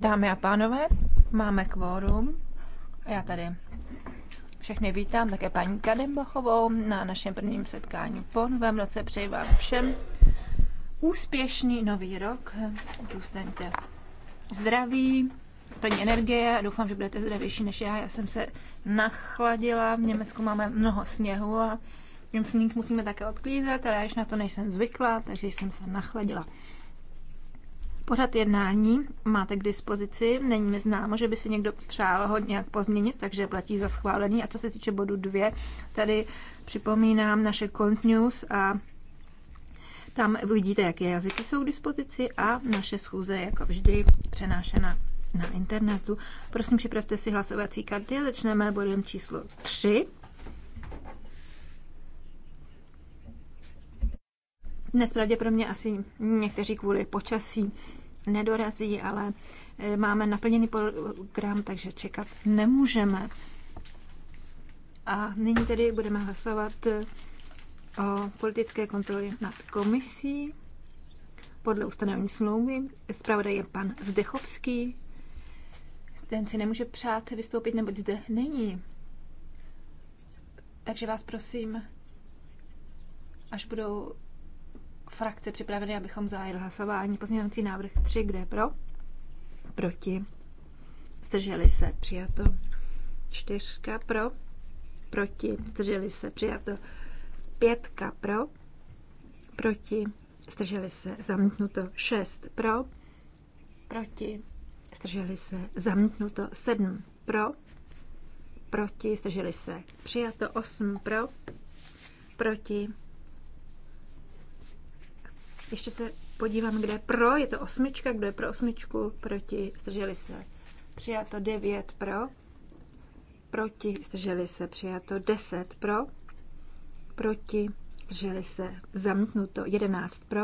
Dámy a pánové, máme kvórum. Já tady všechny vítám, také paní Kadembachovou na našem prvním setkání po novém roce. Přeji vám všem úspěšný nový rok. Zůstaňte zdraví, plní energie a doufám, že budete zdravější než já. Já jsem se nachladila, v Německu máme mnoho sněhu a ten sníh musíme také odklízet, ale já ještě na to nejsem zvyklá, takže jsem se nachladila. Pořad jednání máte k dispozici, není mi známo, že by si někdo přál ho nějak pozměnit, takže platí za schválení. A co se týče bodu 2, tady připomínám naše Cont News a tam vidíte, jaké jazyky jsou k dispozici a naše schůze jako vždy přenášena na internetu. Prosím, připravte si hlasovací karty, začneme bodem číslo 3. Dnes pravděpodobně asi někteří kvůli počasí nedorazí, ale e, máme naplněný program, takže čekat nemůžeme. A nyní tedy budeme hlasovat e, o politické kontroly nad komisí podle ustanovení smlouvy. Zpravodaj je pan Zdechovský. Ten si nemůže přát vystoupit, neboť zde není. Takže vás prosím, až budou frakce připraveny, abychom zahájili hlasování. Pozměňovací návrh 3, kde je pro? Proti. Zdrželi se, přijato. Čtyřka pro, proti. Zdrželi se, přijato. Pětka pro, proti. Zdrželi se, zamítnuto. Šest pro, proti. Zdrželi se, zamítnuto. Sedm pro, proti. Zdrželi se, přijato. Osm pro, proti ještě se podívám, kde je pro. Je to osmička, kdo je pro osmičku, proti, zdrželi se. Přijato devět pro, proti, zdrželi se. Přijato deset pro, proti, zdrželi se. Zamítnuto jedenáct pro,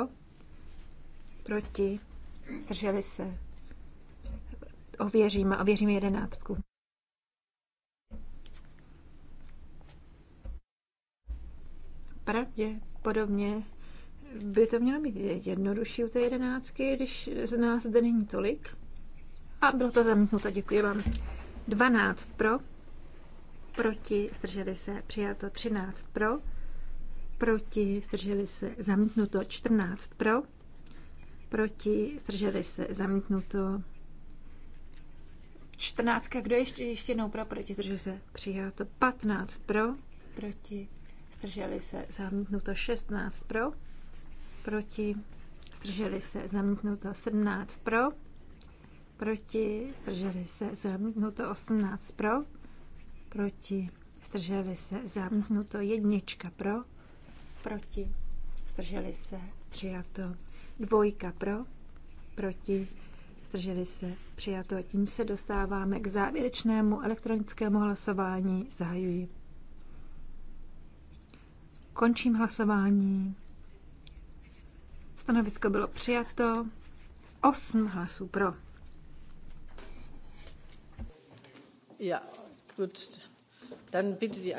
proti, zdrželi se. Ověříme, ověříme jedenáctku. Pravděpodobně by to mělo být jednodušší u té jedenáctky, když z nás zde není tolik. A bylo to zamítnuto, děkuji vám. 12 pro, proti, strželi se, přijato 13 pro, proti, strželi se, zamítnuto 14 pro, proti, strželi se, zamítnuto 14. Kdo ještě, ještě jednou pro, proti, strželi se, přijato 15 pro, proti, strželi se, zamítnuto 16 pro, proti, zdrželi se, zamítnuto 17 pro, proti, zdrželi se, zamítnuto 18 pro, proti, zdrželi se, zamítnuto jednička pro, proti, zdrželi se, přijato dvojka pro, proti, zdrželi se, přijato. tím se dostáváme k závěrečnému elektronickému hlasování. Zahajuji. Končím hlasování. Stanovisko bylo přijato. 8 hlasů pro. Ja, gut. Dann bitte die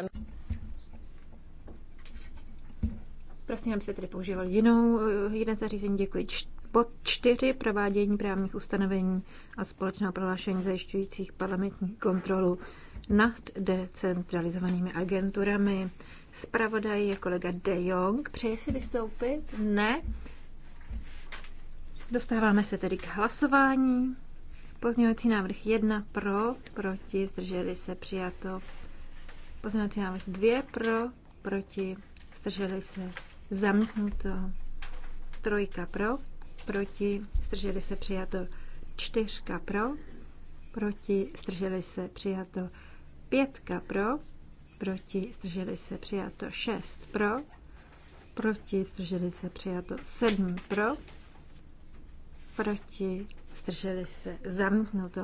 Prosím, se tedy používal jinou, eh, jeden zařízení. Děkuji. Bod 4. Provádění právních ustanovení a společná prohlášení zajišťujících parlamentní kontrolu nad decentralizovanými agenturami. Spravodaj je kolega De Jong. Přeje si vystoupit? Ne. Dostáváme se tedy k hlasování. Pozměňovací návrh 1 pro, proti, zdrželi se, přijato. Pozměňovací návrh 2 pro, proti, zdrželi se, zamítnuto. Trojka pro, proti, zdrželi se, přijato. Čtyřka pro, proti, zdrželi se, přijato. Pětka pro, proti, zdrželi se, přijato. Šest pro, proti, zdrželi se, přijato. Sedm pro, proti, zdrželi se, zamítnuto.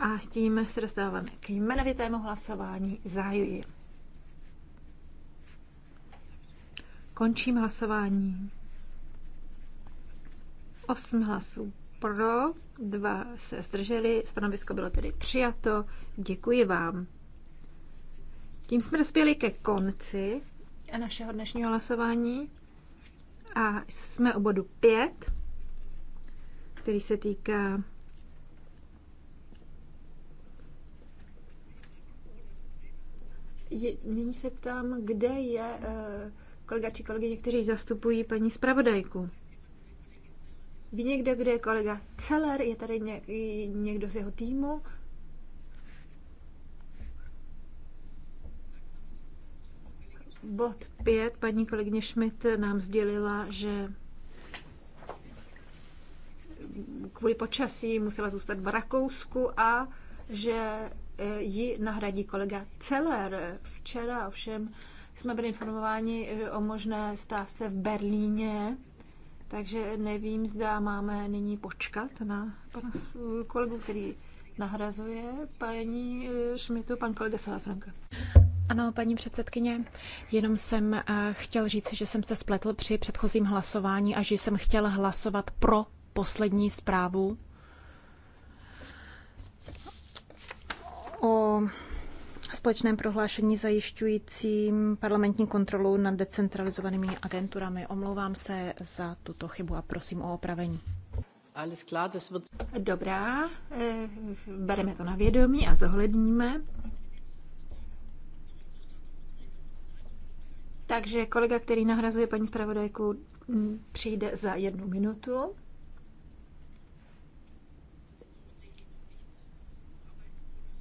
A tím se dostáváme k jmenovitému hlasování. Zájuji. Končím hlasování. Osm hlasů pro, Dva se zdrželi, stanovisko bylo tedy přijato. Děkuji vám. Tím jsme dospěli ke konci našeho dnešního hlasování a jsme u bodu 5 který se týká Je, nyní se ptám, kde je eh, kolega či kolegyně, někteří zastupují paní zpravodajku. Ví někde, kde je kolega Celer? Je tady ně, někdo z jeho týmu? Bod 5. Paní kolegyně Schmidt nám sdělila, že kvůli počasí musela zůstat v Rakousku a že e, ji nahradí kolega Celer. Včera ovšem jsme byli informováni e, o možné stávce v Berlíně, takže nevím, zda máme nyní počkat na pana kolegu, který nahrazuje paní e, Šmitu, pan kolega Salafranka. Ano, paní předsedkyně, jenom jsem chtěl říct, že jsem se spletl při předchozím hlasování a že jsem chtěl hlasovat pro poslední zprávu o společném prohlášení zajišťujícím parlamentní kontrolu nad decentralizovanými agenturami. Omlouvám se za tuto chybu a prosím o opravení. Dobrá, eh, bereme to na vědomí a zohledníme. Takže kolega, který nahrazuje paní zpravodajku, mm, přijde za jednu minutu.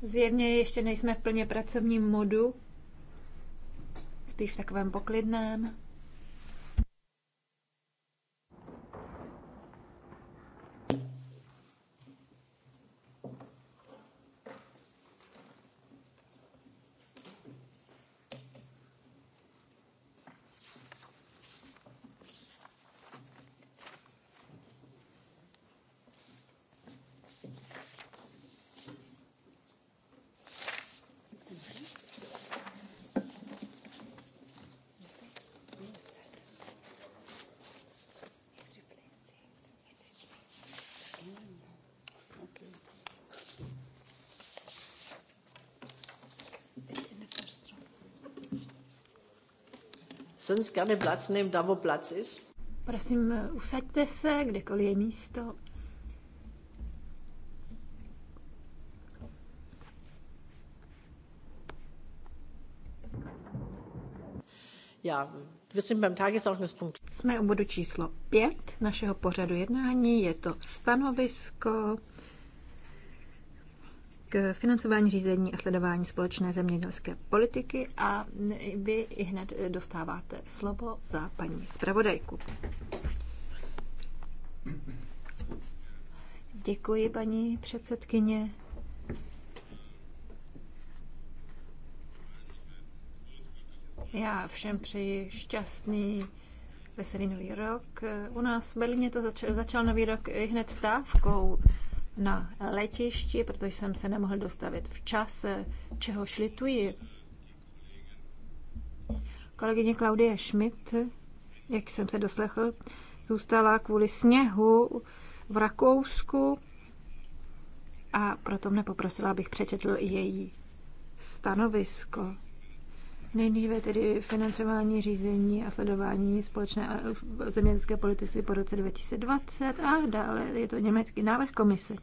Zjevně ještě nejsme v plně pracovním modu, spíš v takovém poklidném. sonst gerne Platz nehmen, da wo Platz ist. Prosím, eh, usaďte se, kdekoliv je místo. Ja, Jsme u bodu číslo 5 našeho pořadu jednání. Je to stanovisko k financování řízení a sledování společné zemědělské politiky a vy i hned dostáváte slovo za paní zpravodajku. Děkuji, paní předsedkyně. Já všem přeji šťastný veselý nový rok. U nás v Berlíně to zač- začal nový rok i hned stávkou na letišti, protože jsem se nemohl dostavit včas, čeho šlituji. Kolegyně Klaudie Schmidt, jak jsem se doslechl, zůstala kvůli sněhu v Rakousku a proto mne poprosila, abych přečetl její stanovisko. Nejdříve tedy financování, řízení a sledování společné eh, zemědělské politiky po roce 2020 a dále je to německý návrh komise.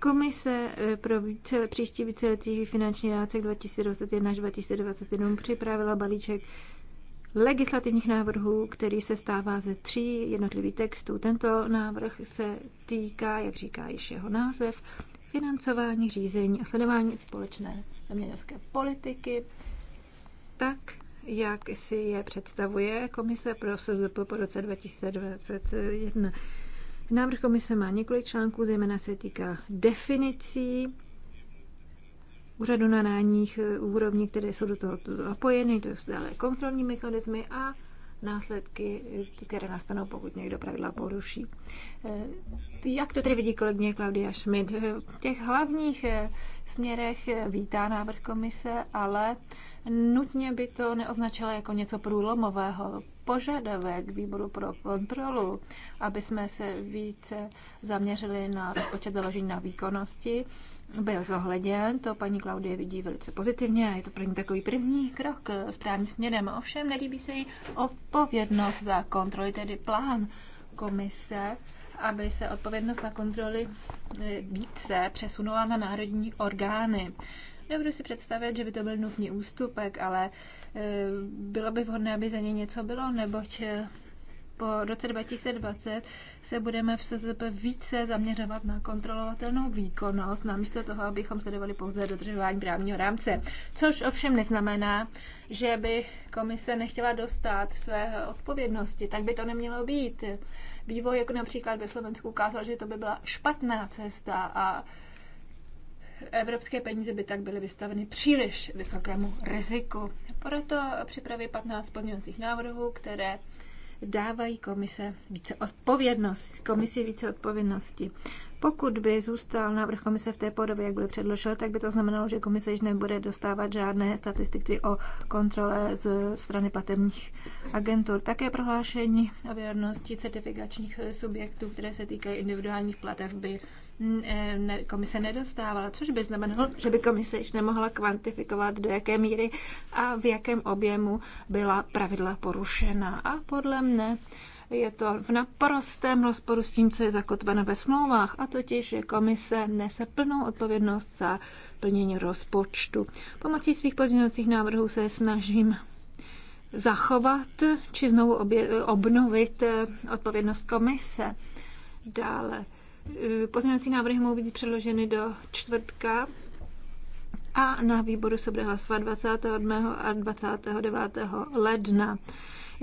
Komise eh, pro více, příští víceletý finanční rámec 2021 až 2027 připravila balíček legislativních návrhů, který se stává ze tří jednotlivých textů. Tento návrh se týká, jak říká již jeho název, financování, řízení a sledování společné zemědělské politiky tak, jak si je představuje Komise pro SZP po roce 2021. Návrh komise má několik článků, zejména se týká definicí úřadu na náních úrovní, které jsou do toho zapojeny, to jsou dále kontrolní mechanismy a následky, které nastanou, pokud někdo pravidla poruší. Eh, jak to tedy vidí kolegyně Klaudia Schmidt? Eh, v těch hlavních eh, směrech vítá návrh komise, ale nutně by to neoznačilo jako něco průlomového. Požadavek výboru pro kontrolu, aby jsme se více zaměřili na rozpočet založení na výkonnosti, byl zohleděn, to paní Klaudie vidí velice pozitivně a je to pro ní takový první krok eh, správným směrem. Ovšem nelíbí se jí odpovědnost za kontroly, tedy plán komise, aby se odpovědnost za kontroly eh, více přesunula na národní orgány. Nebudu si představit, že by to byl nutný ústupek, ale eh, bylo by vhodné, aby za ně něco bylo, neboť po roce 2020 se budeme v SZP více zaměřovat na kontrolovatelnou výkonnost, namísto toho, abychom sledovali pouze dodržování právního rámce. Což ovšem neznamená, že by komise nechtěla dostat své odpovědnosti. Tak by to nemělo být. Vývoj, jako například ve Slovensku, ukázal, že to by byla špatná cesta a evropské peníze by tak byly vystaveny příliš vysokému riziku. Proto připraví 15 pozměňovacích návrhů, které dávají komise více odpovědnost, komisi více odpovědnosti. Pokud by zůstal návrh komise v té podobě, jak byl předložen, tak by to znamenalo, že komise již nebude dostávat žádné statistiky o kontrole z strany platebních agentur. Také prohlášení o věrnosti certifikačních subjektů, které se týkají individuálních plateb, by Eh, komise nedostávala, což by znamenalo, že by komise již nemohla kvantifikovat, do jaké míry a v jakém objemu byla pravidla porušena. A podle mne je to v naprostém rozporu s tím, co je zakotveno ve smlouvách, a totiž, že komise nese plnou odpovědnost za plnění rozpočtu. Pomocí svých pozměňovacích návrhů se snažím zachovat či znovu obje, obnovit eh, odpovědnost komise. Dále Eh, pozměňovací návrhy mohou být předloženy do čtvrtka a na výboru se bude hlasovat 27. a 29. ledna.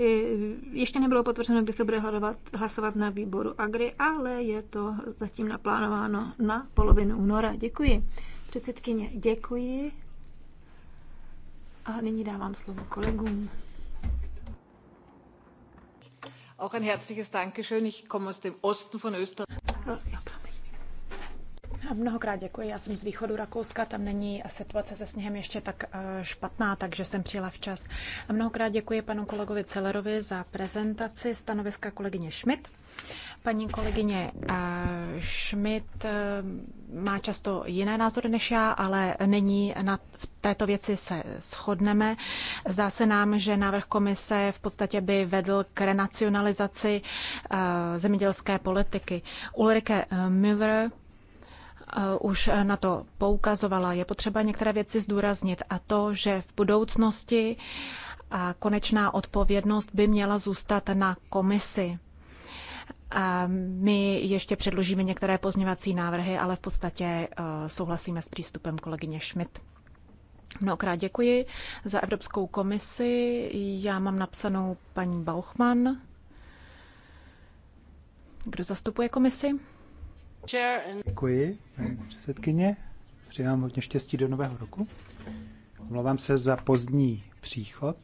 Eh, ještě nebylo potvrzeno, kdy se bude hlasovat na výboru Agri, ale je to zatím naplánováno na polovinu února. Děkuji. Předsedkyně, děkuji. A nyní dávám slovo kolegům. Auch ein herzliches Dankeschön. Ich komme aus dem Osten von Österreich. No, mnohokrát děkuji. Já jsem z východu Rakouska, tam není situace se sněhem ještě tak eh, špatná, takže jsem přijela včas. A mnohokrát děkuji panu kolegovi Celerovi za prezentaci stanoviska kolegyně Schmidt. Paní kolegyně eh, Schmidt eh, má často jiné názory než já, ale není na této věci se shodneme. Zdá se nám, že návrh komise v podstatě by vedl k renacionalizaci eh, zemědělské politiky. Ulrike Müller už na to poukazovala. Je potřeba některé věci zdůraznit a to, že v budoucnosti a konečná odpovědnost by měla zůstat na komisi a my ještě předložíme některé pozměvací návrhy, ale v podstatě eh, souhlasíme s přístupem kolegyně Schmidt. Mnohokrát děkuji za Evropskou komisi. Já mám napsanou paní Bauchmann. Kdo zastupuje komisi? Děkuji, paní předsedkyně. Přeji vám hodně štěstí do nového roku. Omlouvám se za pozdní příchod.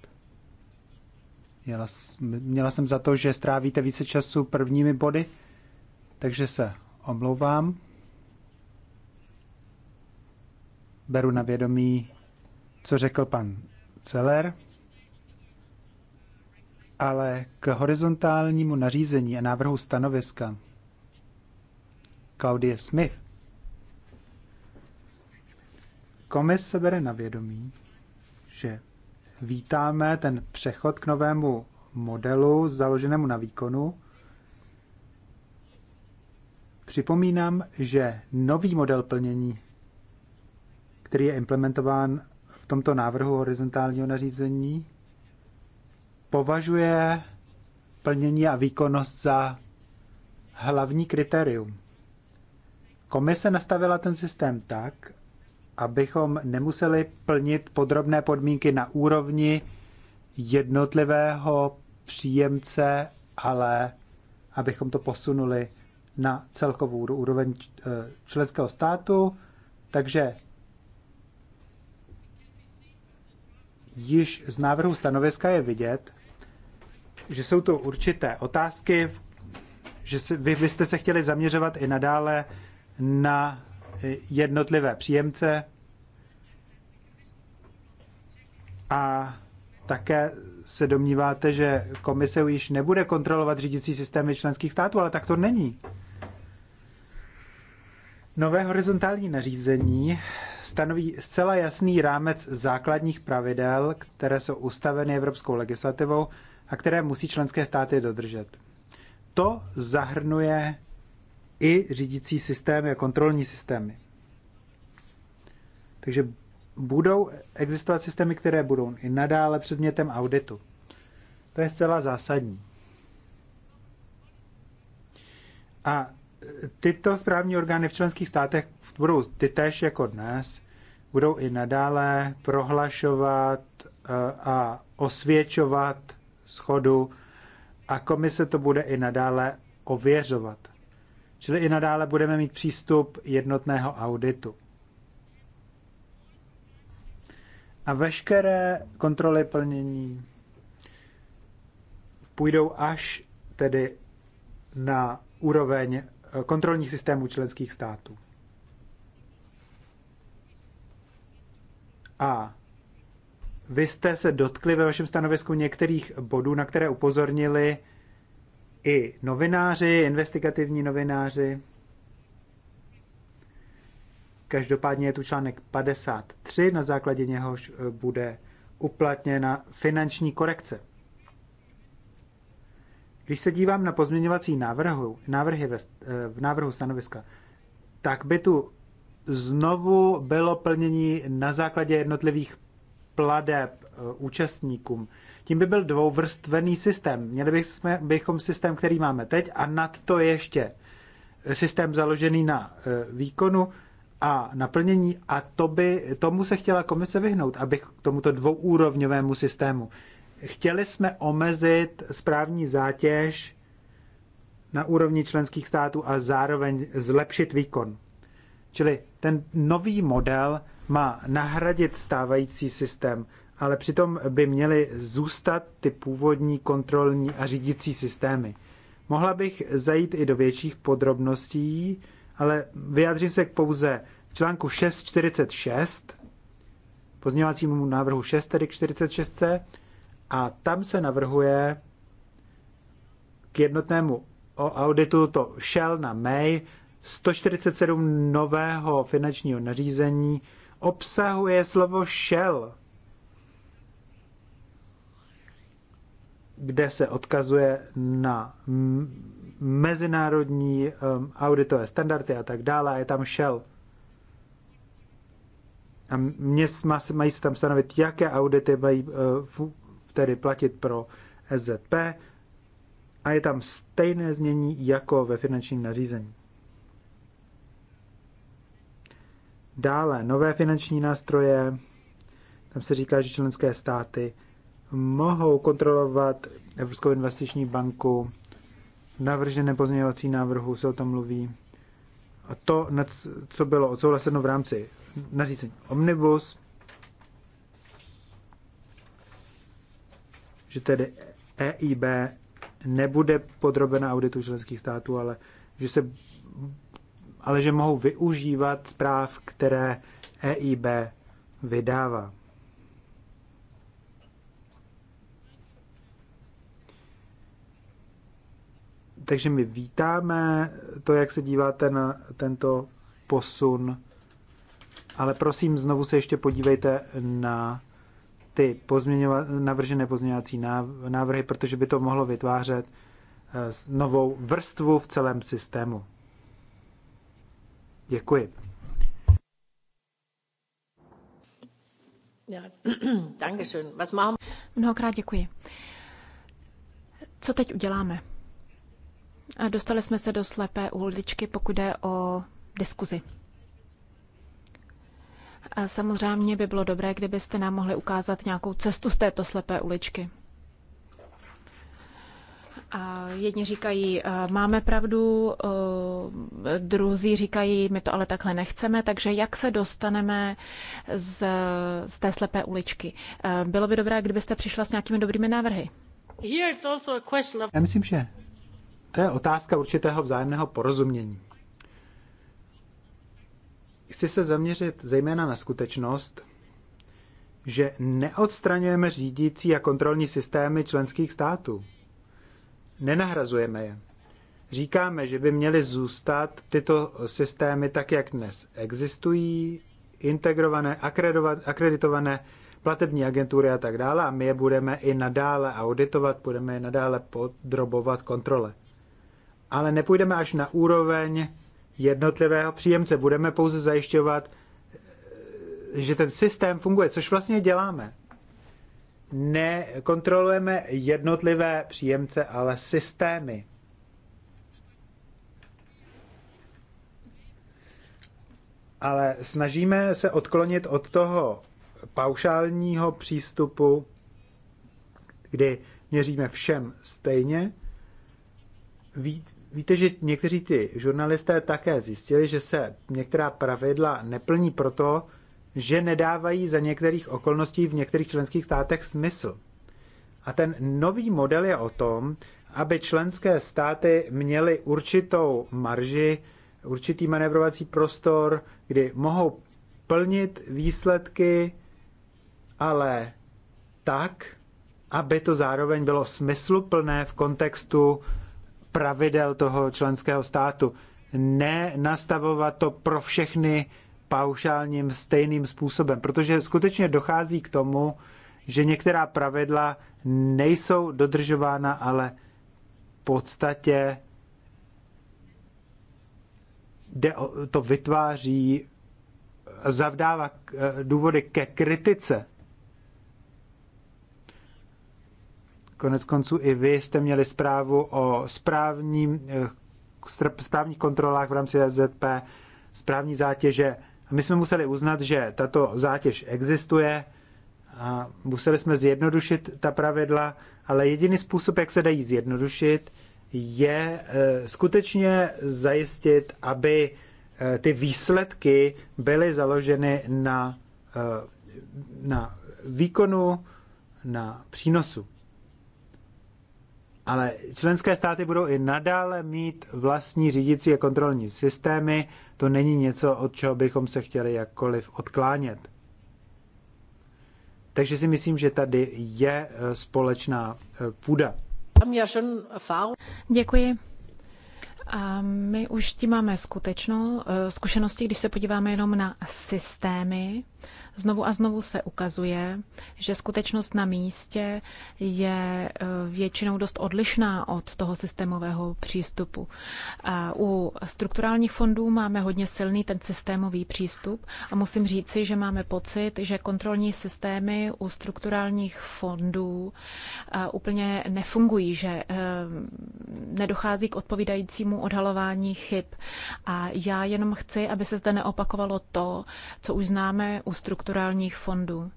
Měla, měla jsem za to, že strávíte více času prvními body, takže se omlouvám. Beru na vědomí, co řekl pan Celer, ale k horizontálnímu nařízení a návrhu stanoviska Claudie Smith komise bere na vědomí, že vítáme ten přechod k novému modelu založenému na výkonu. Připomínám, že nový model plnění, který je implementován v tomto návrhu horizontálního nařízení, považuje plnění a výkonnost za hlavní kritérium. Komise nastavila ten systém tak, abychom nemuseli plnit podrobné podmínky na úrovni jednotlivého příjemce, ale abychom to posunuli na celkovou úroveň eh, členského státu. Takže již z návrhu stanoviska je vidět, že jsou to určité otázky, že si, vy, byste se chtěli zaměřovat i nadále na jednotlivé příjemce a také se domníváte, že komise již nebude kontrolovat řídící systémy členských států, ale tak to není. Nové horizontální nařízení stanoví zcela jasný rámec základních pravidel, které jsou ustaveny evropskou legislativou a které musí členské státy dodržet. To zahrnuje i řídící systémy a kontrolní systémy. Takže budou existovat systémy, které budou i nadále předmětem auditu. To je zcela zásadní. A tyto správní orgány v členských státech budou ty jako dnes, budou i nadále prohlašovat eh, a osvědčovat schodu a komise to bude i nadále ověřovat. Čili i nadále budeme mít přístup jednotného auditu. A veškeré kontroly plnění půjdou až tedy na úroveň eh, kontrolních systémů členských států. A vy jste se dotkli ve vašem stanovisku některých bodů, na které upozornili i novináři, investigativní novináři. Každopádně je tu článek 53, na základě něhož eh, bude uplatněna finanční korekce. Když se dívám na pozměňovací návrhu, návrhy ve, eh, v návrhu stanoviska, tak by tu znovu bylo plnění na základě jednotlivých pladeb eh, účastníkům. Tím by byl dvouvrstvený systém. Měli bychom, bychom systém, který máme teď a nad to ještě systém založený na e, výkonu a naplnění a to by, tomu se chtěla komise vyhnout, aby k tomuto dvouúrovňovému systému. Chtěli jsme omezit správní zátěž na úrovni členských států a zároveň zlepšit výkon. Čili ten nový model má nahradit stávající systém ale přitom by měly zůstat ty původní kontrolní a řídící systémy. Mohla bych zajít i do větších podrobností, ale vyjádřím se k pouze k článku 646, pozměňovacímu návrhu 6, tedy k 46, a tam se navrhuje k jednotnému auditu to Shell na May 147 nového finančního nařízení obsahuje slovo Shell kde se odkazuje na mezinárodní um, auditové standardy a tak dále. A je tam Shell. A mě mají se tam stanovit, jaké audity mají uh, tedy platit pro SZP. A je tam stejné změní jako ve finančním nařízení. Dále, nové finanční nástroje. Tam se říká, že členské státy mohou kontrolovat Evropskou investiční banku. V navrženém pozměňovací návrhu se o tom mluví. A to, co bylo odsouhlaseno v rámci nařízení Omnibus, že tedy EIB nebude podrobena auditu členských států, ale že, se, ale že mohou využívat zpráv, které EIB vydává. takže my vítáme to, jak se díváte na tento posun, ale prosím, znovu se ještě podívejte na ty pozměňova- navržené pozměňovací návrhy, protože by to mohlo vytvářet eh, novou vrstvu v celém systému. Děkuji. Mnohokrát děkuji. Co teď uděláme? A dostali jsme se do slepé uličky, pokud jde o diskuzi. A samozřejmě by bylo dobré, kdybyste nám mohli ukázat nějakou cestu z této slepé uličky. A jedni říkají, e, máme pravdu, e, druzí říkají, my to ale takhle nechceme, takže jak se dostaneme z, z té slepé uličky? E, bylo by dobré, kdybyste přišla s nějakými dobrými návrhy. Já myslím, že to je otázka určitého vzájemného porozumění. Chci se zaměřit zejména na skutečnost, že neodstraňujeme řídící a kontrolní systémy členských států. Nenahrazujeme je. Říkáme, že by měly zůstat tyto systémy tak, jak dnes existují, integrované, akreditované platební agentury a tak dále a my je budeme i nadále auditovat, budeme je nadále podrobovat kontrole ale nepůjdeme až na úroveň jednotlivého příjemce. Budeme pouze zajišťovat, že ten systém funguje, což vlastně děláme. Nekontrolujeme jednotlivé příjemce, ale systémy. Ale snažíme se odklonit od toho paušálního přístupu, kdy měříme všem stejně, Víte, že někteří ty žurnalisté také zjistili, že se některá pravidla neplní proto, že nedávají za některých okolností v některých členských státech smysl. A ten nový model je o tom, aby členské státy měly určitou marži, určitý manevrovací prostor, kdy mohou plnit výsledky, ale tak, aby to zároveň bylo smysluplné v kontextu pravidel toho členského státu. Ne nastavovat to pro všechny paušálním stejným způsobem, protože skutečně dochází k tomu, že některá pravidla nejsou dodržována, ale v podstatě to vytváří, zavdává důvody ke kritice Konec konců i vy jste měli zprávu o správním, eh, správních kontrolách v rámci e ZP, správní zátěže. My jsme museli uznat, že tato zátěž existuje, a museli jsme zjednodušit ta pravidla, ale jediný způsob, jak se dají zjednodušit, je eh, skutečně zajistit, aby eh, ty výsledky byly založeny na, na výkonu, na přínosu. Ale členské státy budou i nadále mít vlastní řídící a kontrolní systémy. To není něco, od čeho bychom se chtěli jakkoliv odklánět. Takže si myslím, že tady je e, společná e, půda. Děkuji. A my už tím máme skutečnou e, zkušenosti, když se podíváme jenom na systémy Znovu a znovu se ukazuje, že skutečnost na místě je e, většinou dost odlišná od toho systémového přístupu. E, u strukturálních fondů máme hodně silný ten systémový přístup a musím říci, že máme pocit, že kontrolní systémy u strukturálních fondů e, úplně nefungují, že nedochází k odpovídajícímu odhalování chyb. A já jenom chci, aby se zde neopakovalo to, co už známe u strukturálních strukturálních fondů.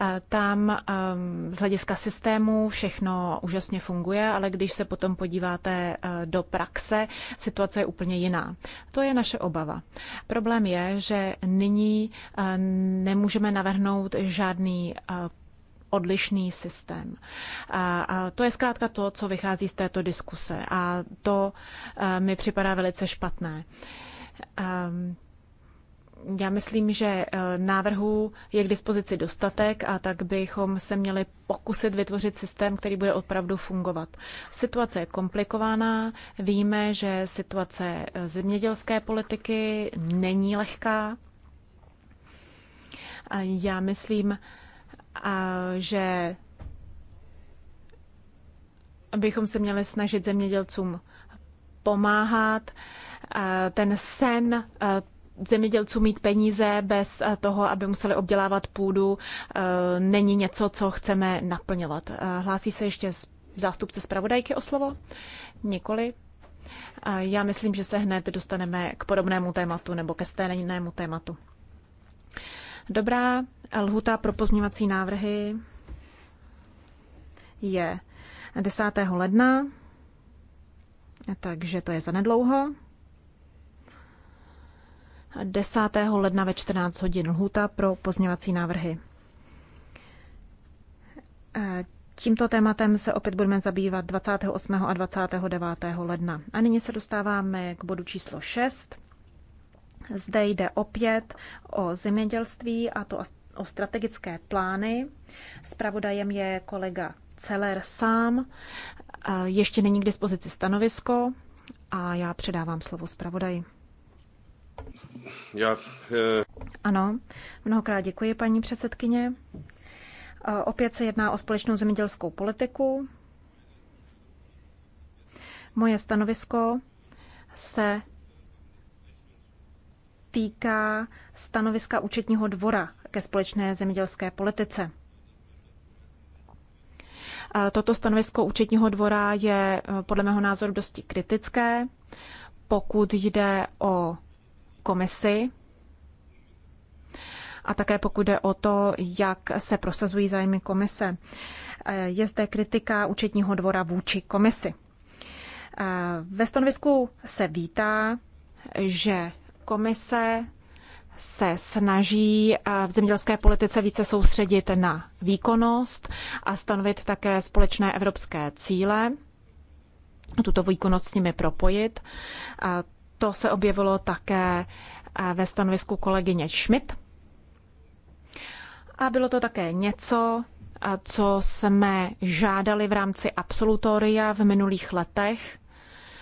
Eh, tam ehm, z hlediska systému všechno úžasně funguje, ale když se potom podíváte eh, do praxe, situace je úplně jiná. To je naše obava. Problém je, že nyní eh, nemůžeme navrhnout žádný odlišný systém. A to je zkrátka to, co vychází z této diskuse a to mi připadá velice špatné. Ehm, já myslím, že eh, návrhů je k dispozici dostatek a tak bychom se měli pokusit vytvořit systém, který bude opravdu fungovat. Situace je komplikovaná, víme, že situace eh, zemědělské politiky není lehká. A já myslím, eh, že bychom se měli snažit zemědělcům pomáhat ten sen zemědělcům mít peníze bez eh, toho, aby museli obdělávat půdu, eh, není něco, co chceme naplňovat. Eh, hlásí se ještě zástupce zpravodajky o slovo? Nikoli. Já myslím, že se hned dostaneme k podobnému tématu nebo ke stejnému tématu. Dobrá, lhuta pro pozměňovací návrhy je 10. ledna, takže to je zanedlouho. 10. ledna ve 14 hodin lhuta pro pozměvací návrhy. E, tímto tématem se opět budeme zabývat 28. a 29. ledna. A nyní se dostáváme k bodu číslo 6. Zde jde opět o zemědělství a to o strategické plány. Spravodajem je kolega Celer sám. E, ještě není k dispozici stanovisko a já předávám slovo zpravodaji. Já, je... Eh, ano, mnohokrát děkuji, paní předsedkyně. Eh, opět se jedná o společnou zemědělskou politiku. Moje stanovisko se týká stanoviska účetního dvora ke společné zemědělské politice. Eh, toto stanovisko účetního dvora je podle mého názoru dosti kritické, pokud jde o komisi a také pokud jde o to, jak se prosazují zájmy komise. Eh, je zde kritika účetního dvora vůči komisi. Eh, ve stanovisku se vítá, že komise se snaží eh, v zemědělské politice více soustředit na výkonnost a stanovit také společné evropské cíle tuto výkonnost s nimi propojit. To se objevilo také eh, ve stanovisku kolegyně Schmidt. A bylo to také něco, eh, co jsme žádali v rámci absolutoria v minulých letech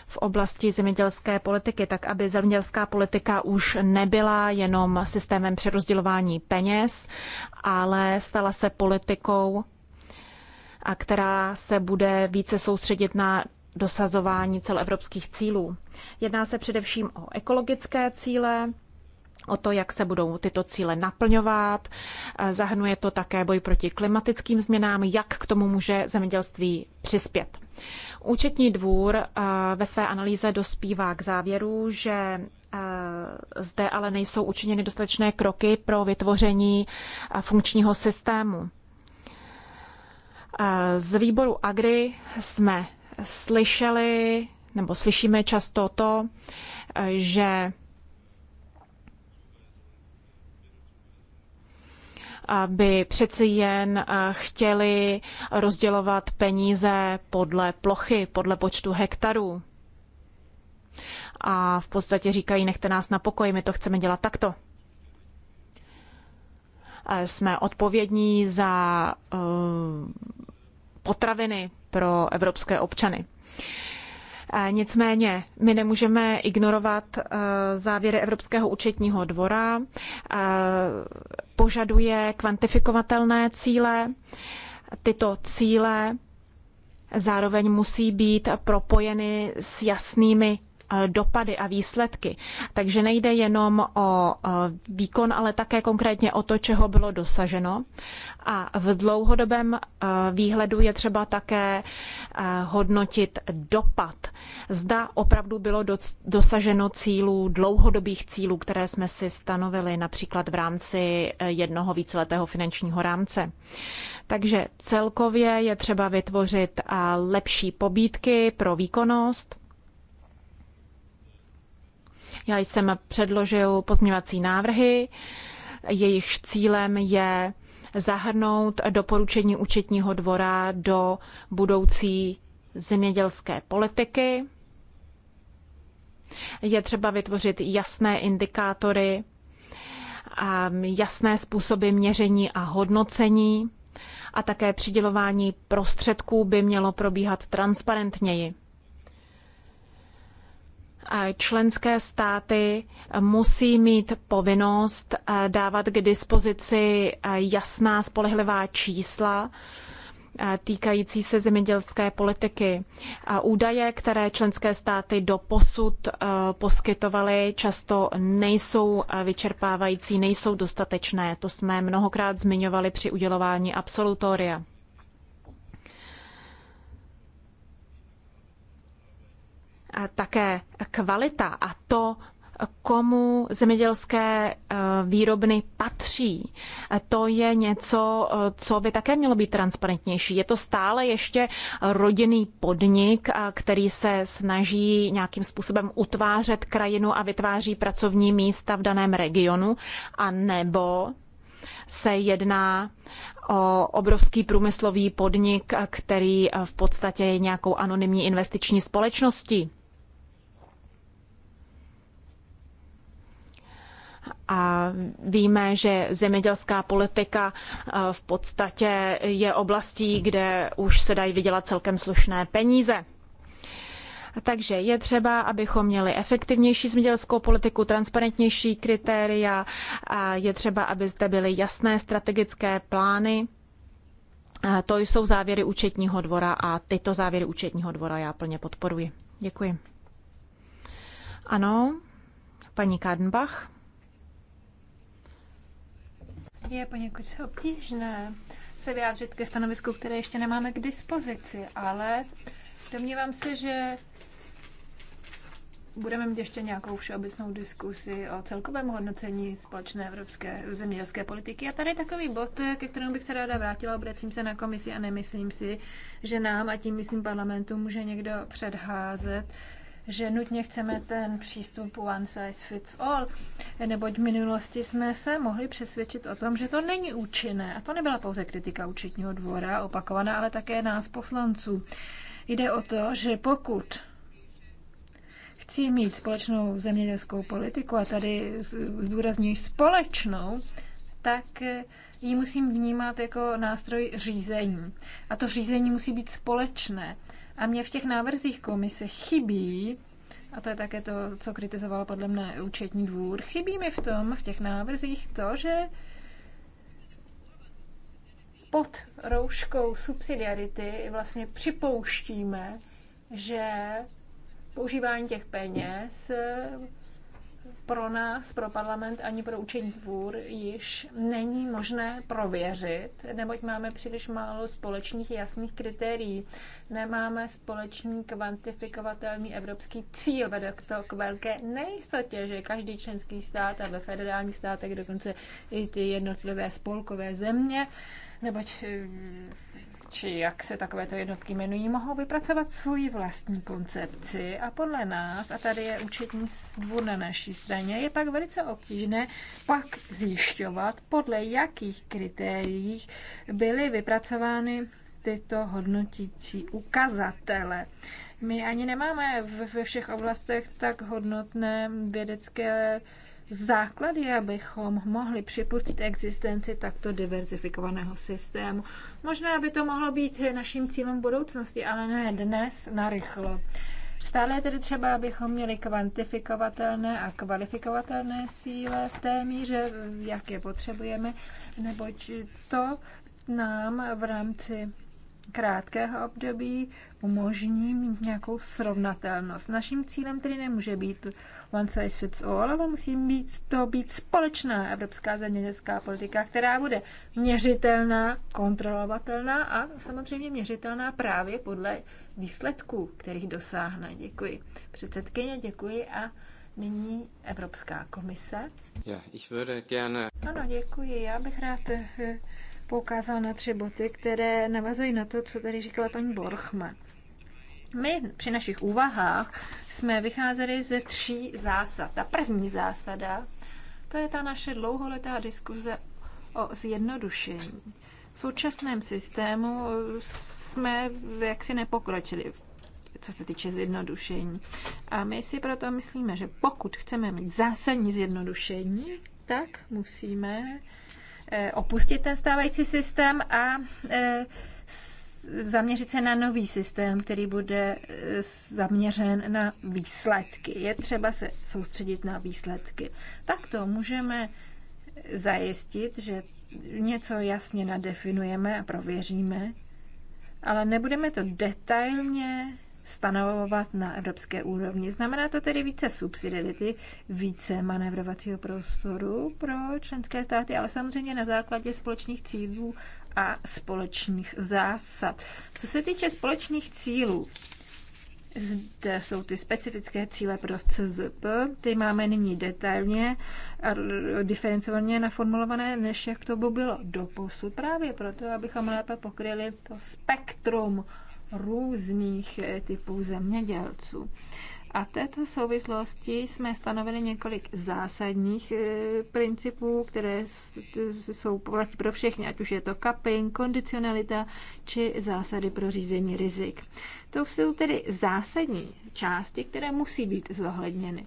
v oblasti zemědělské politiky, tak aby zemědělská politika už nebyla jenom systémem přerozdělování peněz, ale stala se politikou, která se bude více soustředit na dosazování celoevropských cílů. Jedná se především o ekologické cíle, o to, jak se budou tyto cíle naplňovat. Zahrnuje to také boj proti klimatickým změnám, jak k tomu může zemědělství přispět. Účetní dvůr eh, ve své analýze dospívá k závěru, že eh, zde ale nejsou učiněny dostatečné kroky pro vytvoření eh, funkčního systému. Z výboru Agri jsme slyšeli, nebo slyšíme často to, že by přeci jen eh, chtěli rozdělovat peníze podle plochy, podle počtu hektarů. A v podstatě říkají, nechte nás na pokoji, my to chceme dělat takto. Eh, jsme odpovědní za eh, potraviny pro evropské občany. Nicméně my nemůžeme ignorovat e, závěry Evropského účetního dvora, e, požaduje kvantifikovatelné cíle. Tyto cíle zároveň musí být propojeny s jasnými Eh, dopady a výsledky. Takže nejde jenom o eh, výkon, ale také konkrétně o to, čeho bylo dosaženo. A v dlouhodobém eh, výhledu je třeba také hodnotit dopad. Zda opravdu bylo dosaženo cílů, dlouhodobých cílů, které jsme si stanovili například v rámci jednoho víceletého finančního rámce. Takže celkově je třeba vytvořit lepší pobídky pro výkonnost, já jsem předložil pozměňovací návrhy, jejichž cílem je zahrnout doporučení účetního dvora do budoucí zemědělské politiky. Je třeba vytvořit jasné indikátory, a jasné způsoby měření a hodnocení a také přidělování prostředků by mělo probíhat transparentněji. Členské státy musí mít povinnost eh, dávat k dispozici eh, jasná spolehlivá čísla eh, týkající se zemědělské politiky. A údaje, které členské státy do posud poskytovaly, často nejsou vyčerpávající, nejsou dostatečné. To jsme mnohokrát zmiňovali při udělování absolutoria. také kvalita a to, komu zemědělské eh, výrobny patří. To je něco, eh, co by také mělo být transparentnější. Je to stále ještě rodinný podnik, eh, který se snaží nějakým způsobem utvářet krajinu a vytváří pracovní místa v daném regionu, a nebo se jedná o obrovský průmyslový podnik, který v podstatě je nějakou anonymní investiční společností A víme, že zemědělská politika eh, v podstatě je oblastí, kde už se dají vydělat celkem slušné peníze. Takže je třeba, abychom měli efektivnější zemědělskou politiku, transparentnější kritéria, a je třeba, aby zde byly jasné strategické plány. A to jsou závěry účetního dvora a tyto závěry účetního dvora já plně podporuji. Děkuji. Ano, paní Kadenbach. Je poněkud obtížné se vyjádřit ke stanovisku, které ještě nemáme k dispozici, ale domnívám se, že budeme mít ještě nějakou všeobecnou diskusi o celkovém hodnocení společné evropské zemědělské politiky. A tady takový bod, ke kterému bych se ráda vrátila, obracím se na komisi a nemyslím si, že nám a tím myslím parlamentu může někdo předházet, že nutně chceme ten přístup one size fits all, neboť v minulosti jsme se mohli přesvědčit o tom, že to není účinné. A to nebyla pouze kritika účetního dvora opakovaná, ale také nás poslanců. Jde o to, že pokud chci mít společnou zemědělskou politiku, a tady zdůrazňuji společnou, tak ji musím vnímat jako nástroj řízení. A to řízení musí být společné. A mě v těch návrzích komise chybí, a to je také to, co kritizoval podle mne účetní dvůr, chybí mi v tom, v těch návrzích to, že pod rouškou subsidiarity vlastně připouštíme, že používání těch peněz pro nás, pro parlament, ani pro učení dvůr již není možné prověřit, neboť máme příliš málo společných jasných kritérií. Nemáme společný kvantifikovatelný evropský cíl. Vede to k velké nejistotě, že každý členský stát a ve federálních státech dokonce i ty jednotlivé spolkové země, neboť či jak se takovéto jednotky jmenují, mohou vypracovat svůj vlastní koncepci a podle nás, a tady je účetní dvůr na naší straně, je pak velice obtížné pak zjišťovat, podle jakých kritérií byly vypracovány tyto hodnotící ukazatele. My ani nemáme ve všech oblastech tak hodnotné vědecké základy, abychom mohli připustit existenci takto diverzifikovaného systému. Možná by to mohlo být naším cílem v budoucnosti, ale ne dnes, narychlo. Stále je tedy třeba, abychom měli kvantifikovatelné a kvalifikovatelné síle v té míře, jak je potřebujeme, neboť to nám v rámci krátkého období umožní mít nějakou srovnatelnost. Naším cílem tedy nemůže být one size fits all, ale musí být to být společná evropská zemědělská politika, která bude měřitelná, kontrolovatelná a samozřejmě měřitelná právě podle výsledků, kterých dosáhne. Děkuji. Předsedkyně, děkuji a nyní Evropská komise. Ja, ich würde gerne... Ano, děkuji. Já bych rád eh, poukázal na tři boty, které navazují na to, co tady říkala paní Borchman. My při našich úvahách jsme vycházeli ze tří zásad. Ta první zásada, to je ta naše dlouholetá diskuze o zjednodušení. V současném systému jsme jaksi nepokročili, co se týče zjednodušení. A my si proto myslíme, že pokud chceme mít zásadní zjednodušení, tak musíme Eh, opustit ten stávající systém a eh, zaměřit se na nový systém, který bude eh, zaměřen na výsledky. Je třeba se soustředit na výsledky. Tak to můžeme zajistit, že něco jasně nadefinujeme a prověříme, ale nebudeme to detailně stanovovat na evropské úrovni. Znamená to tedy více subsidiarity, více manévrovacího prostoru pro členské státy, ale samozřejmě na základě společných cílů a společných zásad. Co se týče společných cílů, zde jsou ty specifické cíle pro CZP, ty máme nyní detailně a diferencovaně naformulované, než jak to by bylo doposud, právě proto, abychom lépe pokryli to spektrum různých eh, typů zemědělců. A v této souvislosti jsme stanovili několik zásadních eh, principů, které jsou platí pro všechny, ať už je to cupping, kondicionalita či zásady pro řízení rizik. To jsou tedy zásadní části, které musí být zohledněny.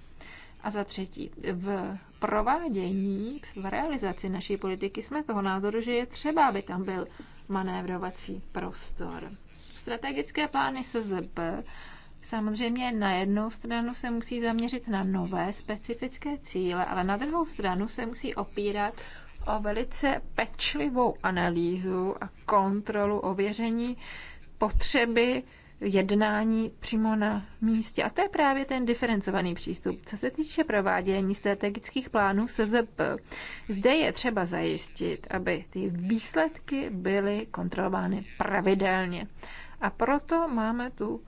A za třetí, v provádění, v realizaci naší politiky jsme toho názoru, že je třeba, aby tam byl manévrovací prostor. Strategické plány SZP samozřejmě na jednu stranu se musí zaměřit na nové specifické cíle, ale na druhou stranu se musí opírat o velice pečlivou analýzu a kontrolu ověření potřeby jednání přímo na místě. A to je právě ten diferencovaný přístup. Co se týče provádění strategických plánů SZP, zde je třeba zajistit, aby ty výsledky byly kontrolovány pravidelně. A proto máme tu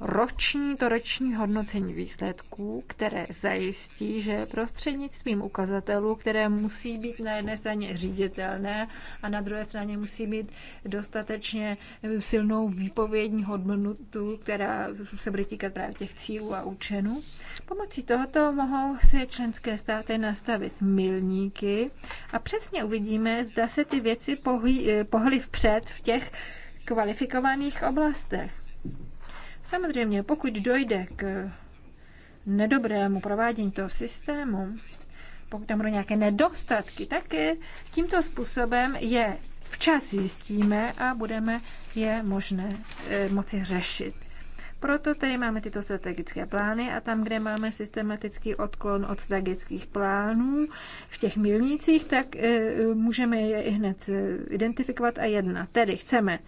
roční, to roční hodnocení výsledků, které zajistí, že prostřednictvím ukazatelů, které musí být na jedné straně říditelné a na druhé straně musí být dostatečně silnou výpovědní hodnotu, která se bude týkat právě těch cílů a účenů. Pomocí tohoto mohou si členské státy nastavit milníky a přesně uvidíme, zda se ty věci eh, pohly vpřed v těch kvalifikovaných oblastech. Samozřejmě, pokud dojde k nedobrému provádění toho systému, pokud tam budou nějaké nedostatky, tak tímto způsobem je včas zjistíme a budeme je možné e, moci řešit. Proto tady máme tyto strategické plány a tam, kde máme systematický odklon od strategických plánů v těch milnících, tak e, můžeme je i hned e, identifikovat a jednat. Tedy chceme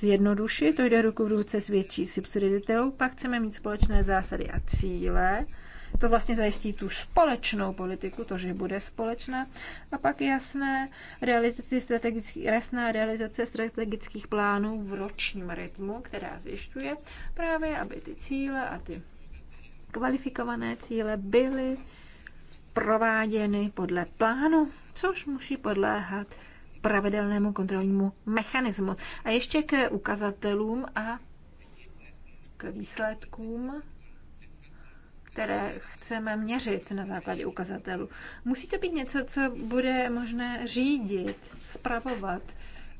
zjednodušit, to jde ruku v ruce s větší subsidiaritou, pak chceme mít společné zásady a cíle, to vlastně zajistí tu společnou politiku, to, že bude společná, a pak jasné realizace strategických, jasná realizace strategických plánů v ročním rytmu, která zjišťuje právě, aby ty cíle a ty kvalifikované cíle byly prováděny podle plánu, což musí podléhat pravidelnému kontrolnímu mechanismu. A ještě k ukazatelům a k výsledkům které chceme měřit na základě ukazatelů. Musí to být něco, co bude možné řídit, spravovat.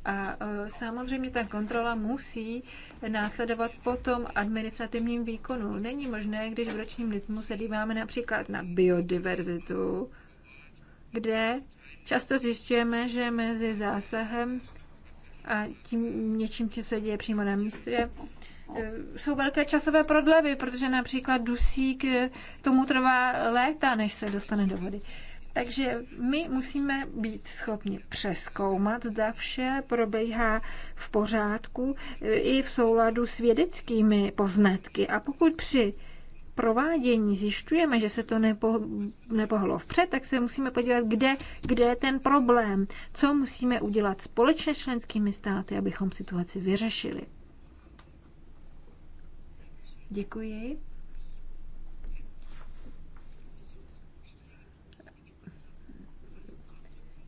A e, samozřejmě ta kontrola musí následovat po tom administrativním výkonu. Není možné, když v ročním rytmu se díváme například na biodiverzitu, kde Často zjišťujeme, že mezi zásahem a tím něčím, co se děje přímo na místě, eh, jsou velké časové prodlevy, protože například dusík eh, tomu trvá léta, než se dostane do vody. Takže my musíme být schopni přeskoumat, zda vše probíhá v pořádku eh, i v souladu s vědeckými poznatky. A pokud při provádění zjišťujeme, že se to nepo, nepohlo vpřed, tak se musíme podívat, kde, kde je ten problém, co musíme udělat společně s členskými státy, abychom situaci vyřešili. Děkuji.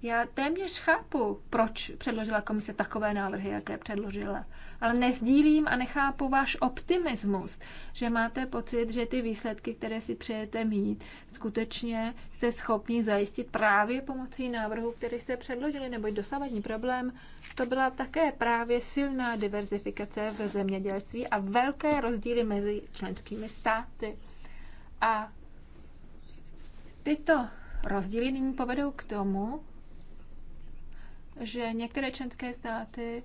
Já téměř chápu, proč předložila komise takové návrhy, jaké předložila ale nezdílím a nechápu váš optimismus, že máte pocit, že ty výsledky, které si přejete mít, skutečně jste schopni zajistit právě pomocí návrhu, který jste předložili, nebo dosavadní problém, to byla také právě silná diverzifikace v zemědělství a velké rozdíly mezi členskými státy. A tyto rozdíly nyní povedou k tomu, že některé členské státy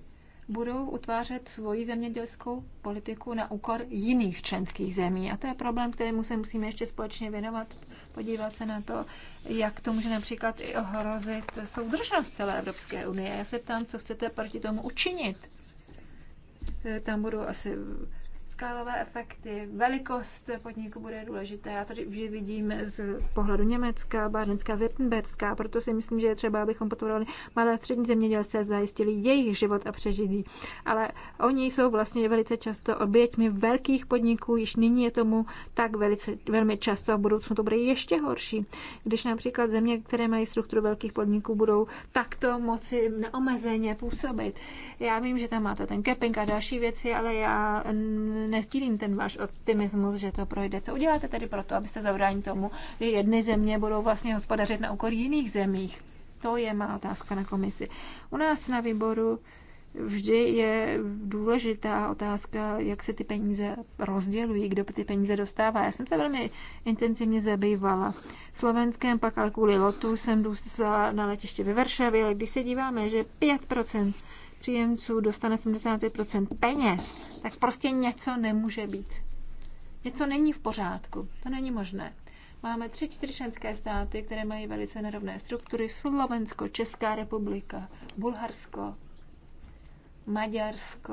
budou utvářet svoji zemědělskou politiku na úkor jiných členských zemí. A to je problém, kterému se musíme ještě společně věnovat, podívat se na to, jak to může například i ohrozit soudržnost celé Evropské unie. Já se ptám, co chcete proti tomu učinit. E, tam budou asi skálové efekty, velikost podniku bude důležité. Já tady už vidím z pohledu Německa, Bárnická, Wittenbergská, proto si myslím, že je třeba, abychom podporovali malé a střední zemědělce, zajistili jejich život a přežití. Ale oni jsou vlastně velice často oběťmi velkých podniků, již nyní je tomu tak velice, velmi často a v budoucnu to bude ještě horší. Když například země, které mají strukturu velkých podniků, budou takto moci neomezeně působit. Já vím, že tam máte ten keping a další věci, ale já nezdílím ten váš optimismus, že to projde. Co uděláte tedy pro to, aby se zabránili tomu, že jedny země budou vlastně hospodařit na úkor jiných zemích? To je má otázka na komisi. U nás na výboru vždy je důležitá otázka, jak se ty peníze rozdělují, kdo ty peníze dostává. Já jsem se velmi intenzivně zabývala slovenském pak kvůli lotu jsem dostala na letiště ve Varšavě, ale když se díváme, že 5% příjemců dostane 75% peněz, tak prostě něco nemůže být. Něco není v pořádku. To není možné. Máme tři, čtyři členské státy, které mají velice nerovné struktury. Slovensko, Česká republika, Bulharsko, Maďarsko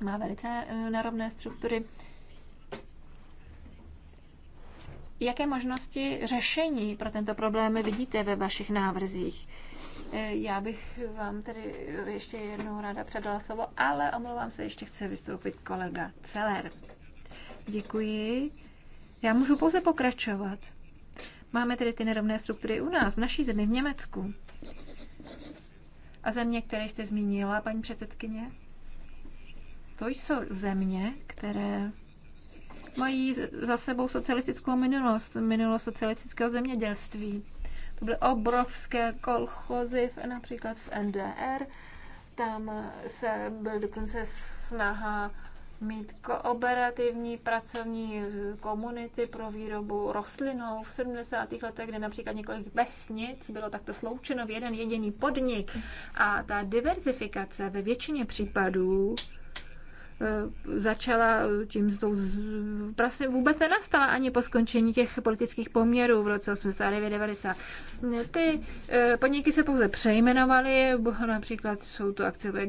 má velice eh, nerovné struktury. Jaké možnosti řešení pro tento problém vidíte ve vašich návrzích? E, já bych vám tedy ještě jednou ráda předala slovo, ale omlouvám se, ještě chce vystoupit kolega Celer. Děkuji. Já můžu pouze pokračovat. Máme tedy ty nerovné struktury u nás, v naší zemi, v Německu. A země, které jste zmínila, paní předsedkyně, to jsou země, které mají za sebou socialistickou minulost, minulost socialistického zemědělství. To byly obrovské kolchozy, například v NDR. Tam se byl dokonce snaha mít kooperativní pracovní komunity pro výrobu rostlinou v 70. letech, kde například několik vesnic bylo takto sloučeno v jeden jediný podnik. A ta diverzifikace ve většině případů Eh, začala tím tou vlastně vůbec nenastala ani po skončení těch politických poměrů v roce 89-90. Ty eh, podniky se pouze přejmenovaly, například jsou to akciové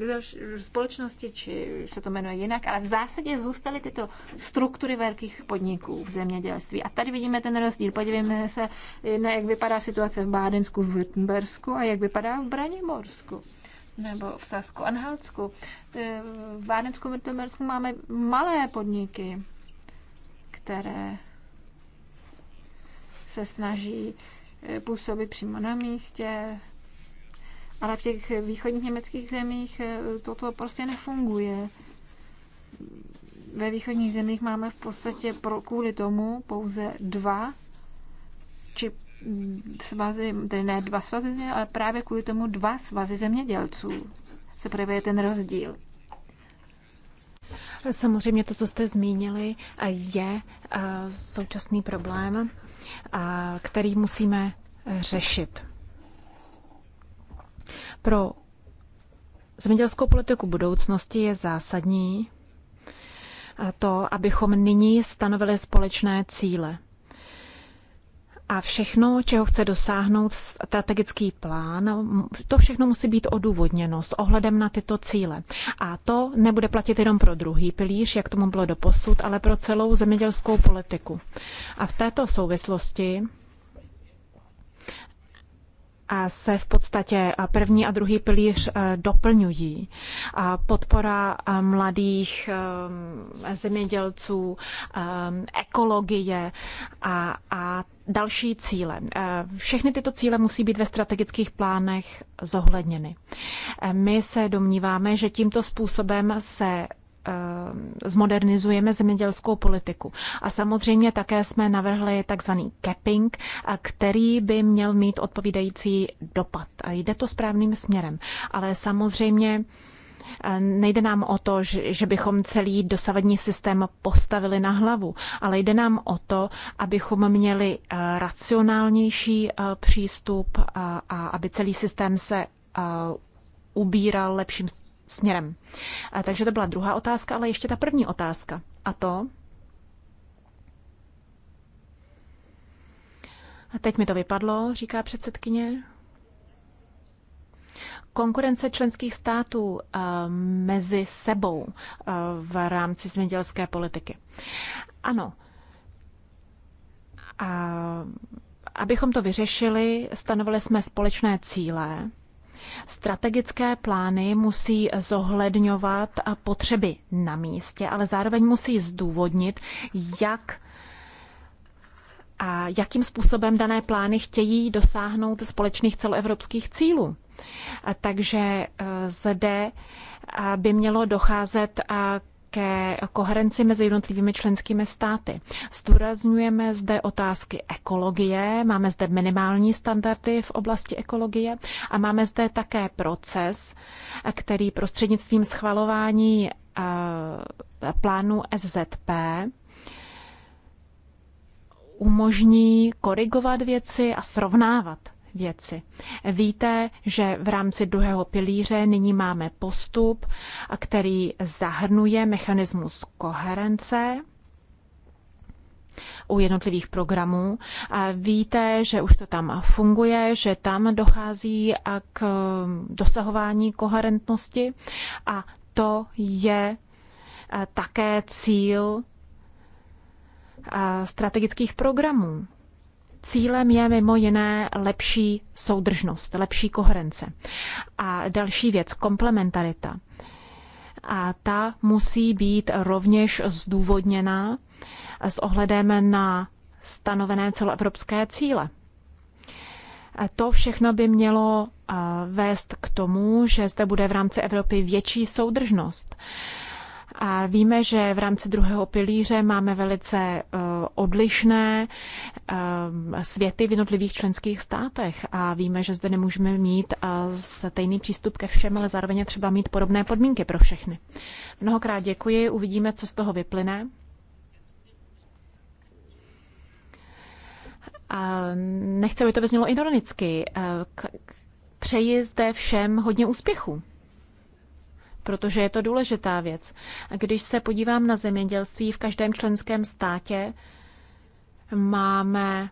společnosti, či se to jmenuje jinak, ale v zásadě zůstaly tyto struktury velkých podniků v zemědělství. A tady vidíme ten rozdíl. Podívejme se, jak vypadá situace v Bádensku, v Württembersku a jak vypadá v Braniborsku nebo v Sasku, Anhaltsku. E, v Vánecku, Vrtomersku máme malé podniky, které se snaží e, působit přímo na místě, ale v těch východních německých zemích e, toto prostě nefunguje. Ve východních zemích máme v podstatě pro, kvůli tomu pouze dva či svazy, tedy ne dva svazy, ale právě kvůli tomu dva svazy zemědělců se projevuje ten rozdíl. Samozřejmě to, co jste zmínili, je eh, současný problém, eh, který musíme řešit. Pro zemědělskou politiku budoucnosti je zásadní eh, to, abychom nyní stanovili společné cíle. A všechno, čeho chce dosáhnout strategický plán, to všechno musí být odůvodněno s ohledem na tyto cíle. A to nebude platit jenom pro druhý pilíř, jak tomu bylo doposud, ale pro celou zemědělskou politiku. A v této souvislosti a se v podstatě první a druhý pilíř eh, doplňují. Podpora eh, mladých eh, zemědělců, ekologie a, a Další cíle. Eh, všechny tyto cíle musí být ve strategických plánech zohledněny. Eh, my se domníváme, že tímto způsobem se eh, zmodernizujeme zemědělskou politiku. A samozřejmě také jsme navrhli takzvaný capping, který by měl mít odpovídající dopad. A jde to správným směrem. Ale samozřejmě Nejde nám o to, že bychom celý dosavadní systém postavili na hlavu, ale jde nám o to, abychom měli eh, racionálnější eh, přístup a aby celý systém se eh, ubíral lepším směrem. Takže to byla druhá otázka, ale ještě ta první otázka. A to, A teď mi to vypadlo, říká předsedkyně konkurence členských států eh, mezi sebou eh, v rámci zemědělské politiky. Ano. A abychom to vyřešili, stanovili jsme společné cíle. Strategické plány musí zohledňovat potřeby na místě, ale zároveň musí zdůvodnit, jak a jakým způsobem dané plány chtějí dosáhnout společných celoevropských cílů. Takže eh, zde eh, by mělo docházet eh, ke koherenci mezi jednotlivými členskými státy. Zdůrazňujeme zde otázky ekologie, máme zde minimální standardy v oblasti ekologie a máme zde také proces, který prostřednictvím schvalování plánu SZP umožní korigovat věci a srovnávat věci. Víte, že v rámci druhého pilíře nyní máme postup, který zahrnuje mechanismus koherence u jednotlivých programů. Víte, že už to tam funguje, že tam dochází k dosahování koherentnosti a to je také cíl strategických programů. Cílem je mimo jiné lepší soudržnost, lepší koherence. A další věc, komplementarita. A ta musí být rovněž zdůvodněná s ohledem na stanovené celoevropské cíle. To všechno by mělo vést k tomu, že zde bude v rámci Evropy větší soudržnost. A víme, že v rámci druhého pilíře máme velice eh, odlišné eh, světy v jednotlivých členských státech a víme, že zde nemůžeme mít eh, stejný přístup ke všem, ale zároveň třeba mít podobné podmínky pro všechny. Mnohokrát děkuji, uvidíme, co z toho vyplyne. A nechce, aby to vyznělo ironicky. Přeji zde všem hodně úspěchů protože je to důležitá věc. A když se podívám na zemědělství v každém členském státě, máme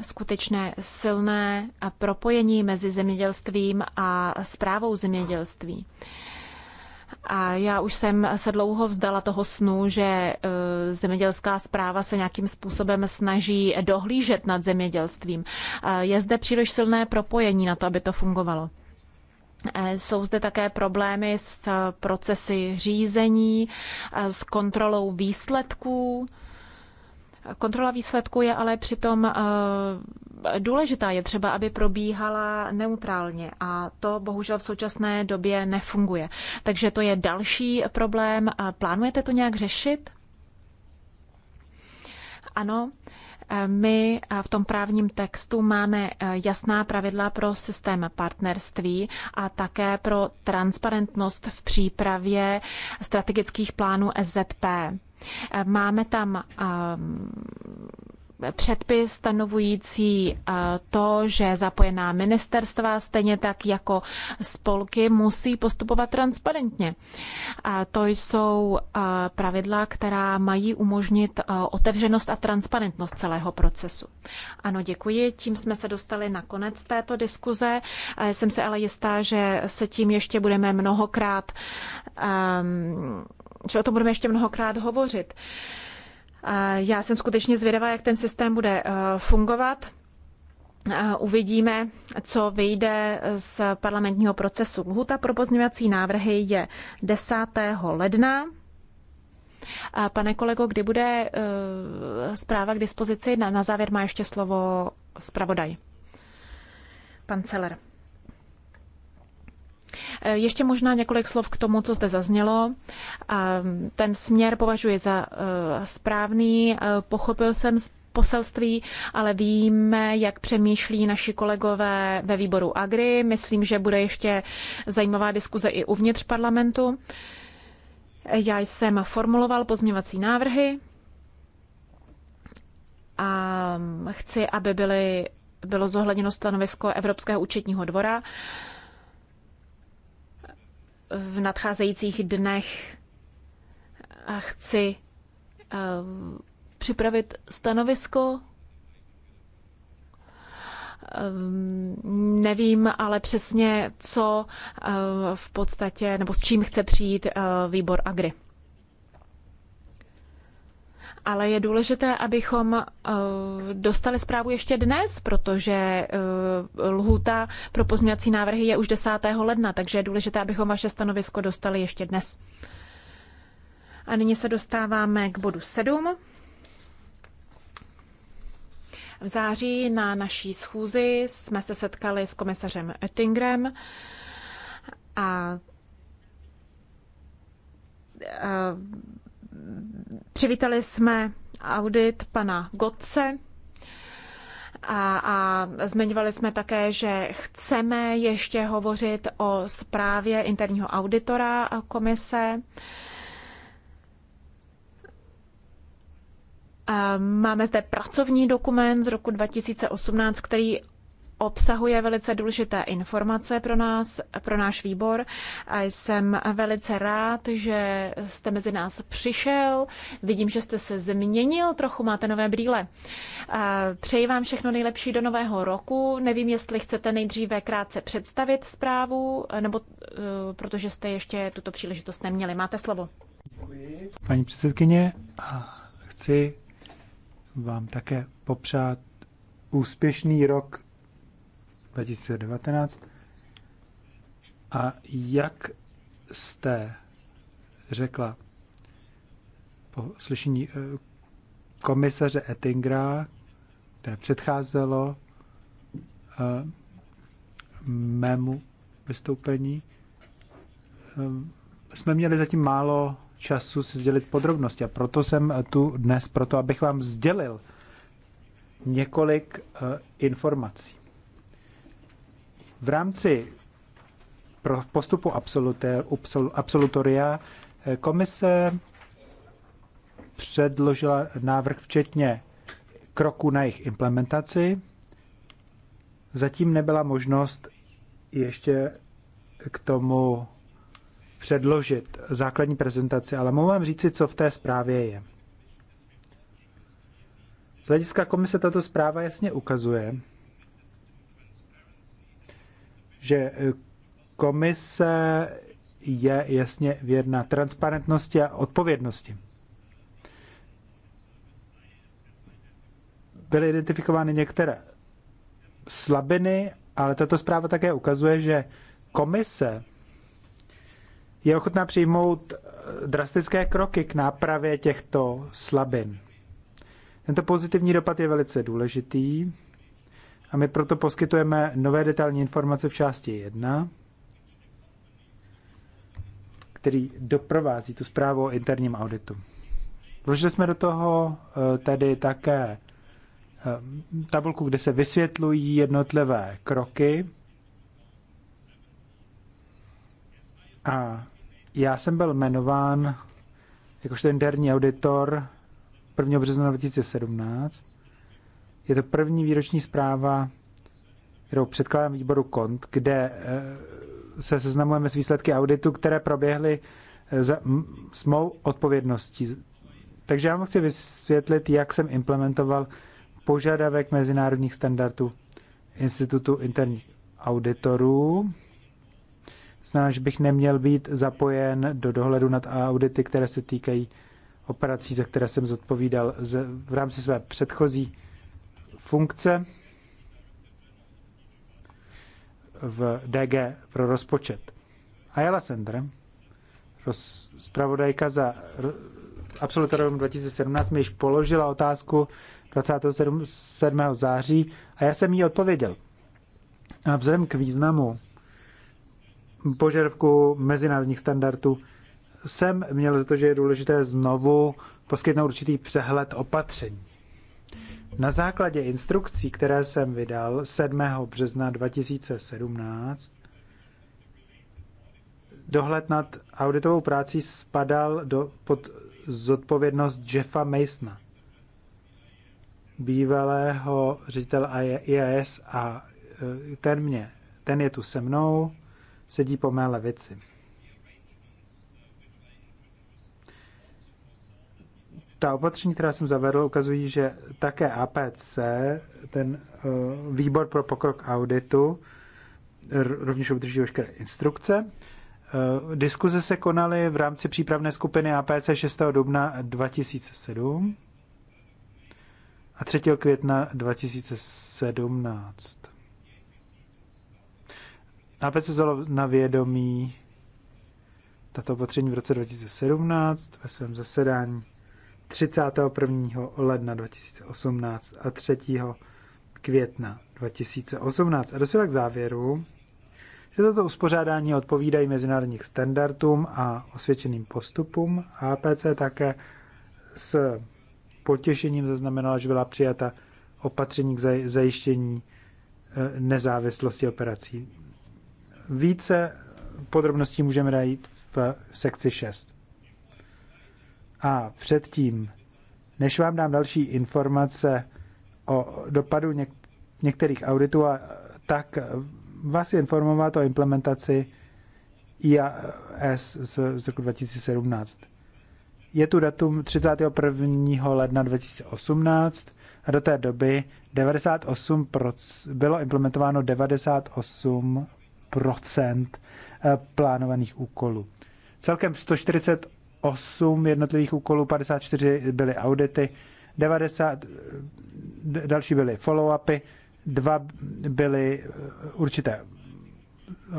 skutečné silné propojení mezi zemědělstvím a zprávou zemědělství. A já už jsem se dlouho vzdala toho snu, že e, zemědělská zpráva se nějakým způsobem snaží dohlížet nad zemědělstvím. E, je zde příliš silné propojení na to, aby to fungovalo. Eh, jsou zde také problémy s eh, procesy řízení, eh, s kontrolou výsledků. Kontrola výsledků je ale přitom důležitá. Je třeba, aby probíhala neutrálně a to bohužel v současné době nefunguje. Takže to je další problém. Plánujete to nějak řešit? Ano, my v tom právním textu máme e, jasná pravidla pro systém partnerství a také pro transparentnost v přípravě strategických plánů SZP. E, máme tam e, předpis stanovující eh, to, že zapojená ministerstva, stejně tak jako spolky, musí postupovat transparentně. A to jsou eh, pravidla, která mají umožnit eh, otevřenost a transparentnost celého procesu. Ano, děkuji. Tím jsme se dostali na konec této diskuze. Jsem se ale jistá, že se tím ještě budeme mnohokrát, ehm, že o tom budeme ještě mnohokrát hovořit. Já jsem skutečně zvědavá, jak ten systém bude eh, fungovat. Uvidíme, co vyjde z parlamentního procesu. Lhuta pro pozměňovací návrhy je 10. ledna. A pane kolego, kdy bude eh, zpráva k dispozici? Na, na závěr má ještě slovo zpravodaj. Pan Celer. Eh, ještě možná několik slov k tomu, co zde zaznělo. Eh, ten směr považuji za eh, správný, pochopil jsem poselství, ale víme, jak přemýšlí naši kolegové ve výboru Agri. Myslím, že bude ještě zajímavá diskuze i uvnitř parlamentu. Já jsem formuloval pozměvací návrhy a hm, chci, aby byly, bylo zohledněno stanovisko Evropského účetního dvora v nadcházejících dnech chci eh, připravit stanovisko. Ehm, nevím ale přesně, co eh, v podstatě, nebo s čím chce přijít eh, výbor Agri ale je důležité, abychom eh, dostali zprávu ještě dnes, protože eh, lhůta pro pozměňovací návrhy je už 10. ledna, takže je důležité, abychom vaše stanovisko dostali ještě dnes. A nyní se dostáváme k bodu 7. V září na naší schůzi jsme se setkali s komisařem Ettingrem a, a eh, Přivítali jsme audit pana Gotce a, a zmiňovali jsme také, že chceme ještě hovořit o zprávě interního auditora komise. Máme zde pracovní dokument z roku 2018, který obsahuje velice důležité informace pro nás, pro náš výbor. A jsem velice rád, že jste mezi nás přišel. Vidím, že jste se změnil trochu, máte nové brýle. Přeji vám všechno nejlepší do nového roku. Nevím, jestli chcete nejdříve krátce představit zprávu, nebo e, protože jste ještě tuto příležitost neměli. Máte slovo. Děkuji. Paní předsedkyně, a chci vám také popřát úspěšný rok 2019. A jak jste řekla po slyšení eh, komisaře Ettingera, které předcházelo eh, mému vystoupení, eh, jsme měli zatím málo času si sdělit podrobnosti a proto jsem tu dnes, proto abych vám sdělil několik informací. V rámci postupu absolutoria eh, komise předložila návrh včetně kroků na jejich implementaci. Zatím nebyla možnost ještě k tomu předložit základní prezentaci, ale mohu vám říci, co v té zprávě je. Z hlediska komise tato zpráva jasně ukazuje, že eh, komise je jasně věrna transparentnosti a odpovědnosti. Byly identifikovány některé slabiny, ale tato zpráva také ukazuje, že komise je ochotná přijmout eh, drastické kroky k nápravě těchto slabin. Tento pozitivní dopad je velice důležitý a my proto poskytujeme nové detailní informace v části 1, který doprovází tu zprávu o interním auditu. Vložili jsme do toho eh, tedy také eh, tabulku, kde se vysvětlují jednotlivé kroky. A já jsem byl jmenován jakožto interní auditor 1. března 2017 je to první výroční zpráva, kterou předkládám výboru KONT, kde eh, se seznamujeme s výsledky auditu, které proběhly eh, za, s mou odpovědností. Takže já vám chci vysvětlit, jak jsem implementoval požadavek mezinárodních standardů Institutu interních auditorů. Znamená, že bych neměl být zapojen do dohledu nad audity, které se týkají operací, za které jsem zodpovídal v rámci své předchozí funkce v DG pro rozpočet. Ayala Sender, zpravodajka za absolutorium 2017, mi již položila otázku 27. září a já jsem jí odpověděl. A vzhledem k významu požadavku mezinárodních standardů jsem měl za to, že je důležité znovu poskytnout určitý přehled opatření. Na základě instrukcí, které jsem vydal 7. března 2017, dohled nad auditovou práci spadal do, pod zodpovědnost Jeffa Masona, bývalého ředitele IAS a e, ten mě, ten je tu se mnou, sedí po mé levici. ta opatření, která jsem zavedl, ukazují, že také APC, ten eh, výbor pro pokrok auditu, rovněž obdrží veškeré instrukce. Eh, diskuze se konaly v rámci přípravné skupiny APC 6. dubna 2007 a 3. května 2017. APC vzalo na vědomí tato opatření v roce 2017 ve svém zasedání. 31. ledna 2018 a 3. května 2018 a dosud k závěru, že toto uspořádání odpovídají mezinárodních standardům a osvědčeným postupům. APC také s potěšením zaznamenala, že byla přijata opatření k zajištění e, nezávislosti operací. Více podrobností můžeme najít v sekci 6. A předtím, než vám dám další informace o dopadu něk- některých auditů, a tak vás informovat o implementaci IAS z, z roku 2017. Je tu datum 31. ledna 2018 a do té doby 98 bylo implementováno 98 eh, plánovaných úkolů. Celkem 148 8 jednotlivých úkolů, 54 byly audity, 90 další byly follow-upy, dva byly eh, určité eh,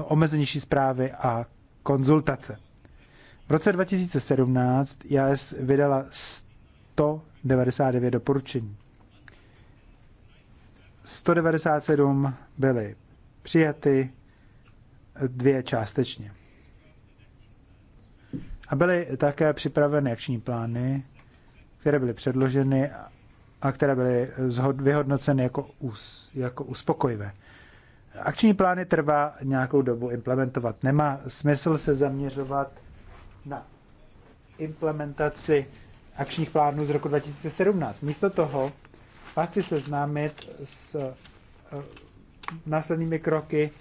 omezenější zprávy a konzultace. V roce 2017 JAS vydala 199 doporučení. 197 byly přijaty, eh, dvě částečně. A byly také připraveny akční plány, které byly předloženy a které byly vyhodnoceny jako, us, jako uspokojivé. Akční plány trvá nějakou dobu implementovat. Nemá smysl se zaměřovat na implementaci akčních plánů z roku 2017. Místo toho vás chci seznámit s eh, následnými kroky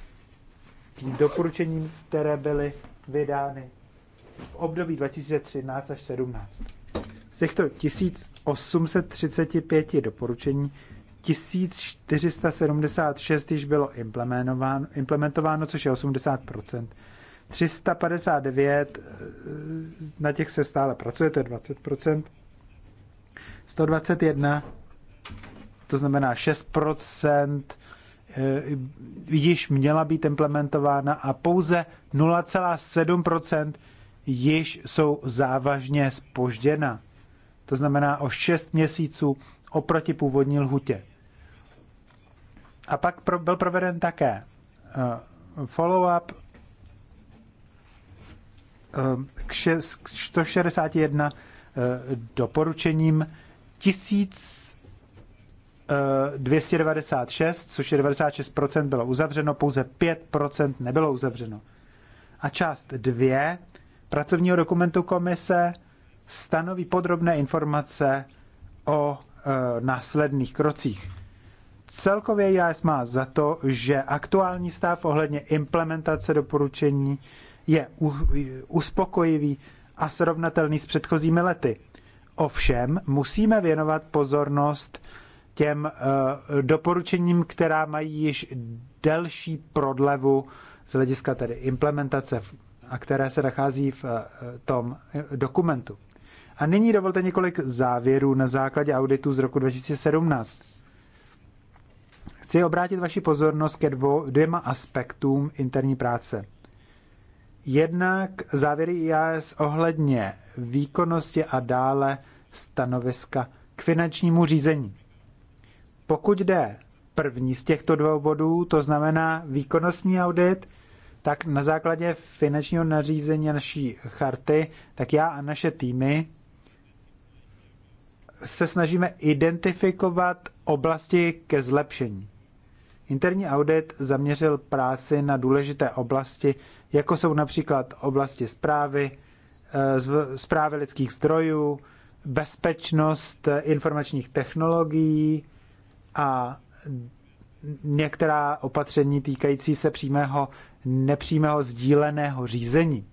k doporučením, které byly vydány v období 2013 až 17. Z těchto 1835 doporučení 1476 již bylo implementováno, implementováno což je 80 359, eh, na těch se stále pracuje, to je 20 121, to znamená 6 eh, již měla být implementována a pouze 0,7 již jsou závažně spožděna. To znamená o 6 měsíců oproti původní lhutě. A pak pro, byl proveden také uh, follow-up eh, k, 161 eh, doporučením 1296, což je 96% bylo uzavřeno, pouze 5% nebylo uzavřeno. A část 2 pracovního dokumentu komise stanoví podrobné informace o e, následných krocích. Celkově JAS má za to, že aktuální stav ohledně implementace doporučení je u, uspokojivý a srovnatelný s předchozími lety. Ovšem musíme věnovat pozornost těm e, doporučením, která mají již delší prodlevu z hlediska tedy implementace a které se nachází v eh, tom eh, dokumentu. A nyní dovolte několik závěrů na základě auditu z roku 2017. Chci obrátit vaši pozornost ke dvou, dvěma aspektům interní práce. Jednak závěry IAS ohledně výkonnosti a dále stanoviska k finančnímu řízení. Pokud jde první z těchto dvou bodů, to znamená výkonnostní audit, tak na základě finančního nařízení naší charty, tak já a naše týmy se snažíme identifikovat oblasti ke zlepšení. Interní audit zaměřil práci na důležité oblasti, jako jsou například oblasti zprávy, eh, zprávy lidských zdrojů, bezpečnost eh, informačních technologií a některá opatření týkající se přímého, nepřímého sdíleného řízení.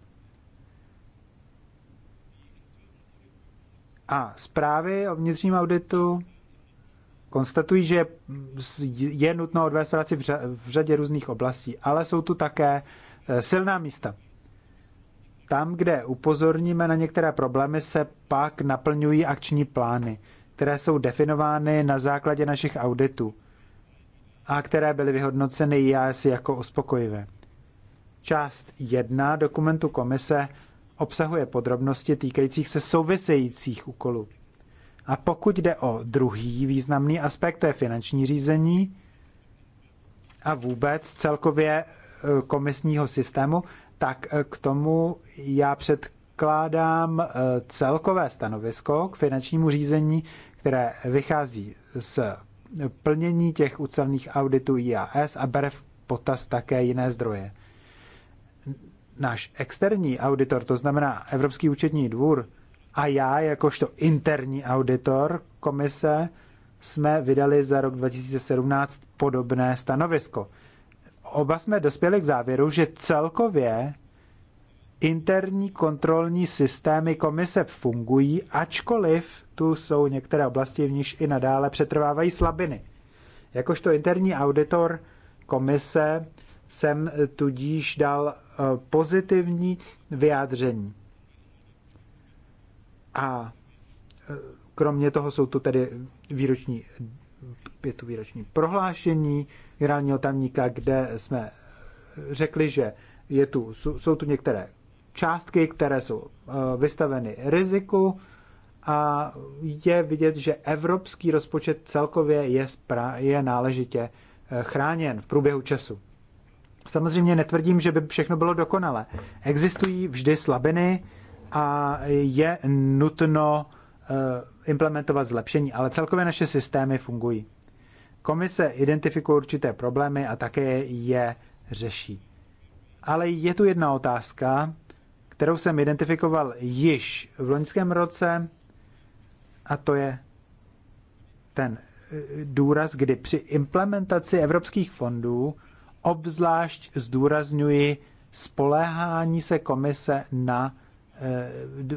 A zprávy o vnitřním auditu konstatují, že je nutno odvést práci v řadě různých oblastí, ale jsou tu také eh, silná místa. Tam, kde upozorníme na některé problémy, se pak naplňují akční plány, které jsou definovány na základě našich auditů a které byly vyhodnoceny IAS jako uspokojivé. Část 1 dokumentu komise obsahuje podrobnosti týkajících se souvisejících úkolů. A pokud jde o druhý významný aspekt, to je finanční řízení a vůbec celkově e, komisního systému, tak e, k tomu já předkládám e, celkové stanovisko k finančnímu řízení, které vychází z plnění těch ucelných auditů IAS a bere v potaz také jiné zdroje. Náš externí auditor, to znamená Evropský účetní dvůr, a já, jakožto interní auditor komise, jsme vydali za rok 2017 podobné stanovisko. Oba jsme dospěli k závěru, že celkově interní kontrolní systémy komise fungují, ačkoliv tu jsou některé oblasti, v níž i nadále přetrvávají slabiny. Jakožto interní auditor komise jsem tudíž dal eh, pozitivní vyjádření. A eh, kromě toho jsou tu tedy výroční, je tu výroční prohlášení generálního tamníka, kde jsme řekli, že je tu, jsou tu některé částky, které jsou eh, vystaveny riziku a je vidět, že evropský rozpočet celkově je, je náležitě eh, chráněn v průběhu času. Samozřejmě netvrdím, že by všechno bylo dokonale. Existují vždy slabiny a je nutno eh, implementovat zlepšení, ale celkově naše systémy fungují. Komise identifikuje určité problémy a také je řeší. Ale je tu jedna otázka, kterou jsem identifikoval již v loňském roce, a to je ten eh, důraz, kdy při implementaci evropských fondů obzvlášť zdůrazňuji spoléhání se komise na eh,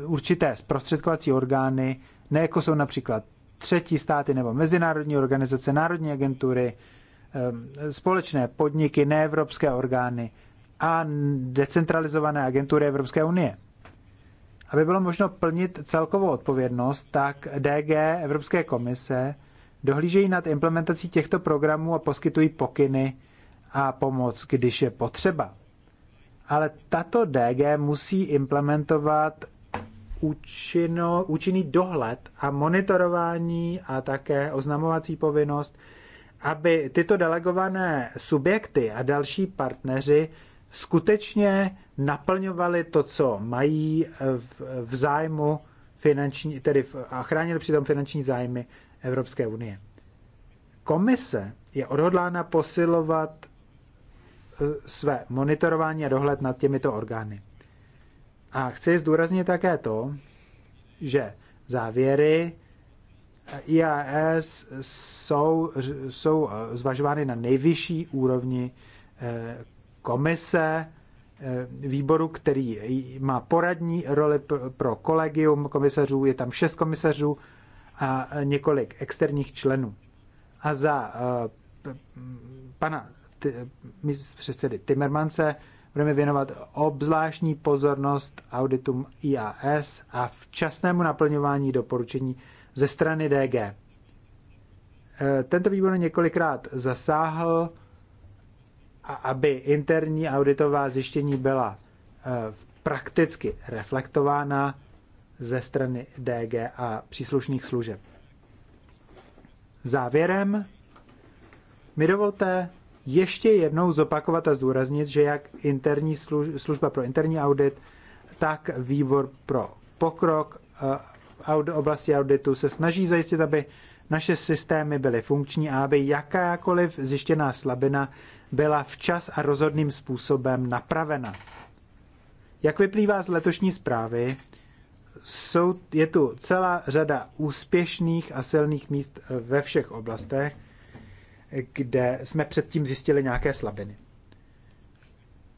určité zprostředkovací orgány, ne jako jsou například třetí státy nebo mezinárodní organizace, národní agentury, eh, společné podniky, neevropské orgány, a decentralizované agentury Evropské unie. Aby bylo možno plnit celkovou odpovědnost, tak DG Evropské komise dohlížejí nad implementací těchto programů a poskytují pokyny a pomoc, když je potřeba. Ale tato DG musí implementovat účinno, účinný dohled a monitorování a také oznamovací povinnost, aby tyto delegované subjekty a další partneři skutečně naplňovali to, co mají v, v zájmu finanční, tedy v, a chránili přitom finanční zájmy Evropské unie. Komise je odhodlána posilovat eh, své monitorování a dohled nad těmito orgány. A chci zdůraznit také to, že závěry e IAS jsou, jsou eh, zvažovány na nejvyšší úrovni eh, komise, eh, výboru, který má poradní roli pro kolegium komisařů, je tam šest komisařů a několik externích členů. A za eh, pana předsedy Timmermanse budeme věnovat obzvláštní pozornost auditům IAS a včasnému naplňování doporučení ze strany DG. Eh, tento výbor několikrát zasáhl a aby interní auditová zjištění byla eh, prakticky reflektována ze strany DG a příslušných služeb. Závěrem mi dovolte ještě jednou zopakovat a zdůraznit, že jak interní služba pro interní audit, tak výbor pro pokrok eh, oblasti auditu se snaží zajistit, aby naše systémy byly funkční a aby jakákoliv zjištěná slabina byla včas a rozhodným způsobem napravena. Jak vyplývá z letošní zprávy, jsou, je tu celá řada úspěšných a silných míst ve všech oblastech, kde jsme předtím zjistili nějaké slabiny.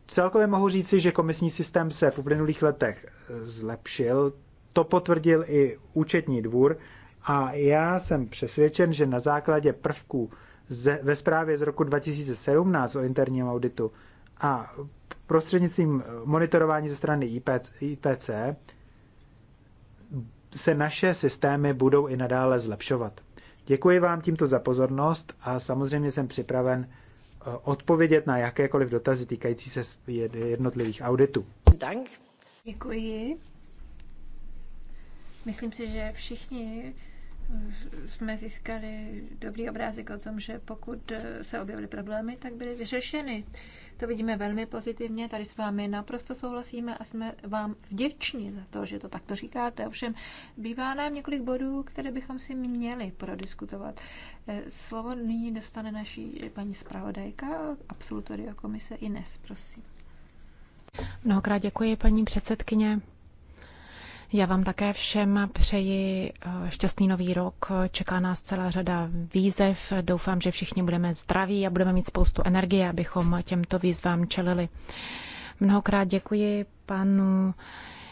Celkově mohu říci, že komisní systém se v uplynulých letech zlepšil. To potvrdil i účetní dvůr a já jsem přesvědčen, že na základě prvků ze, ve zprávě z roku 2017 o interním auditu a prostřednictvím eh, monitorování ze strany IPC, IPC se naše systémy budou i nadále zlepšovat. Děkuji vám tímto za pozornost a samozřejmě jsem připraven eh, odpovědět na jakékoliv dotazy týkající se jednotlivých auditů. Dank. Děkuji. Myslím si, že všichni jsme získali dobrý obrázek o tom, že pokud eh, se objevily problémy, tak byly vyřešeny. To vidíme velmi pozitivně, tady s vámi naprosto souhlasíme a jsme vám vděční za to, že to takto říkáte. Ovšem, bývá nám několik bodů, které bychom si měli prodiskutovat. Eh, slovo nyní dostane naší paní zpravodajka, absolutoria komise Ines, prosím. Mnohokrát děkuji, paní předsedkyně. Já vám také všem přeji eh, šťastný nový rok. Čeká nás celá řada výzev. Doufám, že všichni budeme zdraví a budeme mít spoustu energie, abychom těmto výzvám čelili. Mnohokrát děkuji panu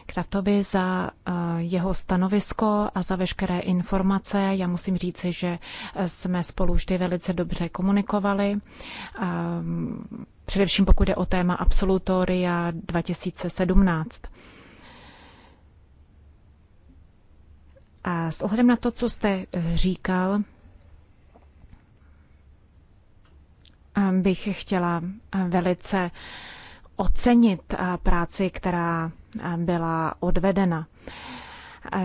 Kratovi za eh, jeho stanovisko a za veškeré informace. Já musím říci, že eh, jsme spolu vždy velice dobře komunikovali. Mm, především pokud jde o téma absolutoria 2017. A s ohledem na to, co jste eh, říkal, eh, bych chtěla eh, velice ocenit práci, která byla odvedena.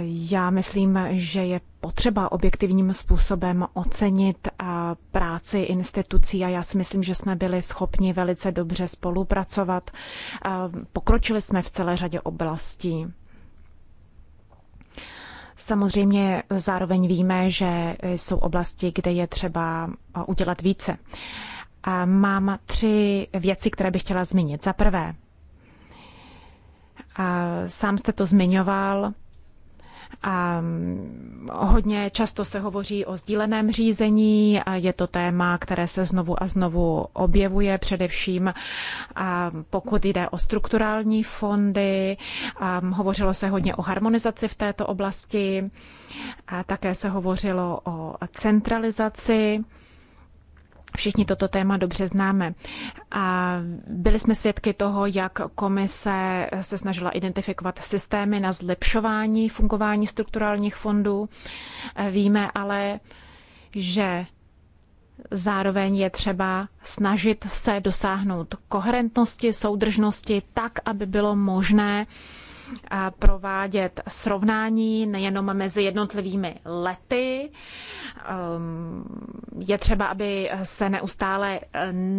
Já myslím, že je potřeba objektivním způsobem ocenit práci institucí a já si myslím, že jsme byli schopni velice dobře spolupracovat. Pokročili jsme v celé řadě oblastí. Samozřejmě zároveň víme, že jsou oblasti, kde je třeba eh, udělat více. A mám tři věci, které bych chtěla zmínit. Za prvé, sám jste to zmiňoval, a mm, hodně často se hovoří o sdíleném řízení a je to téma, které se znovu a znovu objevuje, především a pokud jde o strukturální fondy. A hovořilo se hodně o harmonizaci v této oblasti, a také se hovořilo o centralizaci Všichni toto téma dobře známe. A byli jsme svědky toho, jak komise se snažila identifikovat systémy na zlepšování fungování strukturálních fondů. Víme ale, že zároveň je třeba snažit se dosáhnout koherentnosti, soudržnosti tak, aby bylo možné provádět srovnání nejenom mezi jednotlivými lety. Ehm, je třeba, aby se neustále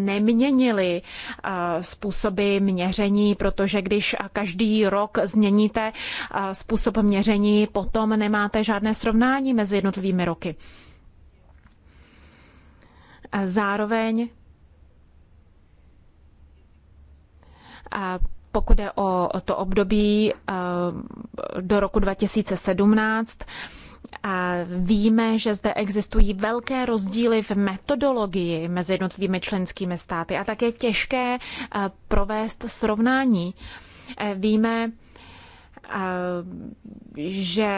neměnily eh, způsoby měření, protože když každý rok změníte eh, způsob měření, potom nemáte žádné srovnání mezi jednotlivými roky. Zároveň pokud je o to období eh, do roku 2017, a víme, že zde existují velké rozdíly v metodologii mezi jednotlivými členskými státy a tak je těžké eh, provést srovnání. Eh, víme, že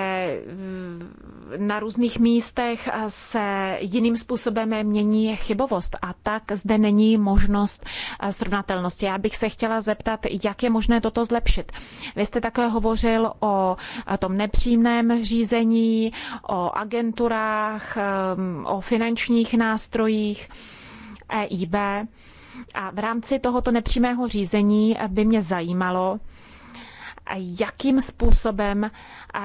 na různých místech se jiným způsobem mění chybovost a tak zde není možnost srovnatelnosti. Já bych se chtěla zeptat, jak je možné toto zlepšit. Vy jste také hovořil o tom nepřímném řízení, o agenturách, o finančních nástrojích EIB. A v rámci tohoto nepřímého řízení by mě zajímalo, jakým způsobem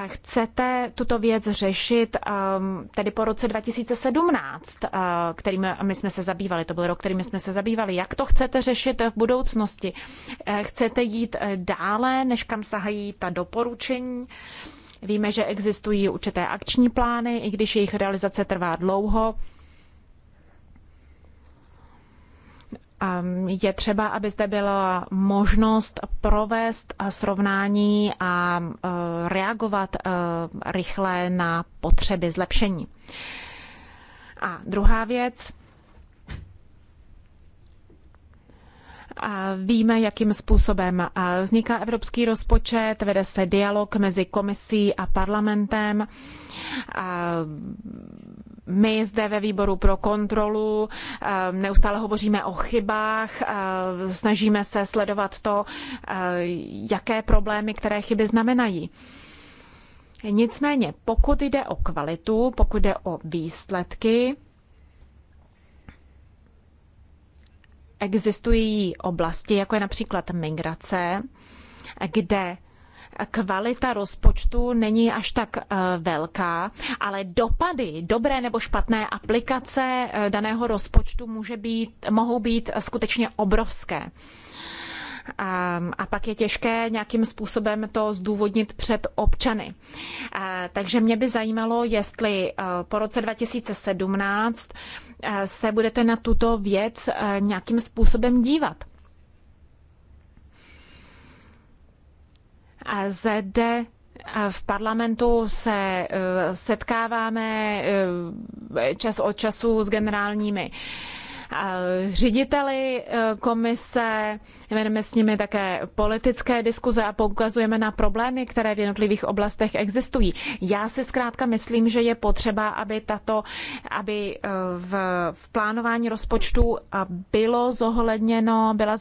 chcete tuto věc řešit um, tedy po roce 2017, uh, kterým my jsme se zabývali, to byl rok, kterým jsme se zabývali. Jak to chcete řešit v budoucnosti? Eh, chcete jít eh, dále, než kam sahají ta doporučení? Víme, že existují určité akční plány, i když jejich realizace trvá dlouho. Ehm, je třeba, aby zde byla možnost provést eh, srovnání a eh, reagovat eh, rychle na potřeby zlepšení. A druhá věc, A víme, jakým způsobem vzniká evropský rozpočet, vede se dialog mezi komisí a parlamentem. A ehm, my zde ve výboru pro kontrolu eh, neustále hovoříme o chybách, eh, snažíme se sledovat to, eh, jaké problémy, které chyby znamenají. Nicméně, pokud jde o kvalitu, pokud jde o výsledky, existují oblasti, jako je například migrace, kde kvalita rozpočtu není až tak eh, velká, ale dopady dobré nebo špatné aplikace eh, daného rozpočtu může být, mohou být skutečně obrovské. A, ehm, a pak je těžké nějakým způsobem to zdůvodnit před občany. A, eh, takže mě by zajímalo, jestli po roce 2017 se budete na tuto věc nějakým způsobem dívat. zde eh, v parlamentu se eh, setkáváme eh, čas od času s generálními řediteli komise, vedeme s nimi také politické diskuze a poukazujeme na problémy, které v jednotlivých oblastech existují. Já si zkrátka myslím, že je potřeba, aby, tato, aby v, v plánování rozpočtu bylo zohledněno, byla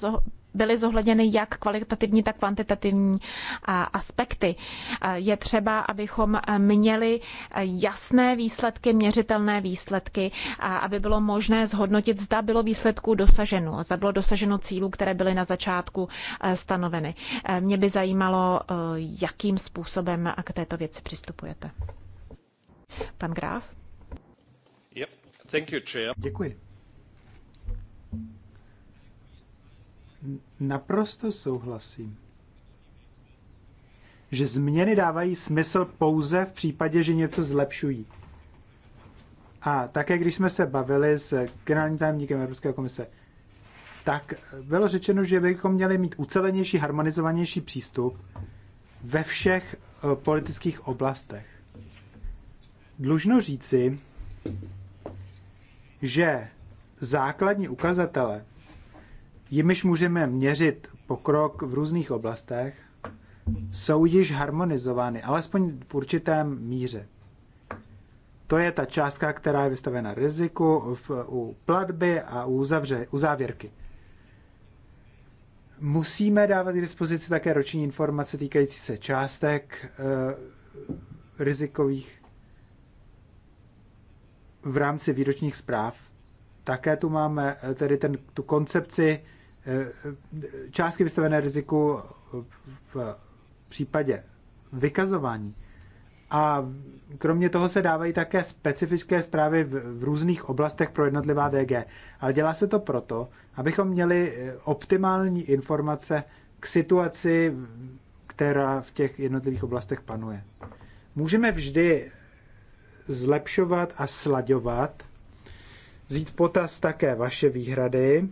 byly zohledněny jak kvalitativní, tak kvantitativní eh, aspekty. Eh, je třeba, abychom eh, měli jasné výsledky, měřitelné výsledky, aby bylo možné zhodnotit, zda bylo výsledků dosaženo, zda bylo dosaženo cílů, které byly na začátku stanoveny. Mě by zajímalo, jakým způsobem k této věci přistupujete. Pan Graf? Yep. Thank you, Chair. Děkuji. naprosto souhlasím, že změny dávají smysl pouze v případě, že něco zlepšují. A také, když jsme se bavili s generálním tajemníkem Evropské komise, tak bylo řečeno, že bychom měli mít ucelenější, harmonizovanější přístup ve všech eh, politických oblastech. Dlužno říci, že základní ukazatele jimiž můžeme měřit pokrok v různých oblastech, jsou již harmonizovány, alespoň v určitém míře. To je ta částka, která je vystavena riziku v, u platby a u, zavře, u závěrky. Musíme dávat k dispozici také roční informace týkající se částek e, rizikových v rámci výročních zpráv. Také tu máme eh, tedy ten, tu koncepci Eh, eh, částky vystavené riziku eh, v případě vykazování. A kromě toho se dávají také specifické zprávy v, v různých oblastech pro jednotlivá DG. Ale dělá se to proto, abychom měli optimální informace k situaci, která v těch jednotlivých oblastech panuje. Můžeme vždy zlepšovat a slaďovat, vzít potaz také vaše výhrady,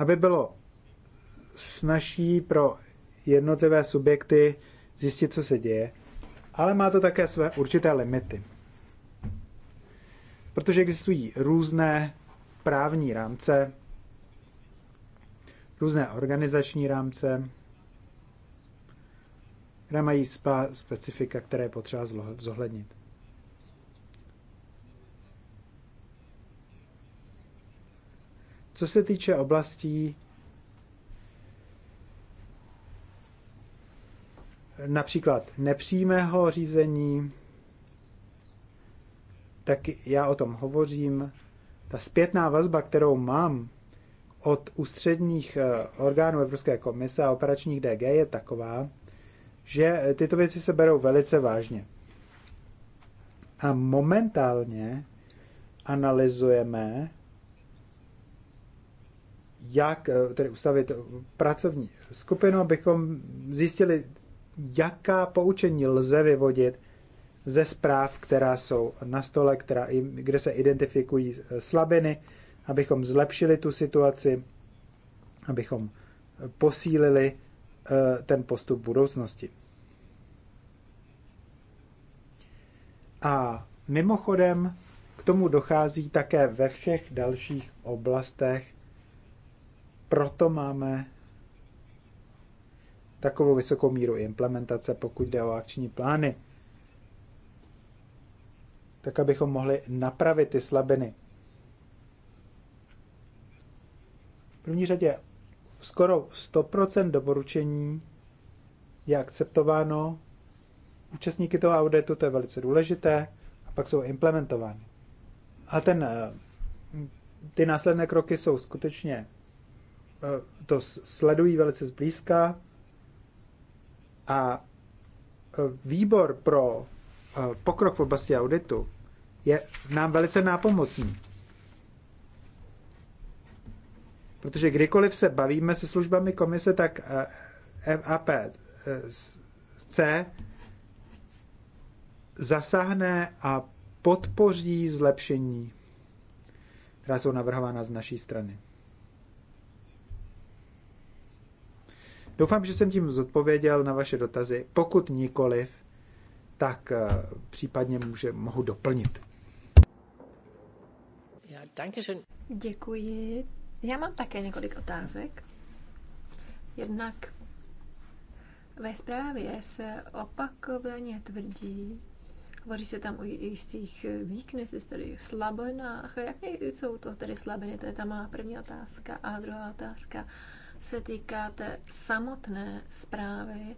aby bylo snažší pro jednotlivé subjekty zjistit, co se děje, ale má to také své určité limity. Protože existují různé právní rámce, různé organizační rámce, které mají spa specifika, které je potřeba zohlednit. Co se týče oblastí, například nepřímého řízení, tak já o tom hovořím. Ta zpětná vazba, kterou mám od ústředních eh, orgánů Evropské komise a operačních DG je taková, že tyto věci se berou velice vážně. A momentálně analyzujeme jak eh, tedy ustavit pracovní skupinu, abychom zjistili, jaká poučení lze vyvodit ze zpráv, která jsou na stole, která, kde se identifikují eh, slabiny, abychom zlepšili tu situaci, abychom eh, posílili ten postup v budoucnosti. A mimochodem k tomu dochází také ve všech dalších oblastech proto máme takovou vysokou míru implementace, pokud jde o akční plány, tak abychom mohli napravit ty slabiny. V první řadě skoro 100% doporučení je akceptováno účastníky toho auditu, to je velice důležité, a pak jsou implementovány. A ten, eh, ty následné kroky jsou skutečně Eh, to sledují velice zblízka a eh, výbor pro eh, pokrok v oblasti auditu je nám velice nápomocný. Protože kdykoliv se bavíme se službami komise, tak FAPC zasáhne a podpoří zlepšení, která jsou navrhována z naší strany. Doufám, že jsem tím zodpověděl na vaše dotazy. Pokud nikoliv, tak eh, případně může, mohu doplnit. Děkuji. Já mám také několik otázek. Jednak ve zprávě se opakovaně tvrdí, hovoří se tam o jistých weaknesses, tedy slabinách. Jaké jsou to tedy slabiny? To je ta má první otázka. A druhá otázka se týká té samotné zprávy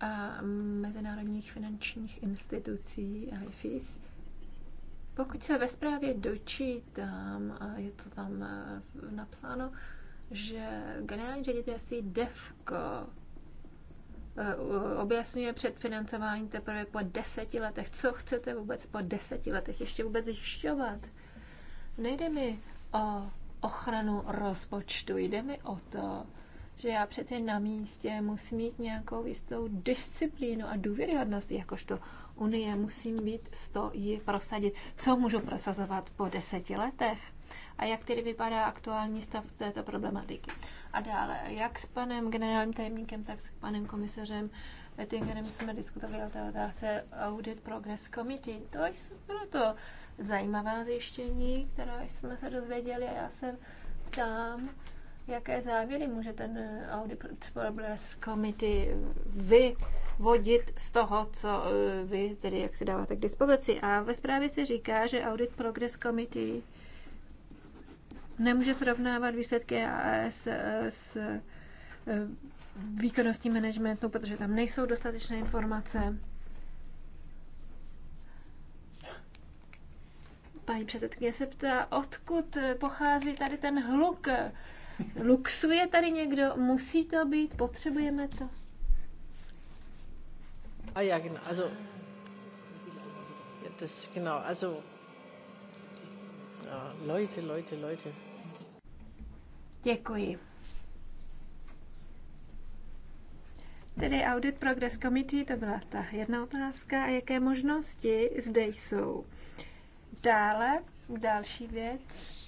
a mezinárodních finančních institucí IFIS, pokud se ve zprávě dočítám, a je to tam e, napsáno, že generální ředitelství DEFCO e, objasňuje předfinancování teprve po deseti letech. Co chcete vůbec po deseti letech ještě vůbec zjišťovat? Nejde mi o ochranu rozpočtu. Jde mi o to, že já přece na místě musím mít nějakou jistou disciplínu a důvěryhodnost, jakožto Unie musím být z to ji prosadit. Co můžu prosazovat po deseti letech? A jak tedy vypadá aktuální stav této problematiky? A dále, jak s panem generálním tajemníkem, tak s panem komisařem Vettingerem jsme diskutovali o té otázce Audit Progress Committee. To jsou proto zajímavá zjištění, která jsme se dozvěděli a já jsem ptám, jaké závěry může ten eh, Audit Problems Committee vyvodit z toho, co eh, vy tedy jak si dáváte k dispozici. A ve zprávě se říká, že Audit Progress Committee nemůže srovnávat výsledky AAS s eh, výkonností managementu, protože tam nejsou dostatečné informace. paní předsedkyně se ptá, odkud pochází tady ten hluk. Luxuje tady někdo? Musí to být? Potřebujeme to? A ah, ja, Also das genau. Also ja, Leute, Leute, Leute. Děkuji. Tedy Audit Progress Committee, to byla ta jedna otázka. A jaké možnosti zde jsou? Dále další věc.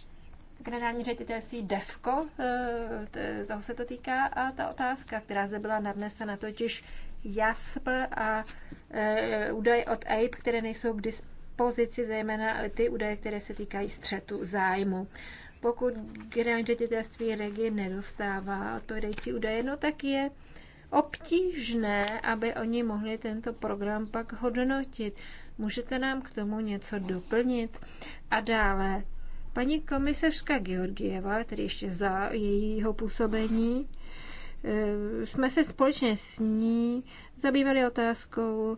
Generální ředitelství DEFCO, eh, toho se to týká, a ta otázka, která zde byla nadnesena, totiž jaspl a eh, údaje od APE, které nejsou k dispozici, zejména ty údaje, které se týkají střetu zájmu. Pokud generální ředitelství regie nedostává odpovědající údaje, no tak je obtížné, aby oni mohli tento program pak hodnotit. Můžete nám k tomu něco doplnit? A dále, paní komisařka Georgieva, tedy ještě za jejího působení, eh, jsme se společně s ní zabývali otázkou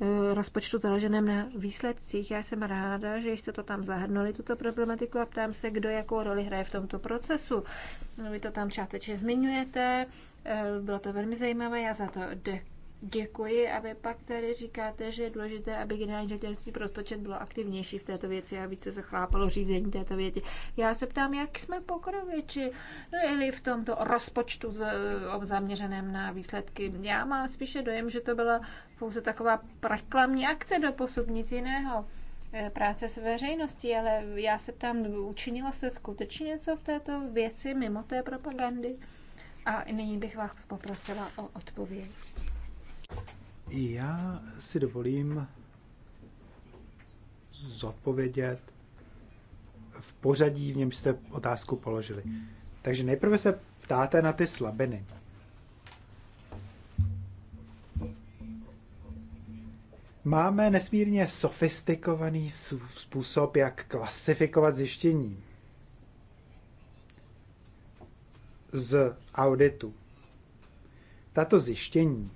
eh, rozpočtu založeném na výsledcích. Já jsem ráda, že jste to tam zahrnuli, tuto problematiku, a ptám se, kdo jakou roli hraje v tomto procesu. Vy to tam částečně zmiňujete, eh, bylo to velmi zajímavé, já za to Děkuji a vy pak tady říkáte, že je důležité, aby generální ředitelství pro rozpočet bylo aktivnější v této věci a více zachlápalo řízení této věci. Já se ptám, jak jsme či no, v tomto rozpočtu zaměřeném na výsledky. Já mám spíše dojem, že to byla pouze taková reklamní akce do posud, nic jiného e, práce s veřejností, ale já se ptám, učinilo se skutečně něco v této věci mimo té propagandy? A nyní bych vás poprosila o odpověď. Já si dovolím zodpovědět v pořadí, v něm jste otázku položili. Takže nejprve se ptáte na ty slabiny. Máme nesmírně sofistikovaný způsob, jak klasifikovat zjištění z auditu. Tato zjištění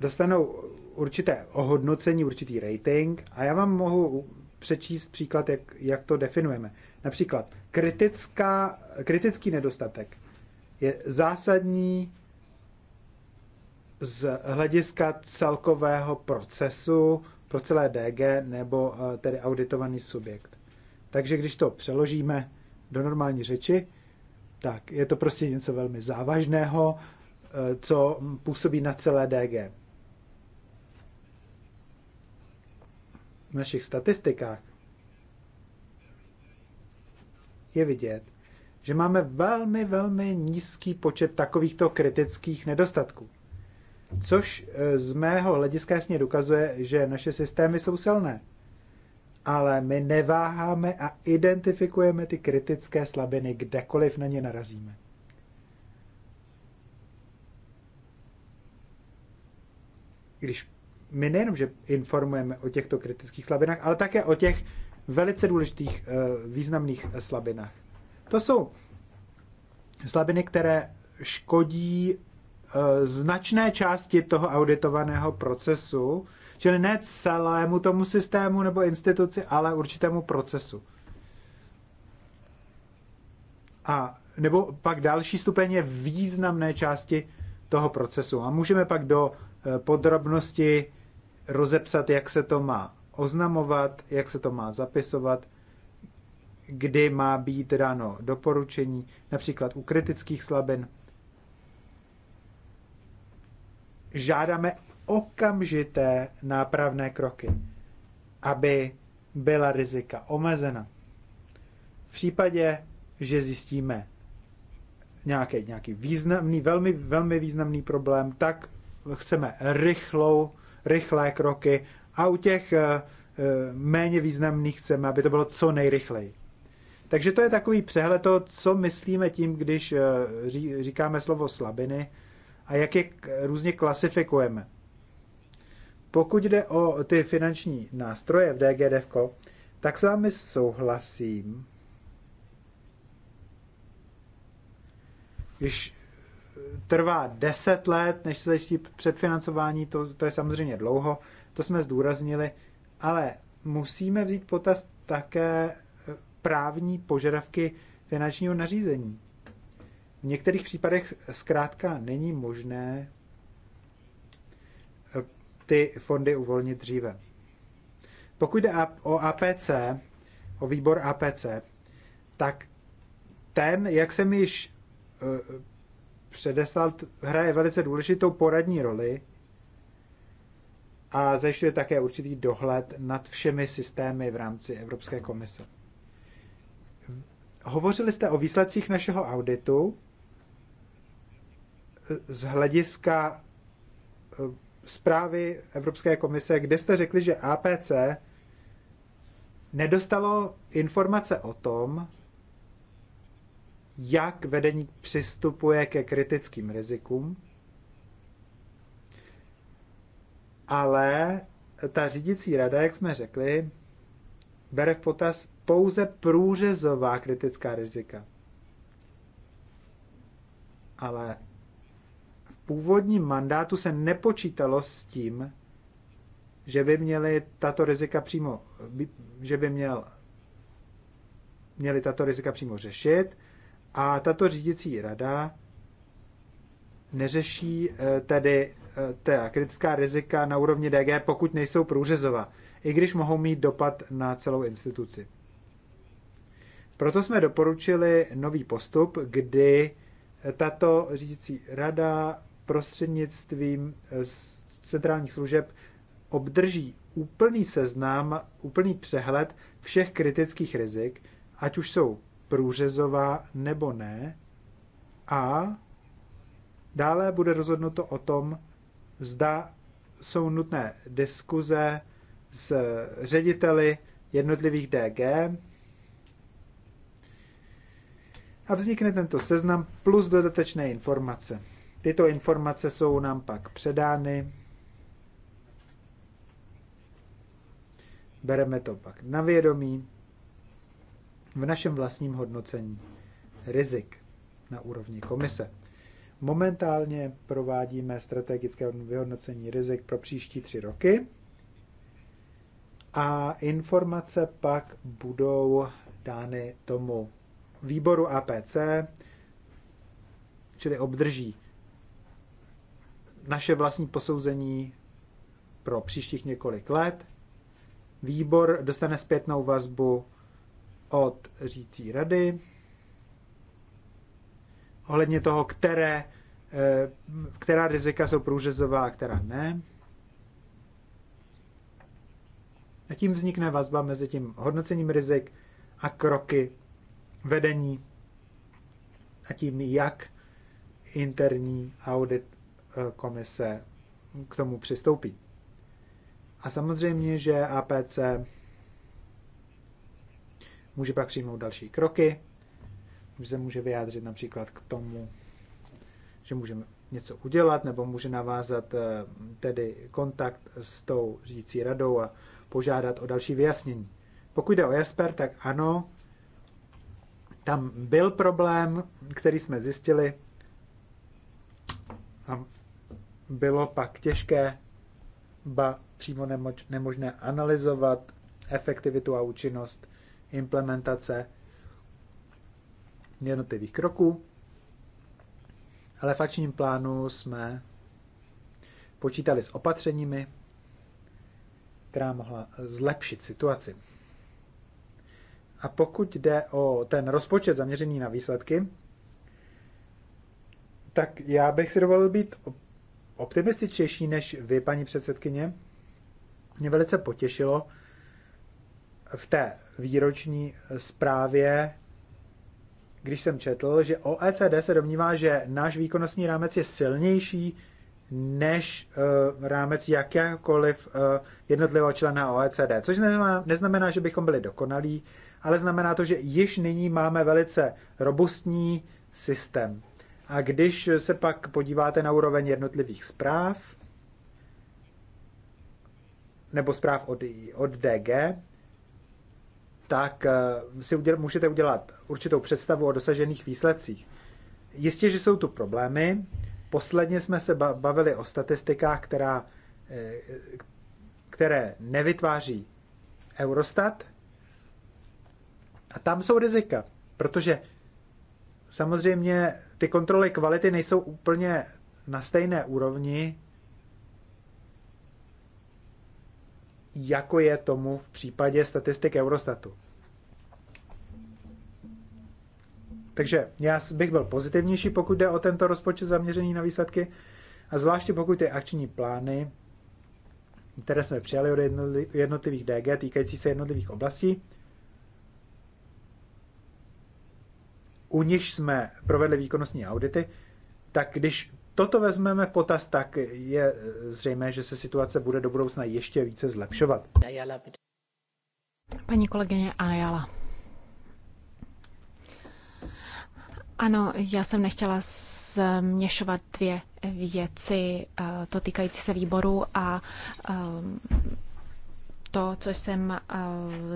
dostanou určité ohodnocení, určitý rating a já vám mohu přečíst příklad, jak, jak to definujeme. Například kritická, kritický nedostatek je zásadní z hlediska celkového procesu pro celé DG nebo eh, tedy auditovaný subjekt. Takže když to přeložíme do normální řeči, tak je to prostě něco velmi závažného, eh, co působí na celé DG. v našich statistikách je vidět, že máme velmi, velmi nízký počet takovýchto kritických nedostatků. Což eh, z mého hlediska jasně dokazuje, že naše systémy jsou silné. Ale my neváháme a identifikujeme ty kritické slabiny, kdekoliv na ně narazíme. Když my nejenom, že informujeme o těchto kritických slabinách, ale také o těch velice důležitých eh, významných eh, slabinách. To jsou slabiny, které škodí eh, značné části toho auditovaného procesu, čili ne celému tomu systému nebo instituci, ale určitému procesu. A nebo pak další stupeň je významné části toho procesu. A můžeme pak do podrobnosti rozepsat, jak se to má oznamovat, jak se to má zapisovat, kdy má být dáno doporučení, například u kritických slabin. Žádáme okamžité nápravné kroky, aby byla rizika omezena. V případě, že zjistíme nějaký, nějaký významný, velmi, velmi významný problém, tak chceme rychlou rychlé kroky a u těch eh, eh, méně významných chceme, aby to bylo co nejrychleji. Takže to je takový přehled toho, co myslíme tím, když eh, říkáme slovo slabiny a jak je různě klasifikujeme. Pokud jde o ty finanční nástroje v DGDF, tak s vámi souhlasím. Když trvá 10 let, než se zajistí předfinancování, to, to je samozřejmě dlouho, to jsme zdůraznili, ale musíme vzít potaz také eh, právní požadavky finančního nařízení. V některých případech zkrátka není možné eh, ty fondy uvolnit dříve. Pokud jde o APC, o výbor APC, tak ten, jak jsem již eh, předeslal, hraje velice důležitou poradní roli a zajišťuje také určitý dohled nad všemi systémy v rámci Evropské komise. Hovořili jste o výsledcích našeho auditu z hlediska eh, zprávy Evropské komise, kde jste řekli, že APC nedostalo informace o tom, jak vedení přistupuje ke kritickým rizikům, ale ta řídící rada, jak jsme řekli, bere v potaz pouze průřezová kritická rizika. Ale v původním mandátu se nepočítalo s tím, že by měly tato rizika přímo, že by měl, měli tato rizika přímo řešit, a tato řídící rada neřeší eh, tedy eh, ta kritická rizika na úrovni DG, pokud nejsou průřezová, i když mohou mít dopad na celou instituci. Proto jsme doporučili nový postup, kdy tato řídící rada prostřednictvím eh, centrálních služeb obdrží úplný seznam, úplný přehled všech kritických rizik, ať už jsou průřezová nebo ne a dále bude rozhodnuto o tom, zda jsou nutné diskuze s řediteli jednotlivých DG a vznikne tento seznam plus dodatečné informace. Tyto informace jsou nám pak předány. Bereme to pak na vědomí v našem vlastním hodnocení rizik na úrovni komise. Momentálně provádíme strategické vyhodnocení rizik pro příští tři roky a informace pak budou dány tomu výboru APC, čili obdrží naše vlastní posouzení pro příštích několik let. Výbor dostane zpětnou vazbu od řící rady ohledně toho, které, eh, která rizika jsou průřezová a která ne. A tím vznikne vazba mezi tím hodnocením rizik a kroky vedení a tím, jak interní audit eh, komise k tomu přistoupí. A samozřejmě, že APC Může pak přijmout další kroky, že se může vyjádřit například k tomu, že můžeme něco udělat, nebo může navázat eh, tedy kontakt s tou řídící radou a požádat o další vyjasnění. Pokud jde o Jasper, tak ano, tam byl problém, který jsme zjistili a bylo pak těžké, ba přímo nemožné analyzovat efektivitu a účinnost implementace jednotlivých kroků, ale v akčním plánu jsme počítali s opatřeními, která mohla zlepšit situaci. A pokud jde o ten rozpočet zaměřený na výsledky, tak já bych si dovolil být optimističtější než vy, paní předsedkyně. Mě velice potěšilo, v té výroční zprávě, když jsem četl, že OECD se domnívá, že náš výkonnostní rámec je silnější než uh, rámec jakékoliv uh, eh, jednotlivého člena OECD. Což neznamená, neznamená, že bychom byli dokonalí, ale znamená to, že již nyní máme velice robustní systém. A když se pak podíváte na úroveň jednotlivých zpráv, nebo zpráv od, od DG, tak eh, si uděl, můžete udělat určitou představu o dosažených výsledcích. Jistě, že jsou tu problémy. Posledně jsme se bavili o statistikách, která, eh, které nevytváří Eurostat. A tam jsou rizika, protože samozřejmě ty kontroly kvality nejsou úplně na stejné úrovni jako je tomu v případě statistik Eurostatu. Takže já bych byl pozitivnější, pokud jde o tento rozpočet zaměřený na výsledky, a zvláště pokud ty akční plány, které jsme přijali od jednotlivých DG, týkající se jednotlivých oblastí, u nich jsme provedli výkonnostní audity, tak když toto vezmeme v potaz, tak je zřejmé, že se situace bude do budoucna ještě více zlepšovat. Paní kolegyně Anajala. Ano, já jsem nechtěla změšovat dvě věci, eh, to týkající se výboru a ehm, to, co jsem eh,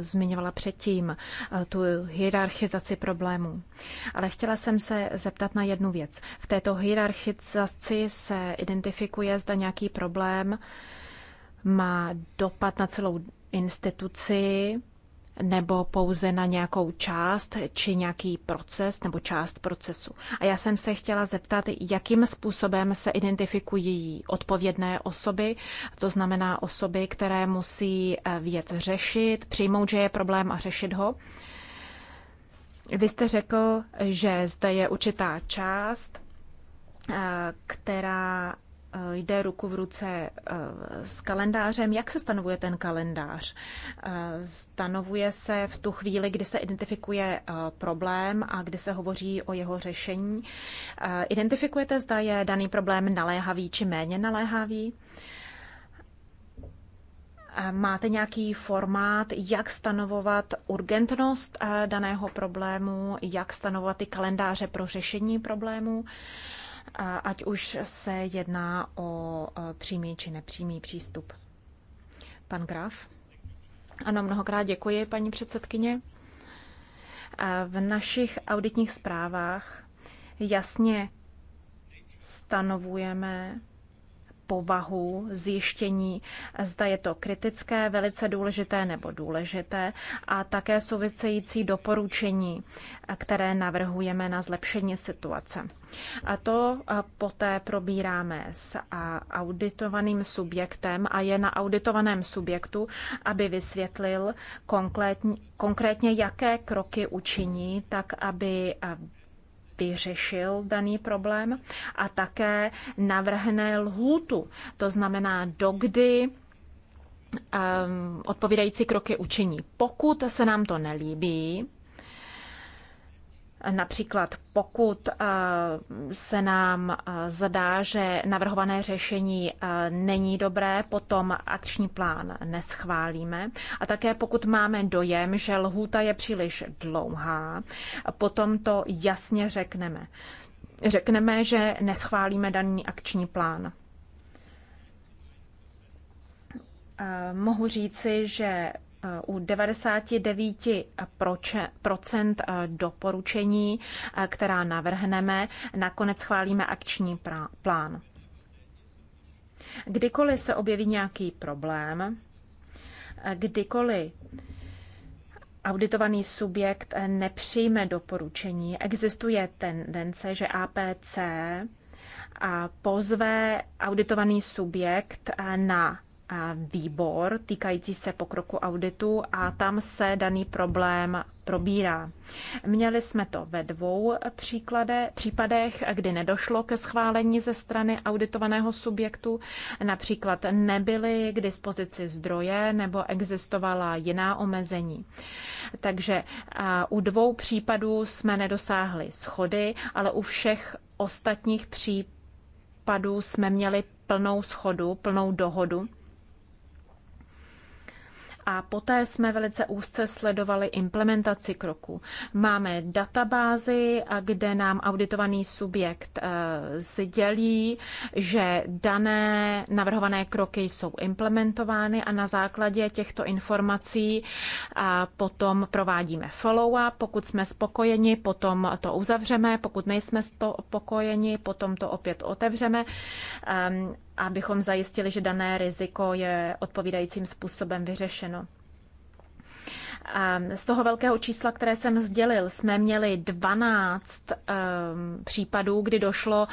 zmiňovala předtím, eh, tu hierarchizaci problémů. Ale chtěla jsem se zeptat na jednu věc. V této hierarchizaci se identifikuje, zda nějaký problém má dopad na celou instituci, nebo pouze na nějakou část či nějaký proces nebo část procesu. A já jsem se chtěla zeptat, jakým způsobem se identifikují odpovědné osoby, to znamená osoby, které musí eh, věc řešit, přijmout, že je problém a řešit ho. Vy jste řekl, že zde je určitá část, eh, která Eh, jde ruku v ruce eh, s kalendářem. Jak se stanovuje ten kalendář? Eh, stanovuje se v tu chvíli, kdy se identifikuje problém a kdy se hovoří o jeho řešení. Identifikujete, zda je daný problém naléhavý či méně naléhavý? Máte nějaký formát, jak stanovovat urgentnost daného problému, jak stanovovat ty kalendáře pro řešení problému? ať už se jedná o e, přímý či nepřímý přístup. Pan Graf. Ano, mnohokrát děkuji, paní předsedkyně. E, v našich auditních zprávách jasně stanovujeme povahu zjištění, zda je to kritické, velice důležité nebo důležité a také související doporučení, které navrhujeme na zlepšení situace. A to poté probíráme s auditovaným subjektem a je na auditovaném subjektu, aby vysvětlil konkrétně, konkrétně jaké kroky učiní, tak aby vyřešil daný problém a také navrhne lhůtu. To znamená, dokdy um, odpovídající kroky učiní. Pokud se nám to nelíbí, Například pokud eh, se nám eh, zdá, že navrhované řešení eh, není dobré, potom akční plán neschválíme. A také pokud máme dojem, že lhůta je příliš dlouhá, potom to jasně řekneme. Řekneme, že neschválíme daný akční plán. Mohu říci, že u 99% eh, doporučení, eh, která navrhneme, nakonec chválíme akční plán. Kdykoliv se objeví nějaký problém, eh, kdykoliv auditovaný subjekt nepřijme doporučení, existuje tendence, že APC pozve auditovaný subjekt na výbor týkající se pokroku auditu a tam se daný problém probírá. Měli jsme to ve dvou příklade, případech, kdy nedošlo ke schválení ze strany auditovaného subjektu. Například nebyly k dispozici zdroje nebo existovala jiná omezení. Takže u dvou případů jsme nedosáhli schody, ale u všech ostatních případů jsme měli plnou schodu, plnou dohodu a poté jsme velice úzce sledovali implementaci kroku. Máme databázi, kde nám auditovaný subjekt eh, sdělí, že dané navrhované kroky jsou implementovány a na základě těchto informací potom provádíme follow-up. Pokud jsme spokojeni, potom to uzavřeme, pokud nejsme spokojeni, potom to opět otevřeme ehm, abychom zajistili, že dané riziko je odpovídajícím způsobem vyřešeno. Z toho velkého čísla, které jsem sdělil, jsme měli 12 ehm, případů, kdy došlo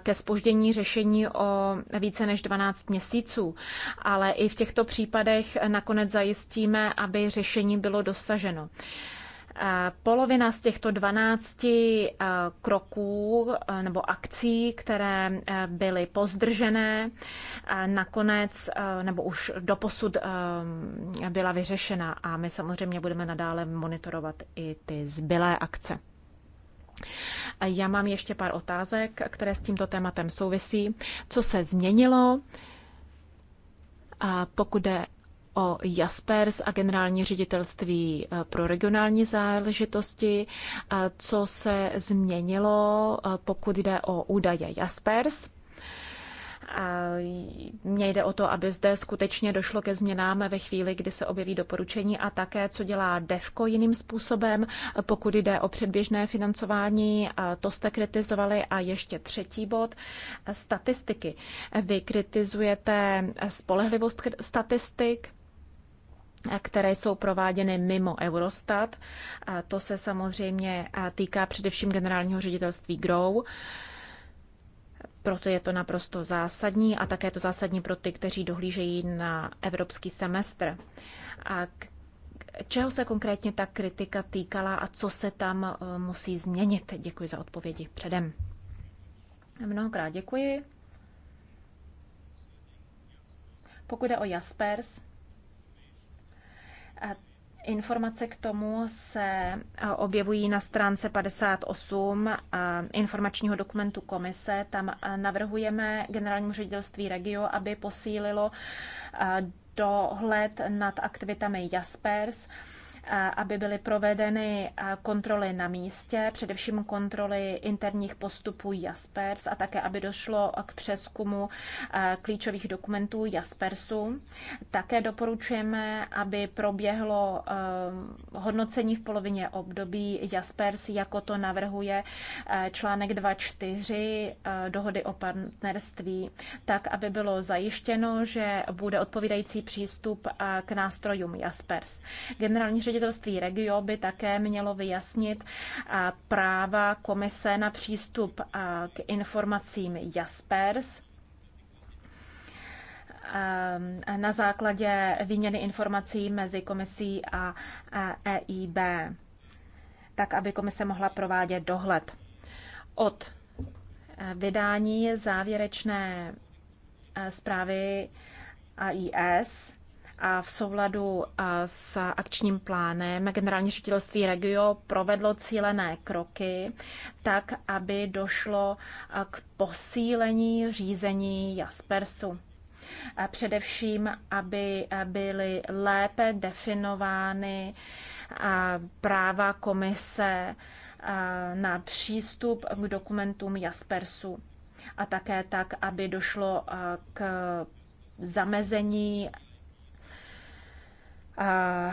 ke spoždění řešení o více než 12 měsíců. Ale i v těchto případech nakonec zajistíme, aby řešení bylo dosaženo. Polovina z těchto 12 eh, kroků eh, nebo akcí, které eh, byly pozdržené, nakonec nebo už doposud byla vyřešena a my samozřejmě budeme nadále monitorovat i ty zbylé akce. Já mám ještě pár otázek, které s tímto tématem souvisí. Co se změnilo? A pokud jde o Jaspers a generální ředitelství eh, pro regionální záležitosti, eh, co se změnilo, eh, pokud jde o údaje Jaspers. A mně jde o to, aby zde skutečně došlo ke změnám ve chvíli, kdy se objeví doporučení a také, co dělá DEVKO jiným způsobem, pokud jde o předběžné financování, to jste kritizovali. A ještě třetí bod, statistiky. Vy kritizujete spolehlivost statistik, které jsou prováděny mimo Eurostat. A to se samozřejmě týká především generálního ředitelství GROW. Proto je to naprosto zásadní a také to zásadní pro ty, kteří dohlížejí na evropský semestr. A čeho se konkrétně ta kritika týkala a co se tam e, musí změnit? Děkuji za odpovědi předem. Mnohokrát děkuji. Pokud jde o Jaspers, Informace k tomu se objevují na stránce 58 informačního dokumentu komise. Tam navrhujeme generálnímu ředitelství Regio, aby posílilo dohled nad aktivitami Jaspers aby byly provedeny kontroly na místě, především kontroly interních postupů Jaspers a také, aby došlo k přeskumu klíčových dokumentů Jaspersu. Také doporučujeme, aby proběhlo hodnocení v polovině období Jaspers, jako to navrhuje článek 2.4 dohody o partnerství, tak, aby bylo zajištěno, že bude odpovídající přístup k nástrojům Jaspers. Generální ředitelství Regio by také mělo vyjasnit práva komise na přístup k informacím Jaspers, na základě výměny informací mezi komisí a EIB, tak aby komise mohla provádět dohled. Od e, vydání závěrečné e, zprávy AIS v souladu s akčním plánem generální ředitelství Regio provedlo cílené kroky tak, aby došlo k posílení řízení Jaspersu. A především, aby byly lépe definovány práva komise na přístup k dokumentům Jaspersu a také tak, aby došlo k zamezení Eh,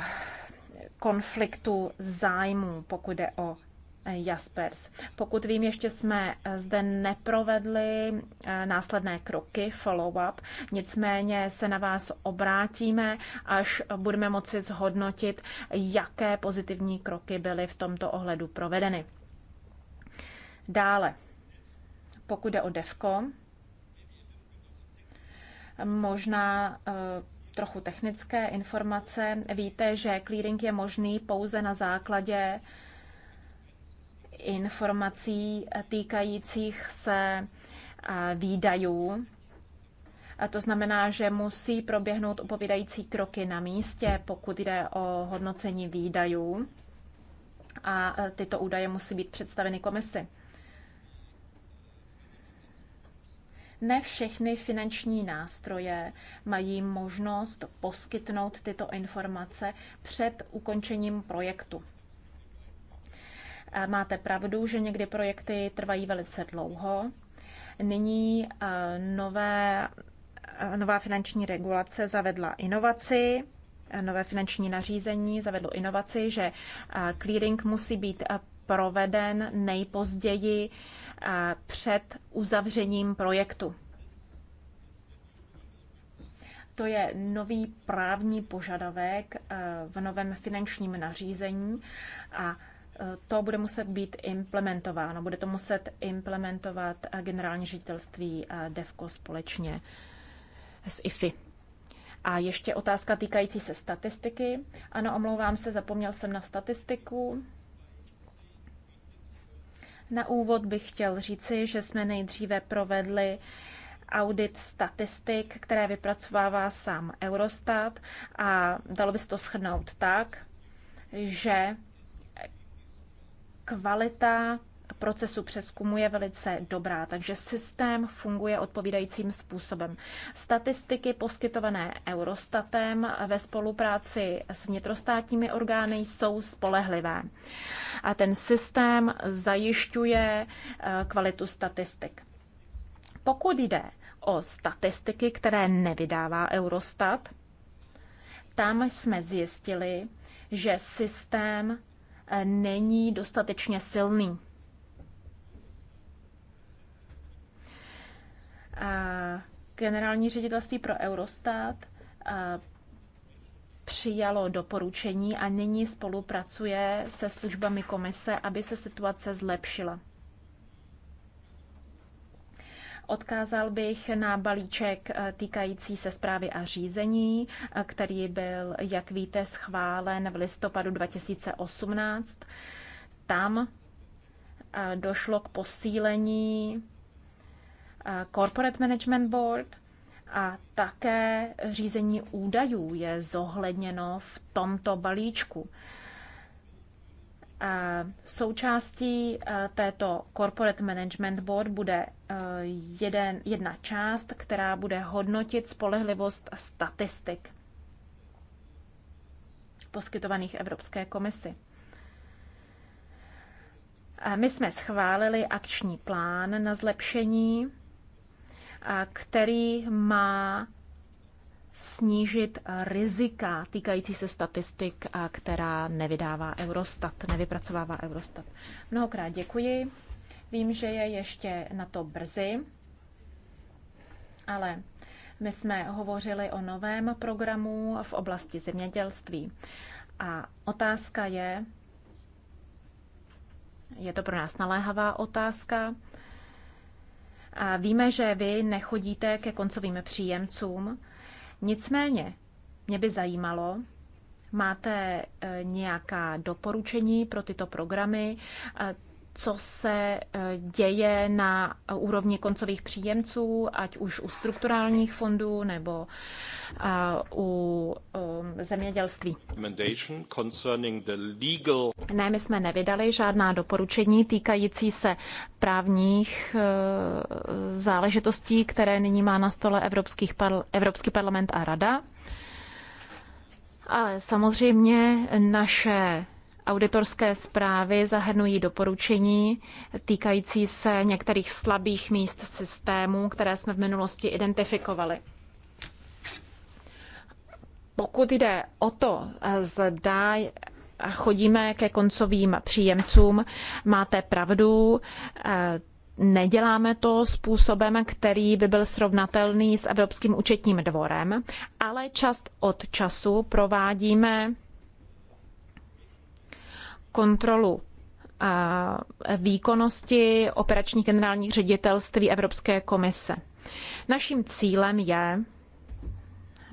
konfliktu zájmů, pokud jde o eh, Jaspers. Pokud vím, ještě jsme eh, zde neprovedli následné kroky, follow-up, nicméně se na vás obrátíme, až budeme moci zhodnotit, jaké pozitivní kroky byly v tomto ohledu provedeny. Dále, pokud jde o DEVKO, možná trochu technické informace. Víte, že clearing je možný pouze na základě informací týkajících se výdajů. A to znamená, že musí proběhnout upovídající kroky na místě, pokud jde o hodnocení výdajů. A e, tyto údaje musí být představeny komisi. Ne všechny finanční nástroje mají možnost poskytnout tyto informace před ukončením projektu. Eh, máte pravdu, že někdy projekty trvají velice dlouho. Nyní eh, nové, eh, nová finanční regulace zavedla inovaci, nové finanční nařízení zavedlo inovaci, že clearing musí být proveden nejpozději eh, před uzavřením projektu. To je nový právní požadavek eh, v novém finančním nařízení a eh, to bude muset být implementováno. Bude to muset implementovat generální ředitelství DEVKO společně s IFI. A ještě otázka týkající se statistiky. Ano, omlouvám se, zapomněl jsem na statistiku. Na úvod bych chtěl říci, že jsme nejdříve provedli audit statistik, které vypracovává sám Eurostat a dalo by se to shrnout tak, že kvalita procesu přeskumu je velice dobrá, takže systém funguje odpovídajícím způsobem. Statistiky poskytované Eurostatem ve spolupráci s vnitrostátními orgány jsou spolehlivé. A ten systém zajišťuje eh, kvalitu statistik. Pokud jde o statistiky, které nevydává Eurostat, tam jsme zjistili, že systém eh, není dostatečně silný. generální ředitelství pro Eurostat přijalo doporučení a nyní spolupracuje se službami komise, aby se situace zlepšila. Odkázal bych na balíček týkající se zprávy a řízení, který byl, jak víte, schválen v listopadu 2018. Tam došlo k posílení Corporate Management Board a také řízení údajů je zohledněno v tomto balíčku. Součástí e, této Corporate Management Board bude e, jeden, jedna část, která bude hodnotit spolehlivost statistik poskytovaných Evropské komisi. My jsme schválili akční plán na zlepšení který má snížit rizika týkající se statistik, která nevydává Eurostat, nevypracovává Eurostat. Mnohokrát děkuji. Vím, že je ještě na to brzy, ale my jsme hovořili o novém programu v oblasti zemědělství. A otázka je, je to pro nás naléhavá otázka, a víme, že vy nechodíte ke koncovým příjemcům, nicméně mě by zajímalo, máte eh, nějaká doporučení pro tyto programy, eh, co se eh, děje na úrovni koncových příjemců, ať už u strukturálních fondů nebo eh, u eh, zemědělství. Ne, my jsme nevydali žádná doporučení týkající se právních záležitostí, které nyní má na stole Evropský, parlament a Rada. Ale samozřejmě naše Auditorské zprávy zahrnují doporučení týkající se některých slabých míst systému, které jsme v minulosti identifikovali. Pokud jde o to, zda chodíme ke koncovým příjemcům, máte pravdu, neděláme to způsobem, který by byl srovnatelný s Evropským účetním dvorem, ale čas od času provádíme kontrolu e, výkonnosti operačních generálních ředitelství Evropské komise. Naším cílem je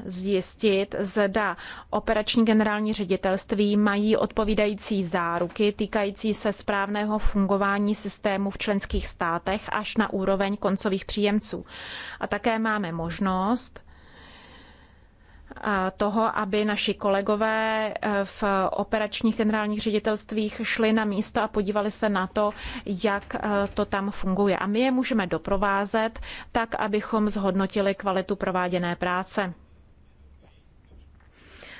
zjistit, zda operační generální ředitelství mají odpovídající záruky týkající se správného fungování systému v členských státech až na úroveň koncových příjemců. A také máme možnost toho, aby naši kolegové eh, v operačních generálních ředitelstvích šli na místo a podívali se na to, jak eh, to tam funguje. A my je můžeme doprovázet tak, abychom zhodnotili kvalitu prováděné práce.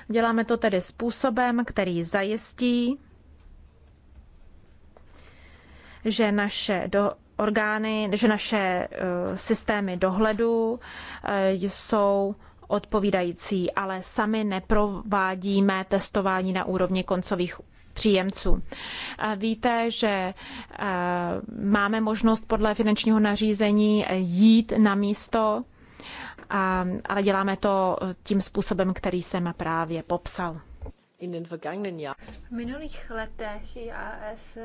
Děláme to tedy způsobem, který zajistí, že naše do, orgány, že naše eh, systémy dohledu jsou odpovídající, ale sami neprovádíme testování na úrovni koncových příjemců. Víte, že e, máme možnost podle finančního nařízení jít na místo, ale děláme to tím způsobem, který jsem právě popsal. V minulých letech IAS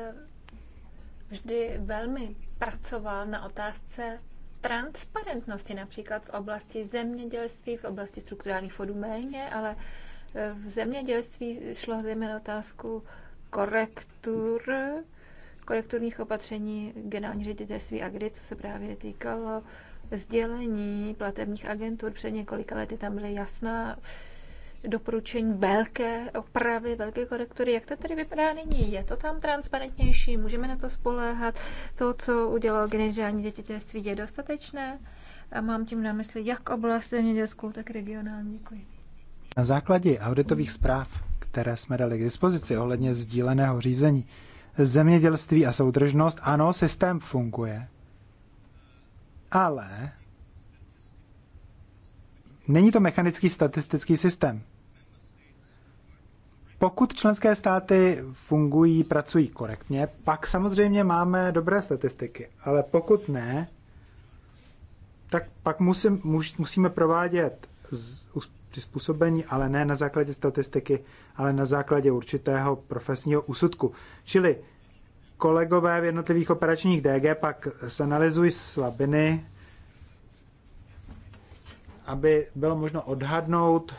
vždy velmi pracoval na otázce transparentnosti, například v oblasti zemědělství, v oblasti strukturálních fondů méně, ale eh, v zemědělství šlo zejména otázku korektur, korekturních opatření generální ředitelství Agri, co se právě týkalo sdělení platebních agentur před několika lety, tam byly jasná doporučení velké opravy, velké korektory. Jak to tedy vypadá nyní? Je to tam transparentnější? Můžeme na to spoléhat? To, co udělalo generální dětitelství, je dostatečné? A mám tím na mysli jak oblast zemědělskou, tak regionální. Děkuji. Na základě auditových zpráv, které jsme dali k dispozici ohledně sdíleného řízení, zemědělství a soudržnost, ano, systém funguje, ale Není to mechanický statistický systém. Pokud členské státy fungují, pracují korektně, pak samozřejmě máme dobré statistiky. Ale pokud ne, tak pak musím, muž, musíme provádět z, přizpůsobení, ale ne na základě statistiky, ale na základě určitého profesního úsudku. Čili kolegové v jednotlivých operačních DG pak analyzují slabiny aby bylo možno odhadnout,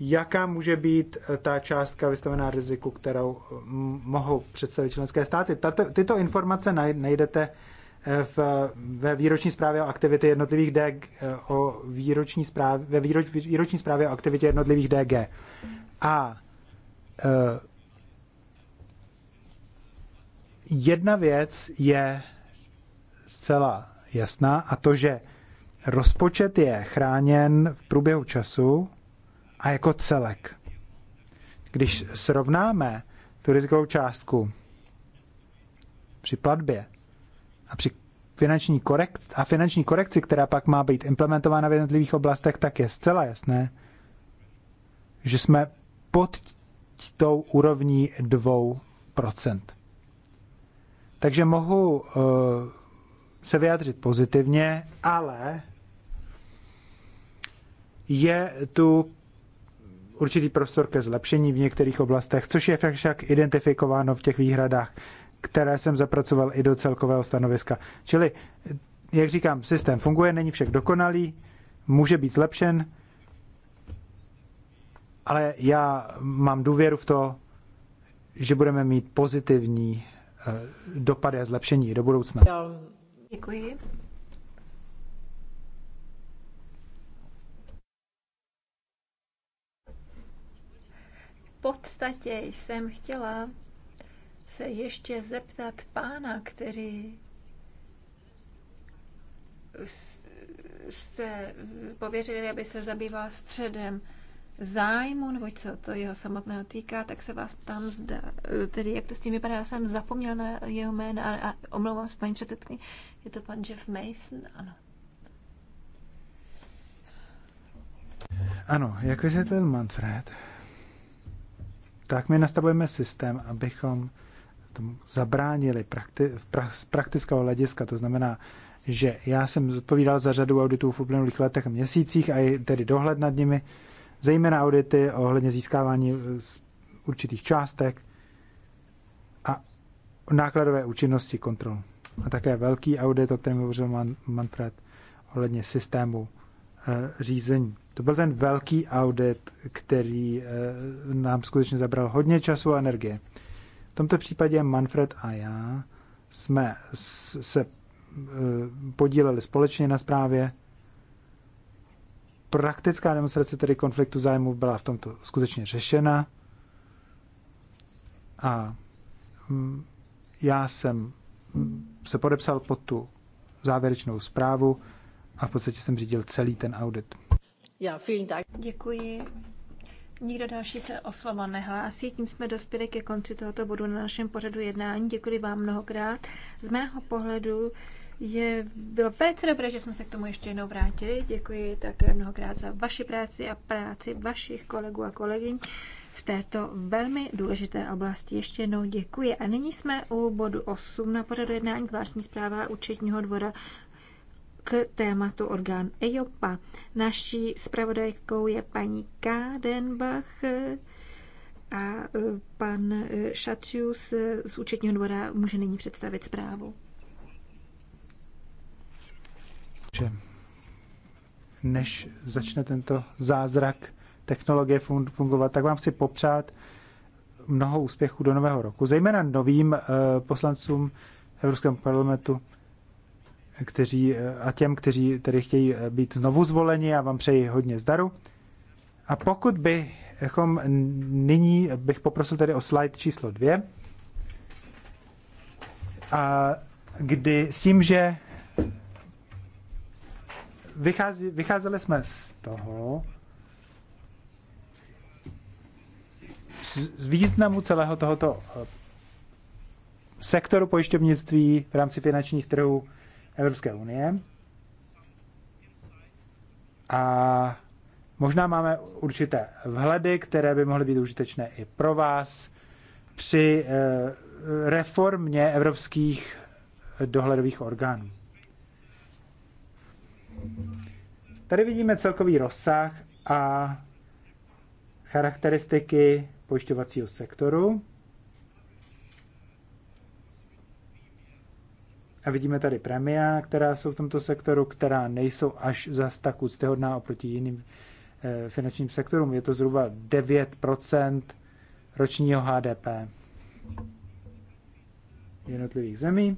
jaká může být eh, ta částka vystavená riziku, kterou eh, mohou představit členské státy. Tato, tyto informace najdete eh, v, ve výroční zprávě o aktivitě jednotlivých DG, o výroční zprávě, ve výroč, výroční zprávě o aktivitě jednotlivých DG. A jedna věc je zcela jasná a to, že Rozpočet je chráněn v průběhu času a jako celek. Když srovnáme tu rizikovou částku při platbě a při finanční korekt, a finanční korekci, která pak má být implementována v jednotlivých oblastech, tak je zcela jasné, že jsme pod tou úrovní 2%. Takže mohu uh, se vyjádřit pozitivně, ale je tu určitý prostor ke zlepšení v některých oblastech, což je však identifikováno v těch výhradách, které jsem zapracoval i do celkového stanoviska. Čili, jak říkám, systém funguje, není však dokonalý, může být zlepšen, ale já mám důvěru v to, že budeme mít pozitivní eh, dopady a zlepšení do budoucna. Děkuji. podstatě jsem chtěla se ještě zeptat pána, který se pověřili, aby se zabýval středem zájmu, nebo co to jeho samotného týká, tak se vás tam zda. Tedy jak to s tím vypadá, já jsem zapomněl na jeho jméno a, a omlouvám se paní předsedkyni, je to pan Jeff Mason, ano. Ano, jak vysvětlil Manfred, tak my nastavujeme systém, abychom tomu zabránili prakti- pra- z praktického hlediska. To znamená, že já jsem odpovídal za řadu auditů v uplynulých letech a měsících a je tedy dohled nad nimi, zejména audity ohledně získávání eh, z určitých částek a nákladové účinnosti kontrol. A také velký audit, o kterém hovořil Manfred, ohledně systému eh, řízení. To byl ten velký audit, který eh, nám skutečně zabral hodně času a energie. V tomto případě Manfred a já jsme se eh, podíleli společně na zprávě. Praktická demonstrace tedy konfliktu zájmu byla v tomto skutečně řešena. A hm, já jsem hm, se podepsal pod tu závěrečnou zprávu a v podstatě jsem řídil celý ten audit. Já, vielen Dank. Děkuji. Nikdo další se o slovo nehlásí, tím jsme dospěli ke konci tohoto bodu na našem pořadu jednání. Děkuji vám mnohokrát. Z mého pohledu je, bylo velice dobré, že jsme se k tomu ještě jednou vrátili. Děkuji také mnohokrát za vaši práci a práci vašich kolegů a kolegyň v této velmi důležité oblasti. Ještě jednou děkuji. A nyní jsme u bodu 8 na pořadu jednání zvláštní zpráva účetního dvora k tématu orgán EIOPA. Naší zpravodajkou je paní Kádenbach a e, pan e, Šatius z účetního dvora může nyní představit zprávu. Že než začne tento zázrak technologie fungovat, tak vám chci popřát mnoho úspěchů do nového roku, zejména novým e, poslancům Evropského parlamentu kteří, a těm, kteří tedy chtějí být znovu zvoleni. Já vám přeji hodně zdaru. A pokud bychom nyní, bych poprosil tedy o slide číslo dvě, a kdy s tím, že vychází, vycházeli jsme z toho, z významu celého tohoto eh, sektoru pojišťovnictví v rámci finančních trhů Evropské unie. A možná máme určité vhledy, které by mohly být užitečné i pro vás při eh, reformě evropských dohledových orgánů. Tady vidíme celkový rozsah a charakteristiky pojišťovacího sektoru. A vidíme tady premia, která jsou v tomto sektoru, která nejsou až zas tak úctyhodná oproti jiným eh, finančním sektorům. Je to zhruba 9 ročního HDP jednotlivých zemí.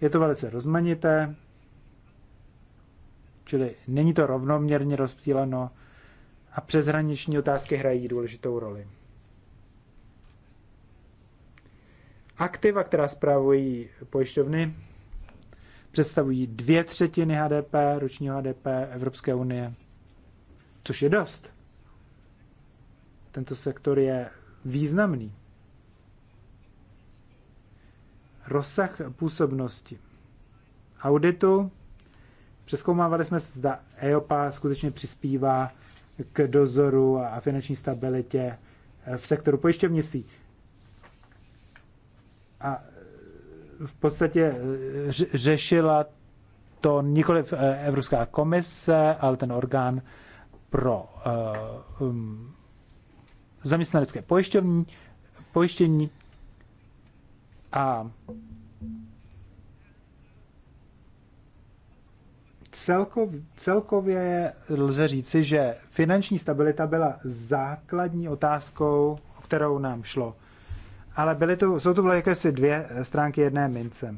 Je to velice rozmanité, čili není to rovnoměrně rozptýleno a přeshraniční otázky hrají důležitou roli. Aktiva, která zprávují pojišťovny, představují dvě třetiny HDP, ročního HDP Evropské unie, což je dost. Tento sektor je významný. Rozsah působnosti auditu. Přeskoumávali jsme, zda EOPA skutečně přispívá k dozoru a finanční stabilitě v sektoru pojišťovnictví a e, v podstatě e, řešila to nikoli e, Evropská komise, ale ten orgán pro um, zaměstnanecké pojišťovní, pojištění a celkov, celkově lze říci, že finanční stabilita byla základní otázkou, o kterou nám šlo ale byly to, jsou tu byly jakési dvě eh, stránky jedné mince.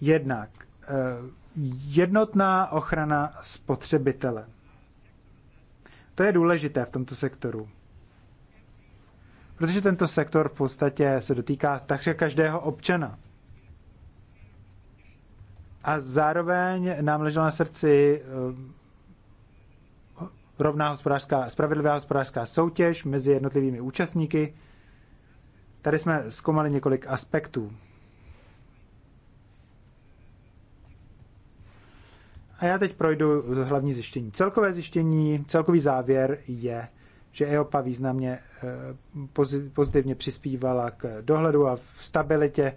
Jednak eh, jednotná ochrana spotřebitele. To je důležité v tomto sektoru. Protože tento sektor v podstatě se dotýká takže každého občana. A zároveň nám leželo na srdci eh, rovná hospodářská, spravedlivá hospodářská soutěž mezi jednotlivými účastníky – Tady jsme zkoumali několik aspektů. A já teď projdu hlavní zjištění. Celkové zjištění, celkový závěr je, že EOPA významně eh, pozitivně přispívala k dohledu a v stabilitě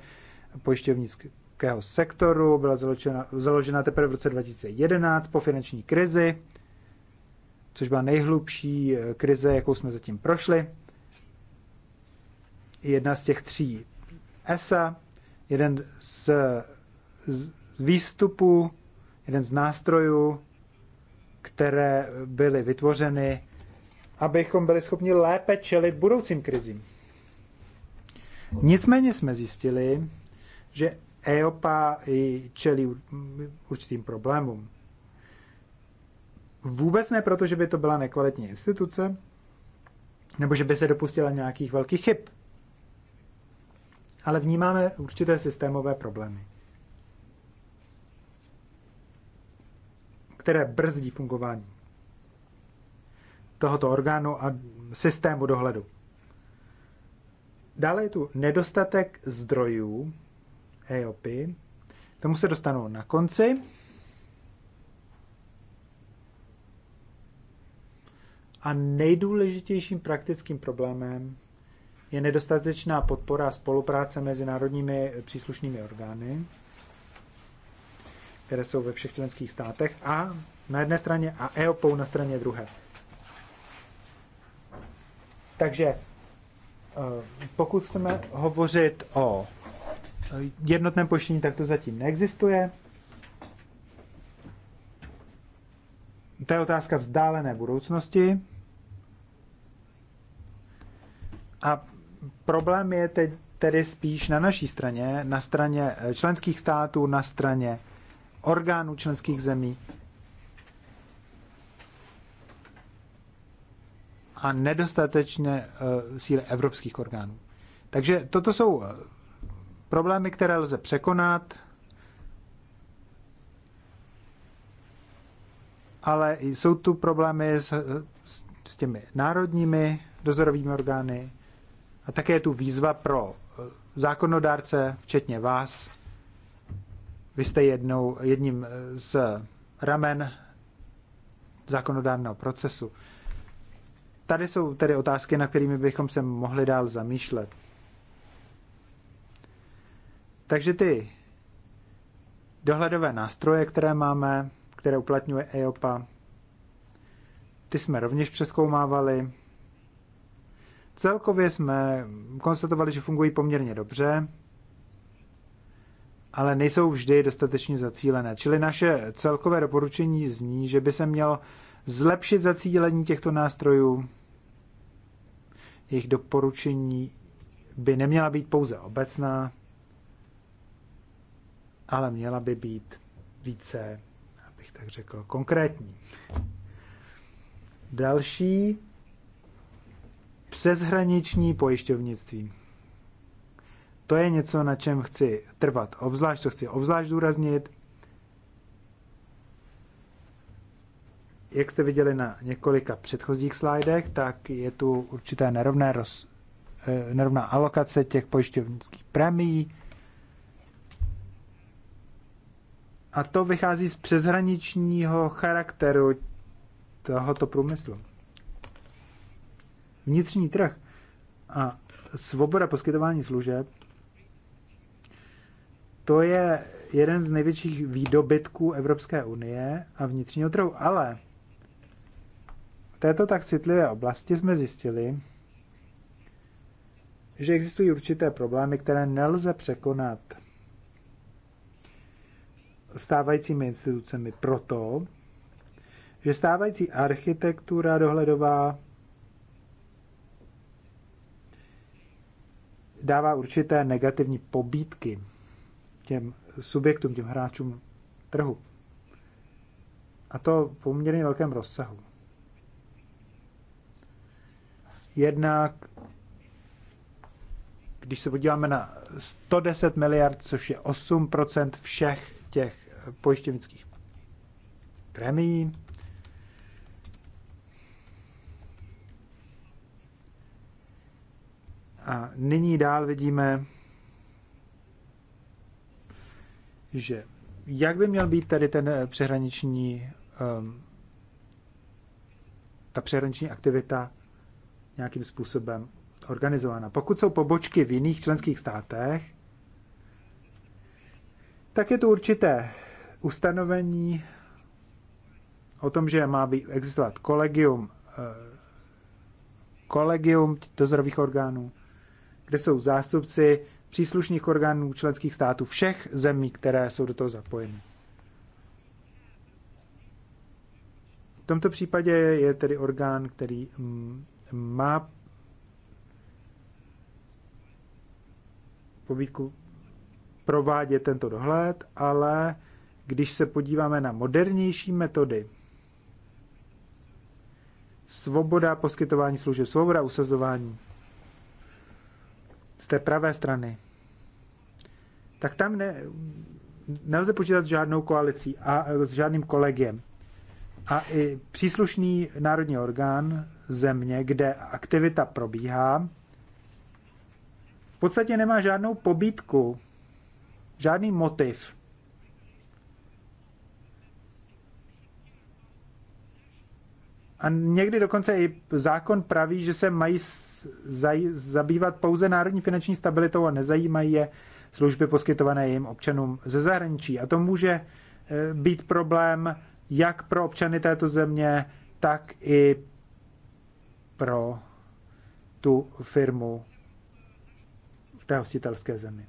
pojišťovnického sektoru. Byla založena, založena teprve v roce 2011 po finanční krizi, což byla nejhlubší eh, krize, jakou jsme zatím prošli jedna z těch tří ESA, jeden z, z výstupů, jeden z nástrojů, které byly vytvořeny, abychom byli schopni lépe čelit budoucím krizím. Nicméně jsme zjistili, že EOPA čelí určitým problémům. Vůbec ne proto, že by to byla nekvalitní instituce, nebo že by se dopustila nějakých velkých chyb ale vnímáme určité systémové problémy, které brzdí fungování tohoto orgánu a systému dohledu. Dále je tu nedostatek zdrojů EOP. K tomu se dostanu na konci. A nejdůležitějším praktickým problémem je nedostatečná podpora a spolupráce mezi národními příslušnými orgány, které jsou ve všech členských státech, a na jedné straně a EOPou na straně druhé. Takže eh, pokud chceme hovořit o jednotném pojištění, tak to zatím neexistuje. To je otázka vzdálené budoucnosti. A problém je teď tedy spíš na naší straně, na straně eh, členských států, na straně orgánů členských zemí. A nedostatečné eh, síly evropských orgánů. Takže toto jsou eh, problémy, které lze překonat, ale jsou tu problémy s, s těmi národními dozorovými orgány, a také je tu výzva pro eh, zákonodárce, včetně vás. Vy jste jednou, jedním eh, z ramen zákonodárného procesu. Tady jsou tedy otázky, na kterými bychom se mohli dál zamýšlet. Takže ty dohledové nástroje, které máme, které uplatňuje EOPA, ty jsme rovněž přeskoumávali. Celkově jsme konstatovali, že fungují poměrně dobře, ale nejsou vždy dostatečně zacílené. Čili naše celkové doporučení zní, že by se mělo zlepšit zacílení těchto nástrojů. Jejich doporučení by neměla být pouze obecná, ale měla by být více, abych tak řekl, konkrétní. Další Přeshraniční pojišťovnictví. To je něco, na čem chci trvat obzvlášť, co chci obzvlášť důraznit. Jak jste viděli na několika předchozích slajdech, tak je tu určité nerovné roz, eh, nerovná alokace těch pojišťovnických premií. A to vychází z přeshraničního charakteru tohoto průmyslu vnitřní trh a svoboda poskytování služeb, to je jeden z největších výdobytků Evropské unie a vnitřního trhu. Ale v této tak citlivé oblasti jsme zjistili, že existují určité problémy, které nelze překonat stávajícími institucemi proto, že stávající architektura dohledová dává určité negativní pobídky těm subjektům, těm hráčům trhu. A to v poměrně velkém rozsahu. Jednak, když se podíváme na 110 miliard, což je 8% všech těch pojišťovnických premií, nyní dál vidíme, že jak by měl být tady ten eh, přehraniční, ehm, ta přehraniční aktivita nějakým způsobem organizována. Pokud jsou pobočky v jiných členských státech, tak je to určité ustanovení o tom, že má být existovat kolegium, eh, kolegium dozorových orgánů, kde jsou zástupci příslušných orgánů členských států všech zemí, které jsou do toho zapojeny. V tomto případě je tedy orgán, který mm, má pobídku provádět tento dohled, ale když se podíváme na modernější metody, svoboda poskytování služeb, svoboda usazování z té pravé strany, tak tam ne, nelze počítat s žádnou koalicí a s žádným kolegiem. A i příslušný národní orgán země, kde aktivita probíhá, v podstatě nemá žádnou pobítku, žádný motiv A někdy dokonce i zákon praví, že se mají zabývat pouze národní finanční stabilitou a nezajímají je služby poskytované jim občanům ze zahraničí. A to může e, být problém jak pro občany této země, tak i pro tu firmu v té hostitelské zemi.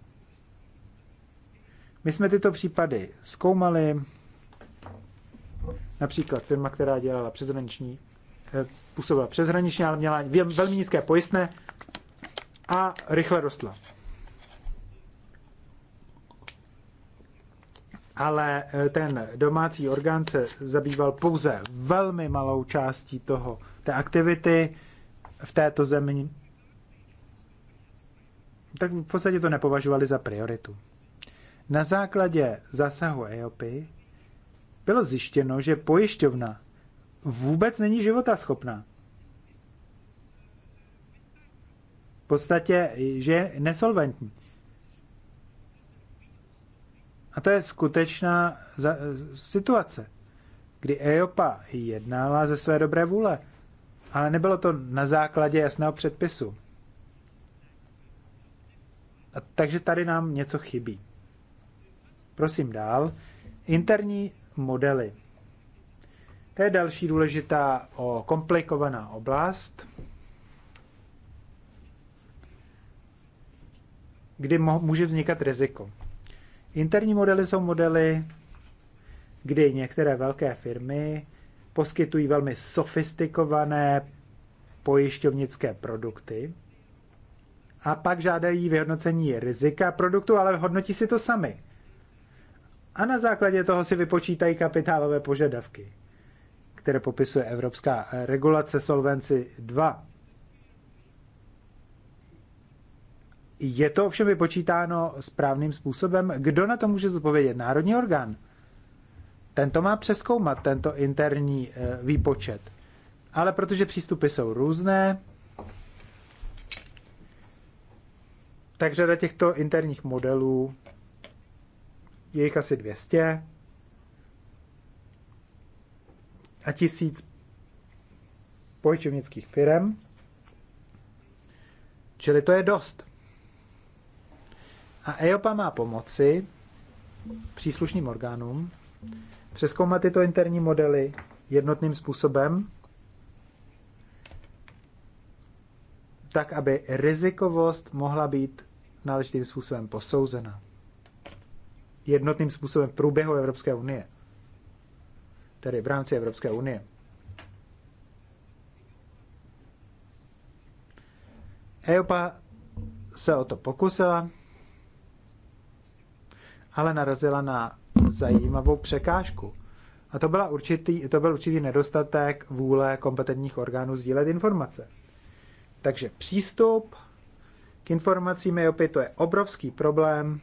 My jsme tyto případy zkoumali, Například firma, která dělala přeshraniční, eh, působila přeshraničně, ale měla velmi nízké pojistné a rychle rostla. ale eh, ten domácí orgán se zabýval pouze velmi malou částí toho, té aktivity v této zemi, tak v podstatě to nepovažovali za prioritu. Na základě zásahu EOPy bylo zjištěno, že pojišťovna vůbec není schopná. V podstatě, že je nesolventní. A to je skutečná situace, kdy EOPA jednala ze své dobré vůle, ale nebylo to na základě jasného předpisu. A takže tady nám něco chybí. Prosím dál. Interní modely. To je další důležitá o komplikovaná oblast, kdy může vznikat riziko. Interní modely jsou modely, kdy některé velké firmy poskytují velmi sofistikované pojišťovnické produkty a pak žádají vyhodnocení rizika produktu, ale hodnotí si to sami a na základě toho si vypočítají kapitálové požadavky, které popisuje Evropská regulace Solvency 2. Je to ovšem vypočítáno správným způsobem? Kdo na to může zodpovědět? Národní orgán. Tento má přeskoumat tento interní eh, výpočet. Ale protože přístupy jsou různé, tak řada těchto interních modelů je jich asi 200 a tisíc pojišťovnických firm. Čili to je dost. A EOPA má pomoci příslušným orgánům přeskoumat tyto interní modely jednotným způsobem, tak, aby rizikovost mohla být náležitým způsobem posouzena jednotným způsobem v průběhu Evropské unie. Tedy v rámci Evropské unie. EOPA se o to pokusila, ale narazila na zajímavou překážku. A to, byla určitý, to byl určitý nedostatek vůle kompetentních orgánů sdílet informace. Takže přístup k informacím EOPy to je obrovský problém,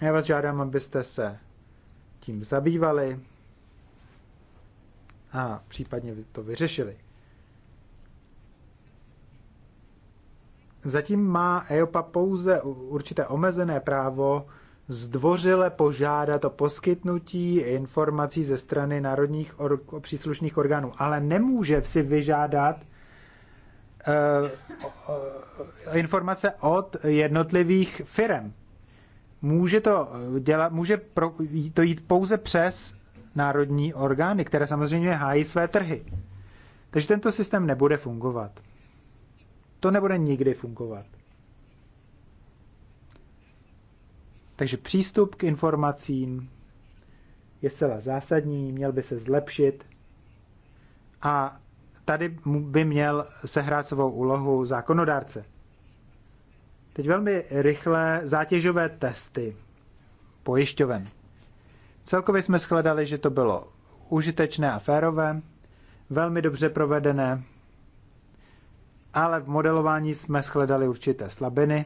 já vás žádám, abyste se tím zabývali a případně to vyřešili. Zatím má EOPA pouze určité omezené právo zdvořile požádat o poskytnutí informací ze strany národních or- příslušných orgánů, ale nemůže si vyžádat uh, uh, informace od jednotlivých firm může to, eh, dělat, může pro, to jít pouze přes národní orgány, které samozřejmě hájí své trhy. Takže tento systém nebude fungovat. To nebude nikdy fungovat. Takže přístup k informacím je zcela zásadní, měl by se zlepšit a tady by měl sehrát svou úlohu zákonodárce. Teď velmi rychle zátěžové testy pojišťoven. Celkově jsme shledali, že to bylo užitečné a férové, velmi dobře provedené, ale v modelování jsme shledali určité slabiny.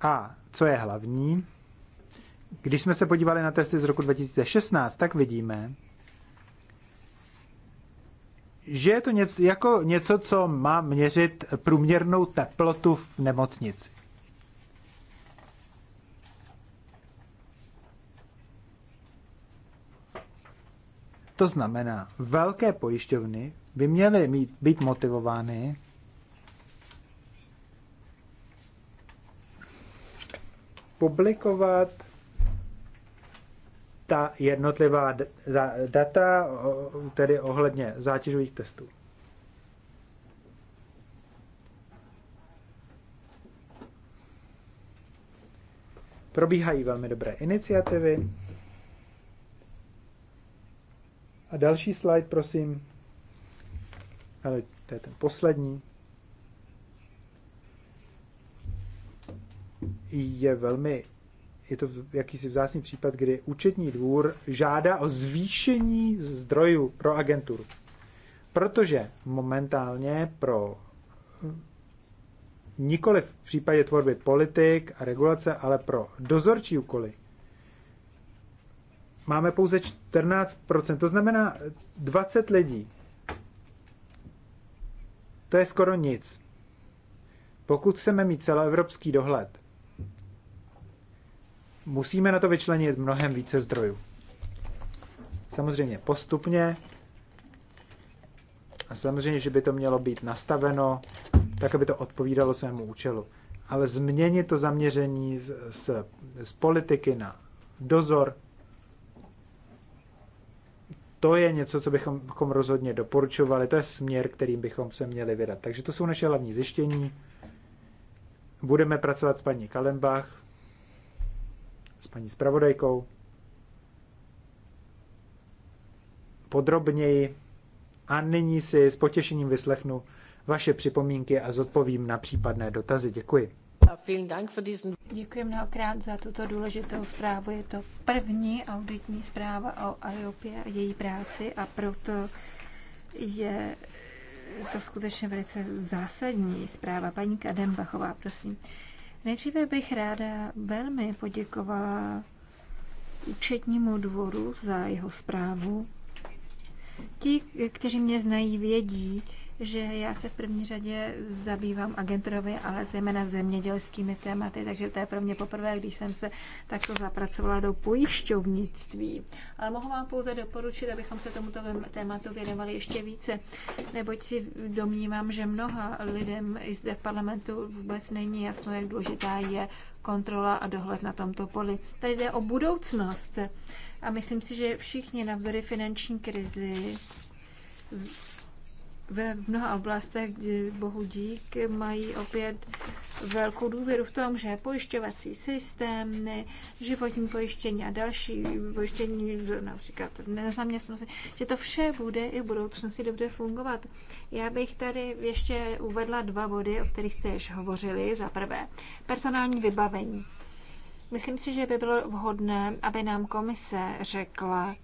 A co je hlavní, když jsme se podívali na testy z roku 2016, tak vidíme, že je to něco, jako něco, co má měřit průměrnou teplotu v nemocnici. To znamená, velké pojišťovny by měly mít, být motivovány publikovat ta jednotlivá data, tedy ohledně zátěžových testů. Probíhají velmi dobré iniciativy. A další slide, prosím. Ale to je ten poslední. Je velmi je to jakýsi vzácný případ, kdy účetní dvůr žádá o zvýšení zdrojů pro agenturu. Protože momentálně pro hm, nikoli v případě tvorby politik a regulace, ale pro dozorčí úkoly máme pouze 14%, to znamená 20 lidí. To je skoro nic. Pokud chceme mít celoevropský dohled, musíme na to vyčlenit mnohem více zdrojů. Samozřejmě postupně a samozřejmě, že by to mělo být nastaveno tak, aby to odpovídalo svému účelu. Ale změnit to zaměření z, z, z politiky na dozor, to je něco, co bychom, bychom rozhodně doporučovali, to je směr, kterým bychom se měli vydat. Takže to jsou naše hlavní zjištění. Budeme pracovat s paní Kalembach s paní zpravodajkou podrobněji a nyní si s potěšením vyslechnu vaše připomínky a zodpovím na případné dotazy. Děkuji. Děkuji mnohokrát za tuto důležitou zprávu. Je to první auditní zpráva o Aliopě a její práci a proto je to skutečně velice zásadní zpráva. Paní Kadembachová, prosím. Nejdříve bych ráda velmi poděkovala účetnímu dvoru za jeho zprávu. Ti, kteří mě znají, vědí, že já se v první řadě zabývám agenturově, ale zejména zemědělskými tématy, takže to je pro mě poprvé, když jsem se takto zapracovala do pojišťovnictví. Ale mohu vám pouze doporučit, abychom se tomuto tématu věnovali ještě více, neboť si domnívám, že mnoha lidem i zde v parlamentu vůbec není jasno, jak důležitá je kontrola a dohled na tomto poli. Tady jde o budoucnost. A myslím si, že všichni navzory finanční krizi ve mnoha oblastech, kdy bohu dík, mají opět velkou důvěru v tom, že pojišťovací systém, životní pojištění a další pojištění, například nezaměstnanosti, že to vše bude i v budoucnosti dobře fungovat. Já bych tady ještě uvedla dva body, o kterých jste již hovořili. Za prvé, personální vybavení. Myslím si, že by bylo vhodné, aby nám komise řekla,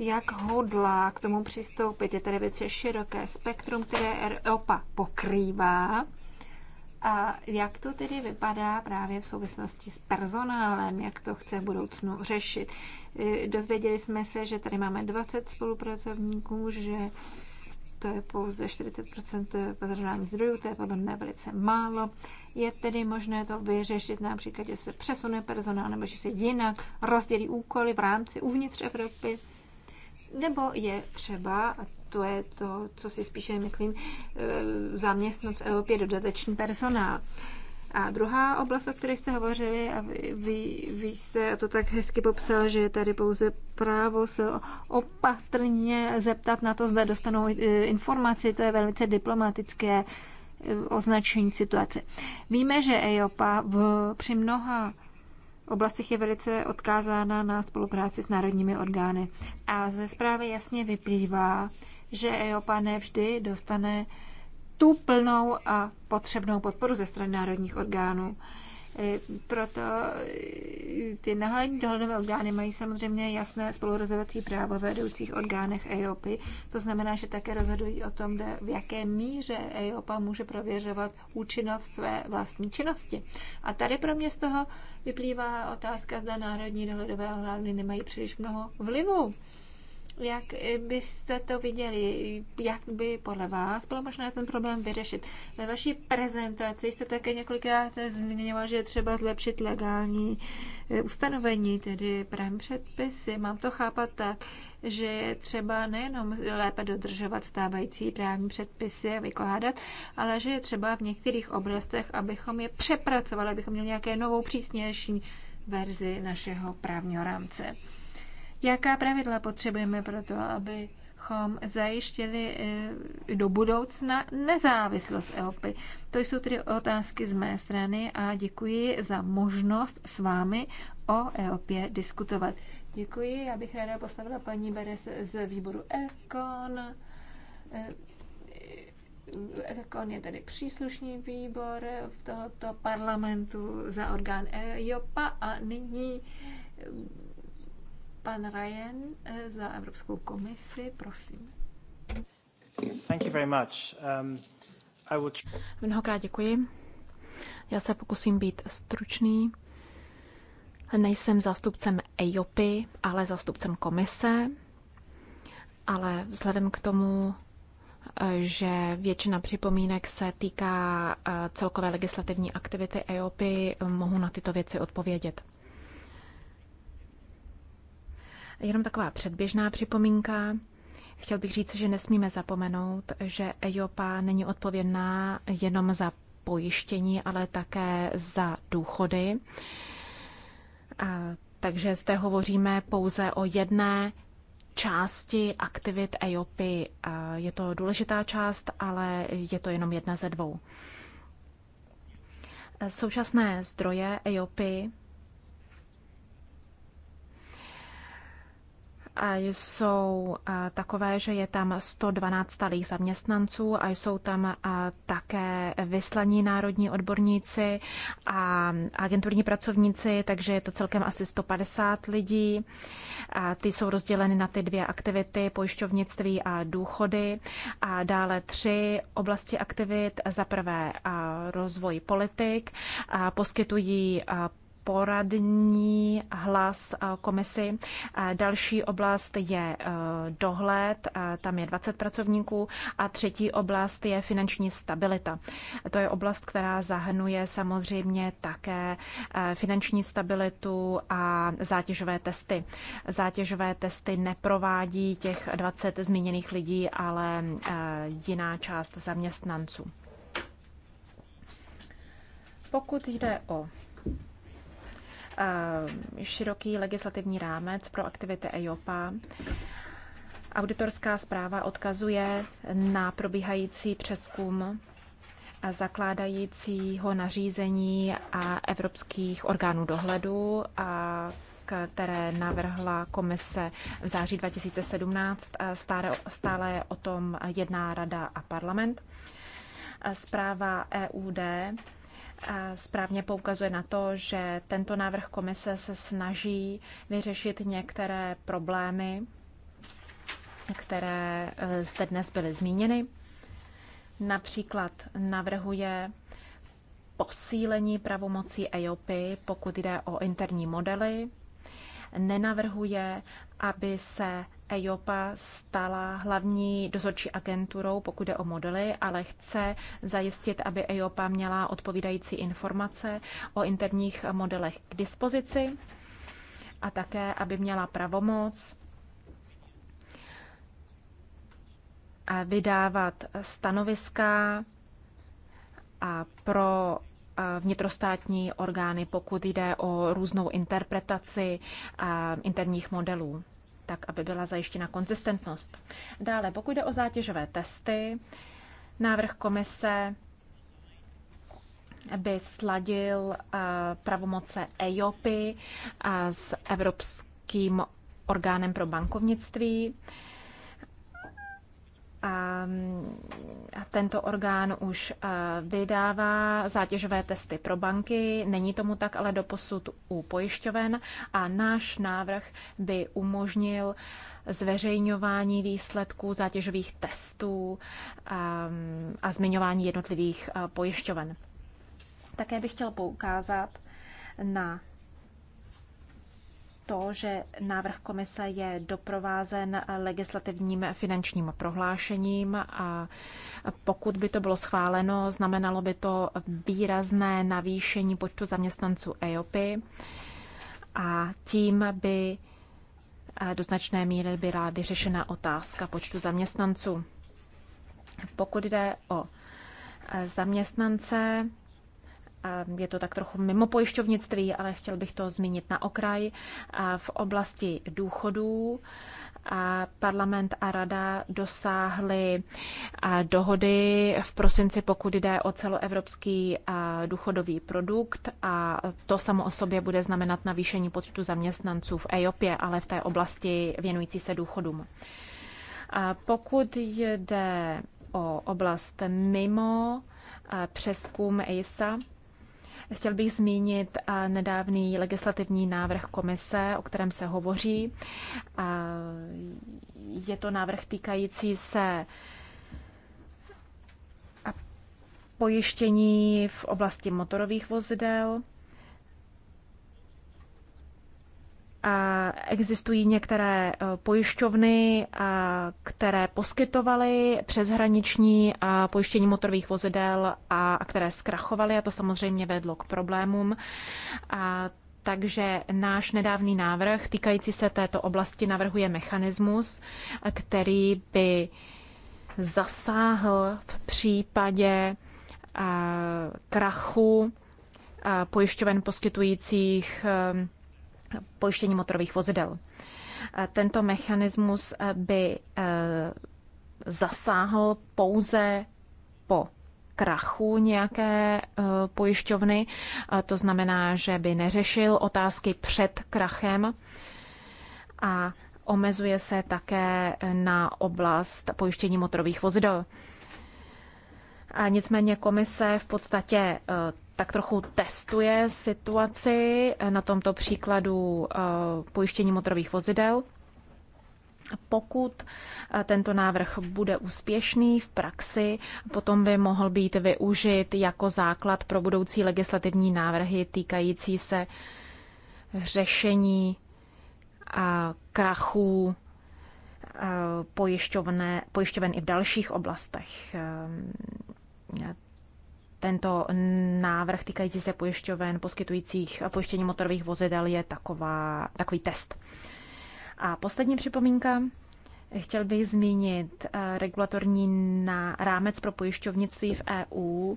jak hodlá k tomu přistoupit. Je tady velice široké spektrum, které Europa pokrývá. A jak to tedy vypadá právě v souvislosti s personálem, jak to chce v budoucnu řešit? Eh, dozvěděli jsme se, že tady máme 20 spolupracovníků, že to je pouze 40 personálních zdrojů, to je podle mě velice málo. Je tedy možné to vyřešit například, že se přesune personál nebo že se jinak rozdělí úkoly v rámci uvnitř Evropy? Nebo je třeba, a to je to, co si spíše myslím, e, zaměstnat v Evropě dodatečný personál. A druhá oblast, o které jste hovořili, a vy, vy, vy jste to tak hezky popsal, že je tady pouze právo se opatrně zeptat na to, zda dostanou e, informaci, to je velice diplomatické e, označení situace. Víme, že EIOPA v, při mnoha oblastech je velice odkázána na spolupráci s národními orgány. A ze zprávy jasně vyplývá, že EOPA nevždy dostane tu plnou a potřebnou podporu ze strany národních orgánů. E, proto e, ty nahlední dohledové orgány mají samozřejmě jasné spolurozhodovací právo ve vedoucích orgánech EOPy. To znamená, že také rozhodují o tom, v jaké míře EOPA může prověřovat účinnost své vlastní činnosti. A tady pro mě z toho vyplývá otázka, zda národní dohledové orgány nemají příliš mnoho vlivu jak byste to viděli? Jak by podle vás bylo možné ten problém vyřešit? Ve vaší prezentaci jste také několikrát zmiňoval, že je třeba zlepšit legální eh, ustanovení, tedy právní předpisy. Mám to chápat tak, že je třeba nejenom lépe dodržovat stávající právní předpisy a vykládat, ale že je třeba v některých oblastech, abychom je přepracovali, abychom měli nějaké novou, přísnější verzi našeho právního rámce. Jaká pravidla potřebujeme pro to, abychom zajistili eh, do budoucna nezávislost EOPy? To jsou tedy otázky z mé strany a děkuji za možnost s vámi o EOPě diskutovat. Děkuji, já bych ráda postavila paní Beres z výboru EKON. Ekon eh, je tedy příslušný výbor v tohoto parlamentu za orgán EOPA a nyní Pan Ryan eh, za Evropskou komisi, prosím. Thank you very much. Um, I would... Mnohokrát děkuji. Já se pokusím být stručný. Nejsem zástupcem EIOPy, ale zástupcem komise. Ale vzhledem k tomu, eh, že většina připomínek se týká eh, celkové legislativní aktivity EOPy, mohu na tyto věci odpovědět. Jenom taková předběžná připomínka. Chtěl bych říct, že nesmíme zapomenout, že EIOPA není odpovědná jenom za pojištění, ale také za důchody. A, takže zde hovoříme pouze o jedné části aktivit EIOPy. A je to důležitá část, ale je to jenom jedna ze dvou. Současné zdroje EIOPy jsou takové, že je tam 112 stálých zaměstnanců a jsou tam také vyslaní národní odborníci a agenturní pracovníci, takže je to celkem asi 150 lidí. A ty jsou rozděleny na ty dvě aktivity, pojišťovnictví a důchody a dále tři oblasti aktivit. Za prvé rozvoj politik, a poskytují poradní hlas eh, komisi. Eh, další oblast je eh, dohled, tam je 20 pracovníků a třetí oblast je finanční stabilita. To je oblast, která zahrnuje samozřejmě také finanční stabilitu a zátěžové testy. Zátěžové testy neprovádí těch 20 zmíněných lidí, ale jiná část zaměstnanců. Pokud jde o Eh, široký legislativní rámec pro aktivity EIOPA. Auditorská zpráva odkazuje na probíhající přeskum zakládajícího nařízení a evropských orgánů dohledu, a které navrhla komise v září 2017. Stále, je o tom jedná rada a parlament. Zpráva EUD správně poukazuje na to, že tento návrh komise se snaží vyřešit některé problémy, které eh, zde dnes byly zmíněny. Například navrhuje posílení pravomocí EOPy, pokud jde o interní modely. Nenavrhuje, aby se EIOPA stala hlavní dozorčí agenturou, pokud jde o modely, ale chce zajistit, aby EIOPA měla odpovídající informace o interních modelech k dispozici a také, aby měla pravomoc vydávat stanoviska pro vnitrostátní orgány, pokud jde o různou interpretaci interních modelů tak aby byla zajištěna konzistentnost. Dále, pokud jde o zátěžové testy, návrh komise by sladil eh, pravomoce EIOPy eh, s Evropským orgánem pro bankovnictví tento orgán už vydává zátěžové testy pro banky. Není tomu tak ale doposud u pojišťoven a náš návrh by umožnil zveřejňování výsledků zátěžových testů a zmiňování jednotlivých pojišťoven. Také bych chtěla poukázat na to, že návrh komise je doprovázen legislativním finančním prohlášením a pokud by to bylo schváleno, znamenalo by to výrazné navýšení počtu zaměstnanců EOPy a tím by do značné míry byla vyřešena otázka počtu zaměstnanců. Pokud jde o zaměstnance, je to tak trochu mimo pojišťovnictví, ale chtěl bych to zmínit na okraj. V oblasti důchodů parlament a rada dosáhly dohody v prosinci, pokud jde o celoevropský důchodový produkt a to samo o sobě bude znamenat navýšení počtu zaměstnanců v EOPě, ale v té oblasti věnující se důchodům. A pokud jde o oblast mimo přeskum ESA, Chtěl bych zmínit nedávný legislativní návrh komise, o kterém se hovoří. Je to návrh týkající se pojištění v oblasti motorových vozidel. Existují některé e, pojišťovny, e, které poskytovaly přeshraniční e, pojištění motorových vozidel a které zkrachovaly a to samozřejmě vedlo k problémům. A takže náš nedávný návrh týkající se této oblasti navrhuje mechanismus, který by zasáhl v případě krachu pojišťoven poskytujících pojištění motorových vozidel. Eh, tento mechanismus eh, by eh, zasáhl pouze po krachu nějaké pojišťovny. To znamená, že by neřešil otázky před krachem a omezuje se také na oblast pojištění motorových vozidel. A nicméně komise v podstatě tak trochu testuje situaci eh, na tomto příkladu eh, pojištění motorových vozidel. Pokud eh, tento návrh bude úspěšný v praxi, potom by mohl být využit jako základ pro budoucí legislativní návrhy týkající se řešení krachů pojišťovné, pojišťoven i v dalších oblastech tento návrh týkající se pojišťoven poskytujících pojištění motorových vozidel je taková, takový test. A poslední připomínka. Chtěl bych zmínit eh, regulatorní na rámec pro pojišťovnictví v EU.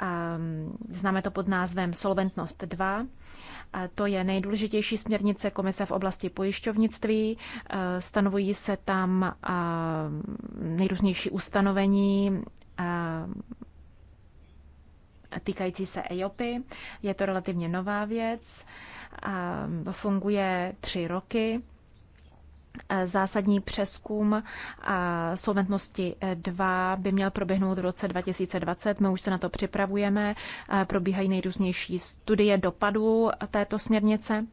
Ehm, známe to pod názvem Solventnost 2. To je nejdůležitější směrnice komise v oblasti pojišťovnictví. Eh, stanovují se tam ehm, nejrůznější ustanovení ehm, týkající se EIOPy. Je to relativně nová věc, funguje tři roky. Zásadní přeskum solventnosti 2 e by měl proběhnout v roce 2020. My už se na to připravujeme. Probíhají nejrůznější studie dopadů této směrnice.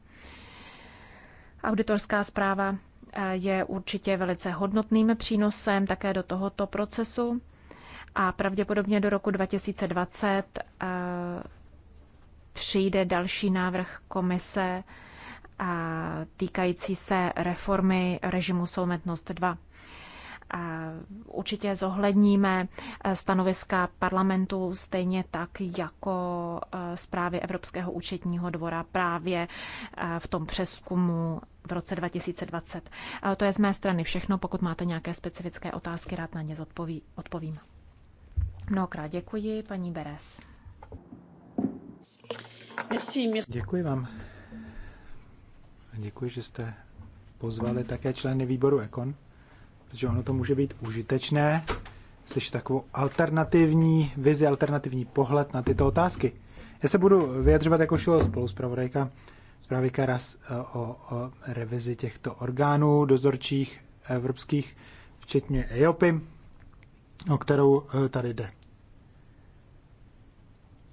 Auditorská zpráva e, je určitě velice hodnotným přínosem také do tohoto procesu a pravděpodobně do roku 2020 eh, přijde další návrh komise eh, týkající se reformy režimu Solmetnost 2. Eh, určitě zohledníme stanoviska parlamentu stejně tak jako zprávy Evropského účetního dvora právě v tom přeskumu v roce 2020. To je z mé strany všechno. Pokud máte nějaké specifické otázky, rád na ně odpovím. Mnohokrát děkuji, paní Beres. Děkuji vám. Děkuji, že jste pozvali také členy výboru Ekon, protože ono to může být užitečné slyšet takovou alternativní vizi, alternativní pohled na tyto otázky. Já se budu vyjadřovat jako šilo spolu zpravodajka zprávy Karas eh, o, o revizi těchto orgánů dozorčích evropských, včetně EOPy o kterou eh, tady jde.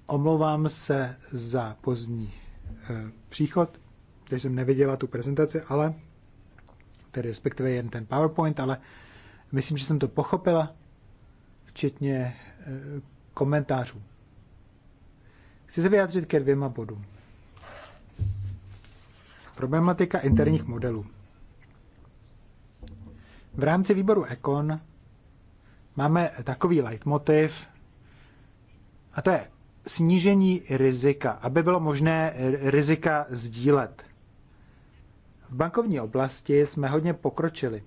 Omlouvám se za pozdní eh, příchod, takže jsem neviděla tu prezentaci, ale tedy respektive jen ten PowerPoint, ale myslím, že jsem to pochopila, včetně eh, komentářů. Chci se vyjádřit ke dvěma bodům. Problematika interních modelů. V rámci výboru Econ máme takový leitmotiv, a to je snížení rizika, aby bylo možné rizika sdílet. V bankovní oblasti jsme hodně pokročili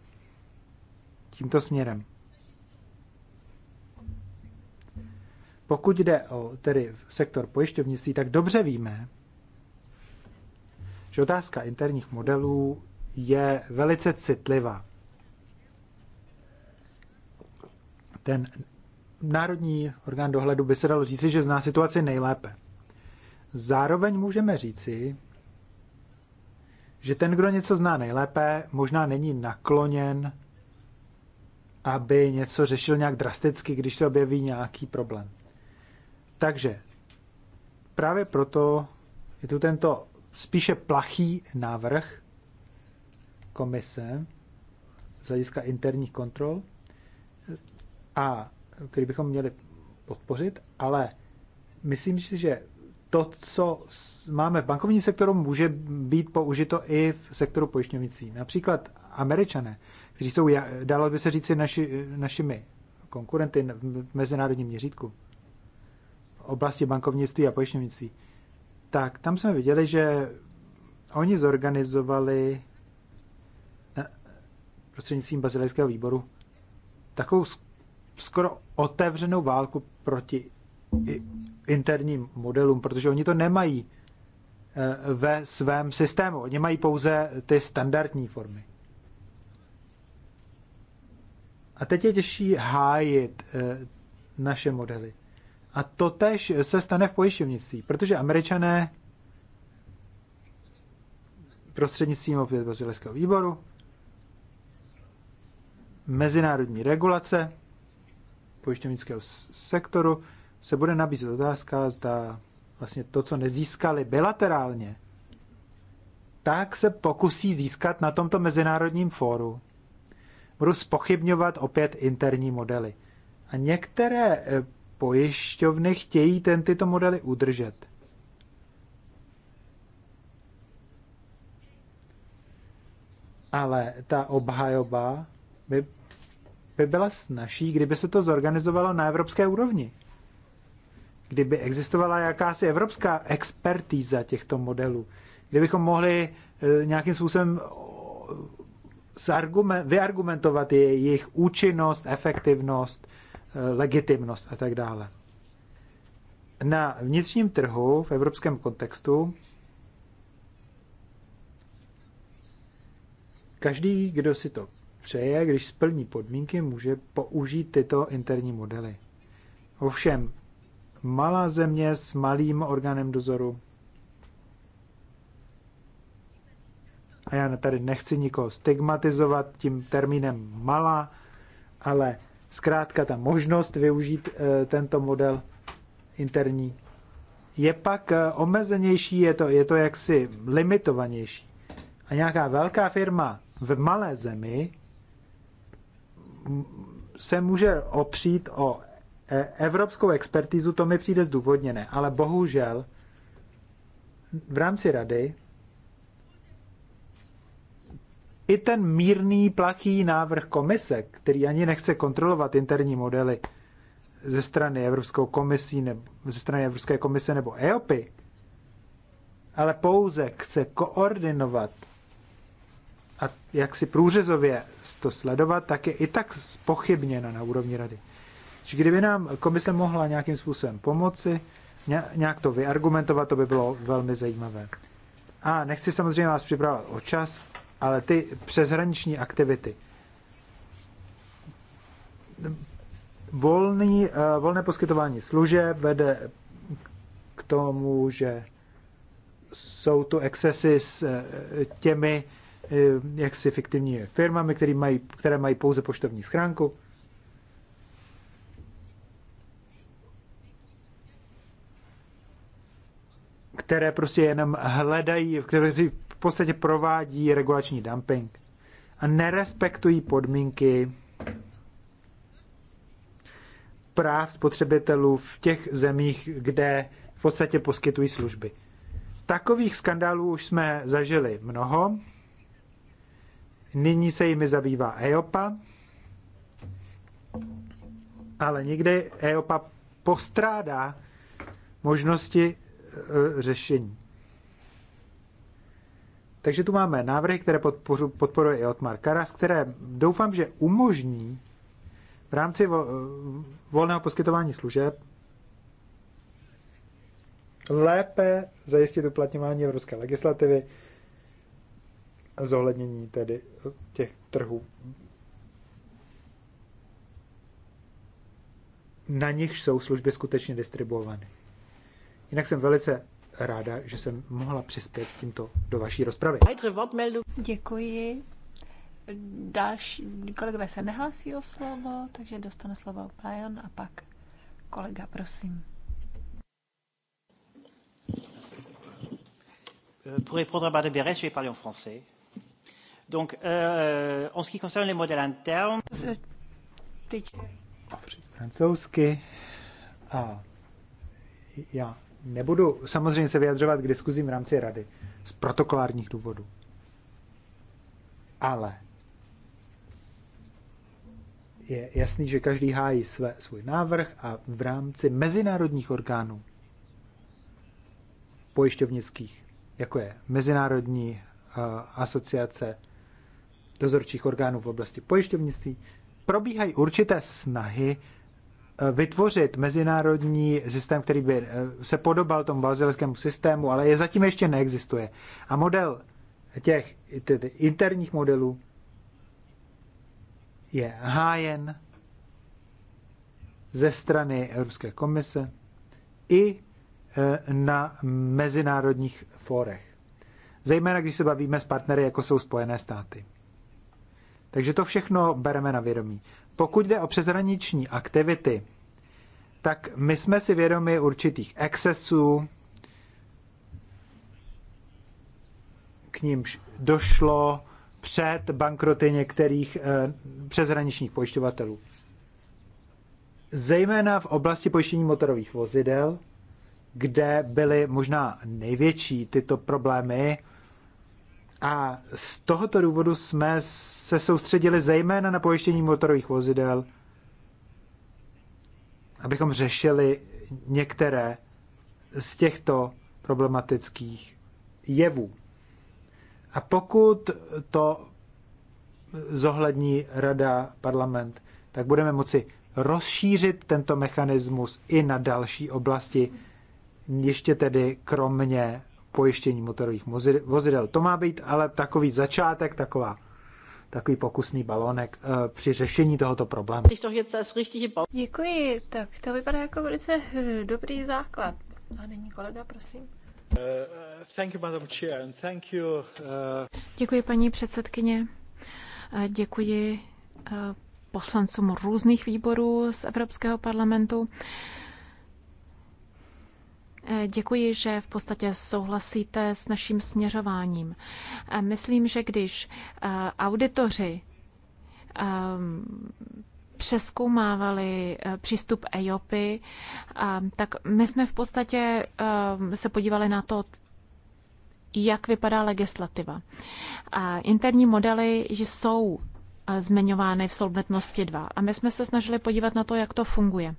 tímto směrem. Pokud jde o tedy sektor pojišťovnictví, tak dobře víme, že otázka interních modelů je velice citlivá. ten národní orgán dohledu by se dalo říci, že zná situaci nejlépe. Zároveň můžeme říci, že ten, kdo něco zná nejlépe, možná není nakloněn, aby něco řešil nějak drasticky, když se objeví nějaký problém. Takže právě proto je tu tento spíše plachý návrh komise z hlediska interních kontrol a který bychom měli podpořit, ale myslím si, že to, co máme v bankovním sektoru, může být použito i v sektoru pojišťovnictví. Například američané, kteří jsou, dalo by se říci, naši, našimi konkurenty v mezinárodním měřítku v oblasti bankovnictví a pojišťovnictví, tak tam jsme viděli, že oni zorganizovali prostřednictvím bazilejského výboru takovou skoro otevřenou válku proti interním modelům, protože oni to nemají eh, ve svém systému. Oni mají pouze ty standardní formy. A teď je těžší hájit eh, naše modely. A to tež se stane v pojišťovnictví, protože američané prostřednictvím opět bazilejského výboru mezinárodní regulace pojišťovnického sektoru, se bude nabízet otázka, zda vlastně to, co nezískali bilaterálně, tak se pokusí získat na tomto mezinárodním fóru. Budu spochybňovat opět interní modely. A některé eh, pojišťovny chtějí ten, tyto modely udržet. Ale ta obhajoba by by byla snažší, kdyby se to zorganizovalo na evropské úrovni. Kdyby existovala jakási evropská expertíza těchto modelů. Kdybychom mohli e, nějakým způsobem vyargumentovat jejich účinnost, efektivnost, e, legitimnost a tak dále. Na vnitřním trhu v evropském kontextu každý, kdo si to přeje, když splní podmínky, může použít tyto interní modely. Ovšem, malá země s malým orgánem dozoru. A já tady nechci nikoho stigmatizovat tím termínem malá, ale zkrátka ta možnost využít eh, tento model interní je pak eh, omezenější, je to, je to jaksi limitovanější. A nějaká velká firma v malé zemi se může opřít o e, evropskou expertizu, to mi přijde zdůvodněné, ale bohužel v rámci rady i ten mírný plachý návrh komise, který ani nechce kontrolovat interní modely ze strany Evropskou komisí nebo ze strany Evropské komise nebo EOPy, ale pouze chce koordinovat a jak si průřezově to sledovat, tak je i tak spochybněna na úrovni rady. Čiže kdyby nám komise mohla nějakým způsobem pomoci, nějak to vyargumentovat, to by bylo velmi zajímavé. A nechci samozřejmě vás připravovat o čas, ale ty přeshraniční aktivity. Volný, eh, volné poskytování služeb vede k tomu, že jsou tu excesy s eh, těmi, Eh, jaksi fiktivní firmami, které mají, které mají pouze poštovní schránku. které prostě jenom hledají, které v podstatě provádí regulační dumping a nerespektují podmínky práv spotřebitelů v těch zemích, kde v podstatě poskytují služby. Takových skandálů už jsme zažili mnoho Nyní se jimi zabývá EOPA, ale někde EOPA postrádá možnosti e, řešení. Takže tu máme návrhy, které podporuje i Otmar Karas, které doufám, že umožní v rámci e, volného poskytování služeb lépe zajistit uplatňování evropské legislativy zohlednění tedy eh, těch trhů, na nich jsou služby skutečně distribuovány. Jinak jsem velice ráda, že jsem mohla přispět tímto do vaší rozpravy. Děkuji. Další kolegové se nehlásí o slovo, takže dostane slovo Brian a pak kolega, prosím. Euh, pour répondre à Madame Beres, je vais parler en français. Donc, euh, euh, en ce qui concerne les modèles internes... Francouzsky. A já nebudu samozřejmě se vyjadřovat k diskuzím v rámci rady z protokolárních důvodů. Ale je jasný, že každý hájí své, svůj návrh a v rámci mezinárodních orgánů pojišťovnických, jako je Mezinárodní uh, asociace dozorčích orgánů v oblasti pojišťovnictví, probíhají určité snahy eh, vytvořit mezinárodní systém, který by eh, se podobal tomu bazilskému systému, ale je zatím ještě neexistuje. A model těch tedy interních modelů je hájen ze strany Evropské komise i eh, na mezinárodních fórech. Zejména, když se bavíme s partnery, jako jsou Spojené státy. Takže to všechno bereme na vědomí. Pokud jde o přeshraniční aktivity, tak my jsme si vědomi určitých excesů, k nímž došlo před bankroty některých eh, přeshraničních pojišťovatelů. Zejména v oblasti pojištění motorových vozidel, kde byly možná největší tyto problémy, a z tohoto důvodu jsme se soustředili zejména na pojištění motorových vozidel, abychom řešili některé z těchto problematických jevů. A pokud to zohlední Rada, parlament, tak budeme moci rozšířit tento mechanismus i na další oblasti, ještě tedy kromě pojištění motorových vozidel. To má být ale takový začátek, taková takový pokusný balonek uh, při řešení tohoto problému. Děkuji, tak to vypadá jako velice eh, dobrý základ. A není kolega, prosím. Eh, děkuji, paní předsedkyně. Děkuji poslancům různých výborů z Evropského parlamentu. Eh, děkuji, že v podstatě souhlasíte s naším směřováním. Eh, myslím, že když eh, auditoři ehm, přeskoumávali přístup EIOPy, ehm, tak my jsme v podstatě ehm, se podívali na to, jak vypadá legislativa. Interní modely jsou zmiňovány v Solventnosti 2 a my jsme se snažili podívat na to, jak to funguje.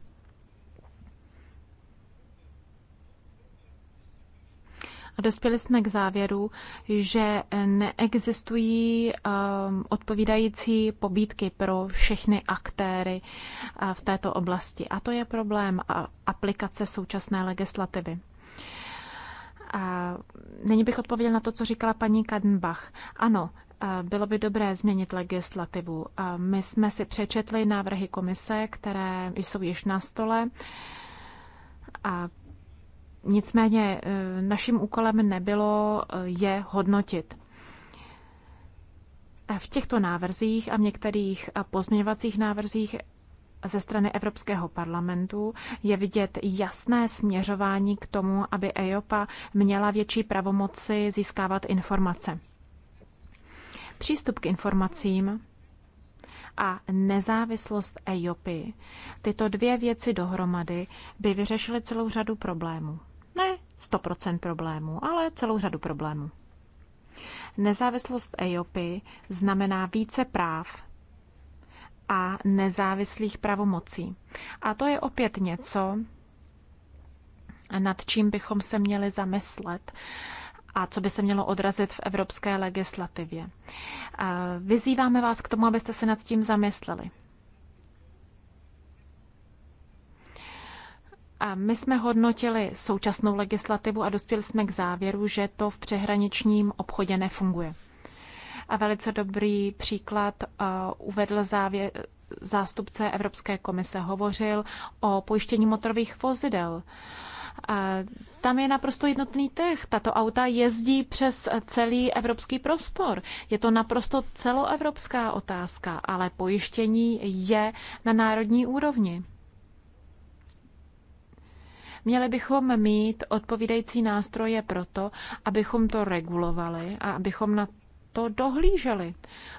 A dospěli jsme k závěru, že neexistují ehm, odpovídající pobídky pro všechny aktéry eh, v této oblasti. A to je problém aplikace současné legislativy. A nyní bych odpověděl na to, co říkala paní Kadenbach. Ano, eh, bylo by dobré změnit legislativu. Eh, my jsme si přečetli návrhy komise, které jsou již na stole. A Nicméně eh, naším úkolem nebylo eh, je hodnotit. V těchto návrzích a v některých eh, pozměňovacích návrzích ze strany Evropského parlamentu je vidět jasné směřování k tomu, aby EIOPA měla větší pravomoci získávat informace. Přístup k informacím a nezávislost EIOPy, tyto dvě věci dohromady by vyřešily celou řadu problémů. 100% problémů, ale celou řadu problémů. Nezávislost EIOPy znamená více práv a nezávislých pravomocí. A to je opět něco, nad čím bychom se měli zamyslet a co by se mělo odrazit v evropské legislativě. Vyzýváme vás k tomu, abyste se nad tím zamysleli. A my jsme hodnotili současnou legislativu a dospěli jsme k závěru, že to v přehraničním obchodě nefunguje. A velice dobrý příklad eh, uvedl závěr, zástupce Evropské komise. Hovořil o pojištění motorových vozidel. A eh, tam je naprosto jednotný trh. Tato auta jezdí přes eh, celý evropský prostor. Je to naprosto celoevropská otázka, ale pojištění je na národní úrovni. Měli bychom mít odpovídající nástroje pro to, abychom to regulovali a abychom na to dohlíželi,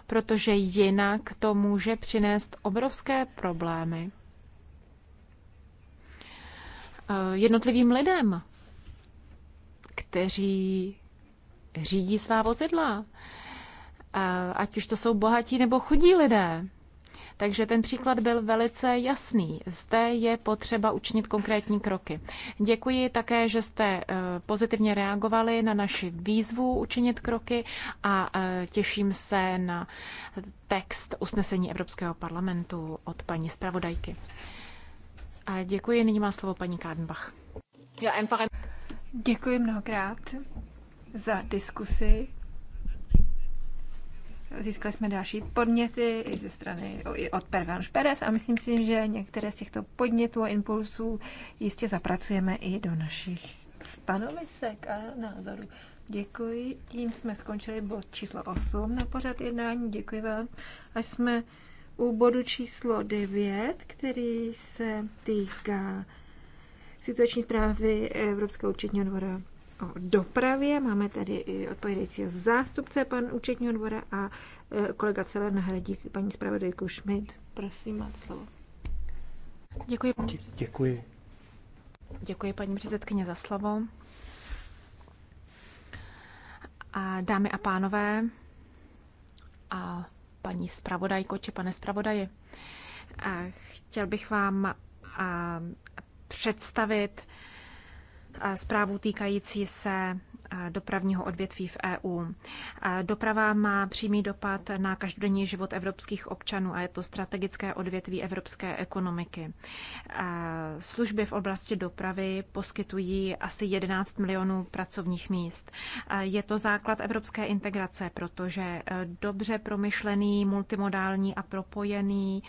protože jinak to může přinést obrovské problémy eh, jednotlivým lidem, kteří řídí svá vozidla, eh, ať už to jsou bohatí nebo chudí lidé. Takže ten příklad byl velice jasný. Zde je potřeba učinit konkrétní kroky. Děkuji také, že jste eh, pozitivně reagovali na naši výzvu učinit kroky a eh, těším se na text usnesení Evropského parlamentu od paní zpravodajky. A děkuji, nyní má slovo paní Kádenbach. Děkuji mnohokrát za diskusi. Získali jsme další podněty i ze strany i od Pervan Perez a myslím si, že některé z těchto podnětů a impulsů jistě zapracujeme i do našich stanovisek a názorů. Děkuji. Tím jsme skončili bod číslo 8 na pořad jednání. Děkuji vám. Až jsme u bodu číslo 9, který se týká situační zprávy Evropského účetního dvora o dopravě. Máme tady i odpovědajícího zástupce, pan účetního dvora a e, kolega celé nahradí paní zpravodajku Schmidt. Prosím, máte slovo. Děkuji. děkuji. Děkuji paní předsedkyně za slovo. A dámy a pánové, a paní zpravodajko či pane zpravodaji, chtěl bych vám představit zprávu týkající se dopravního odvětví v EU. Doprava má přímý dopad na každodenní život evropských občanů a je to strategické odvětví evropské ekonomiky. Služby v oblasti dopravy poskytují asi 11 milionů pracovních míst. Je to základ evropské integrace, protože e, dobře promyšlený, multimodální a propojený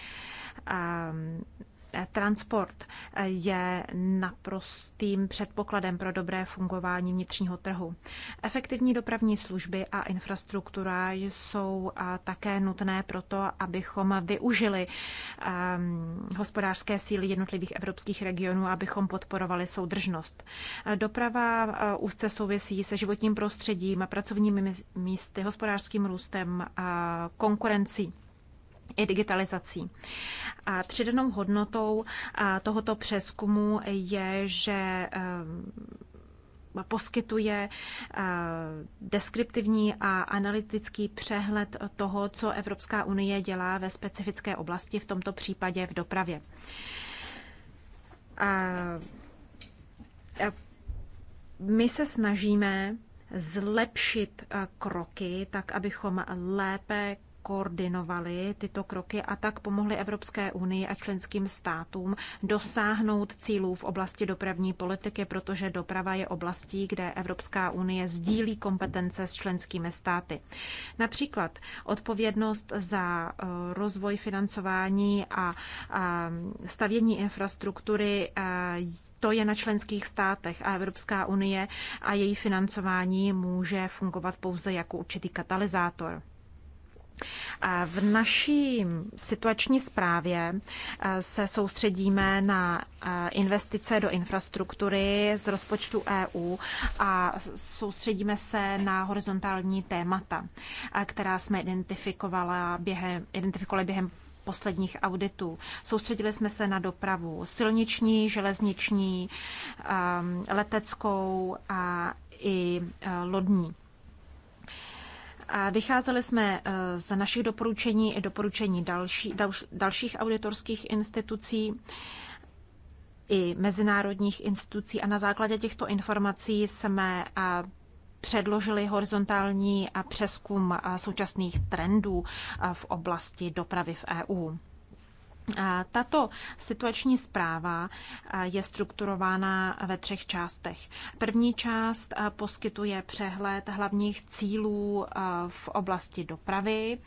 Eh, transport eh, je naprostým předpokladem pro dobré fungování vnitřního trhu. Efektivní dopravní služby a infrastruktura jsou eh, také nutné proto, abychom využili ehm, hospodářské síly jednotlivých evropských regionů, abychom podporovali soudržnost. Doprava úzce souvisí se životním prostředím, a pracovními místy, hospodářským růstem, konkurencí i digitalizací. A přidanou hodnotou tohoto přeskumu je, že e, poskytuje e, deskriptivní a analytický přehled toho, co Evropská unie dělá ve specifické oblasti, v tomto případě v dopravě. My se snažíme zlepšit e, kroky, tak abychom lépe koordinovali tyto kroky a tak pomohli Evropské unii a členským státům dosáhnout cílů v oblasti dopravní politiky, protože doprava je oblastí, kde Evropská unie sdílí kompetence s členskými státy. Například odpovědnost za eh, rozvoj financování a stavění infrastruktury eh, to je na členských státech a Evropská unie a její financování může fungovat pouze jako určitý katalyzátor. V naší situační zprávě eh, se soustředíme na eh, investice do infrastruktury z rozpočtu EU a soustředíme se na horizontální témata, eh, která jsme identifikovala během, identifikovali během posledních auditů. Soustředili jsme se na dopravu silniční, železniční, leteckou a i lodní. A vycházeli jsme eh, z našich doporučení i doporučení další, dal, dalších auditorských institucí i mezinárodních institucí a na základě těchto informací jsme eh, předložili horizontální eh, přeskum současných trendů v oblasti dopravy v EU. Tato situační zpráva je strukturována ve třech částech. První část poskytuje přehled hlavních cílů v oblasti dopravy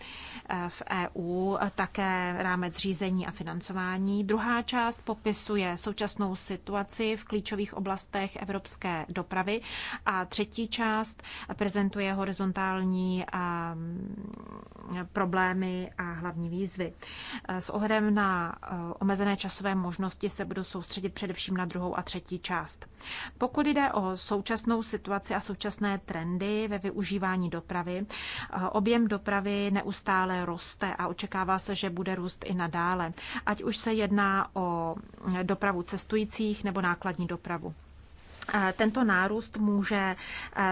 v EU, také rámec řízení a financování. Druhá část popisuje současnou situaci v klíčových oblastech evropské dopravy a třetí část prezentuje horizontální problémy a hlavní výzvy. S ohledem na na e, omezené časové možnosti se budu soustředit především na druhou a třetí část. Pokud jde o současnou situaci a současné trendy ve využívání dopravy, e, objem dopravy neustále roste a očekává se, že bude růst i nadále, ať už se jedná o dopravu cestujících nebo nákladní dopravu. Tento nárůst může e,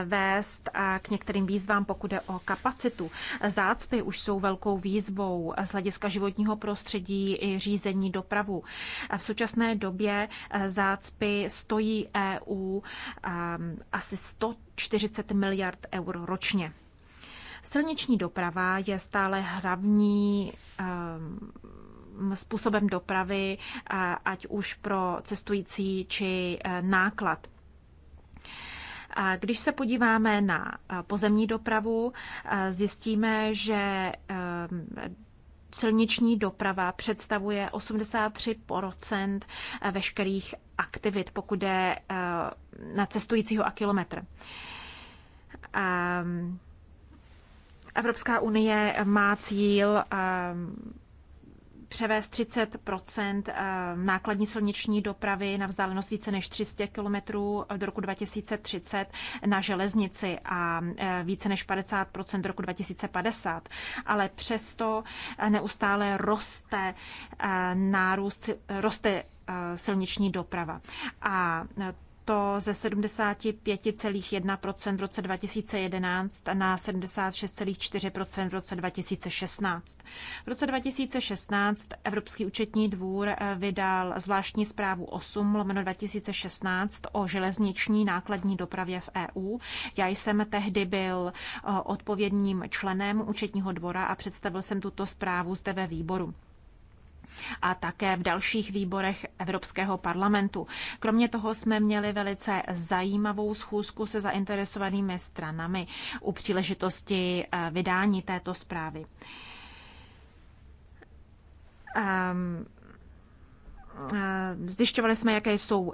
vést e, k některým výzvám, pokud je o kapacitu. Zácpy už jsou velkou výzvou z hlediska životního prostředí i řízení dopravu. V současné době e, zácpy stojí EU asi 140 miliard eur ročně. Silniční doprava je stále hlavní způsobem dopravy, ať už pro cestující či náklad. A Když se podíváme na eh, pozemní dopravu, eh, zjistíme, že eh, silniční doprava představuje 83 veškerých aktivit, pokud jde na cestujícího a kilometr. Mm, Evropská unie má cíl převést 30 eh, nákladní silniční dopravy na vzdálenost více než 300 km eh, do roku 2030 na železnici a eh, více než 50 do roku 2050. Ale přesto neustále roste nárůst, roste silniční doprava. A to ze 75,1 v roce 2011 na 76,4 v roce 2016. V roce 2016 Evropský účetní dvůr eh, vydal zvláštní zprávu 8 lomeno 2016 o železniční nákladní dopravě v EU. Já jsem tehdy byl eh, odpovědným členem účetního dvora a představil jsem tuto zprávu zde ve výboru a také v dalších výborech Evropského parlamentu. Kromě toho jsme měli velice zajímavou schůzku se zainteresovanými stranami u příležitosti eh, vydání této zprávy. Um, Eh, zjišťovali jsme, jaké jsou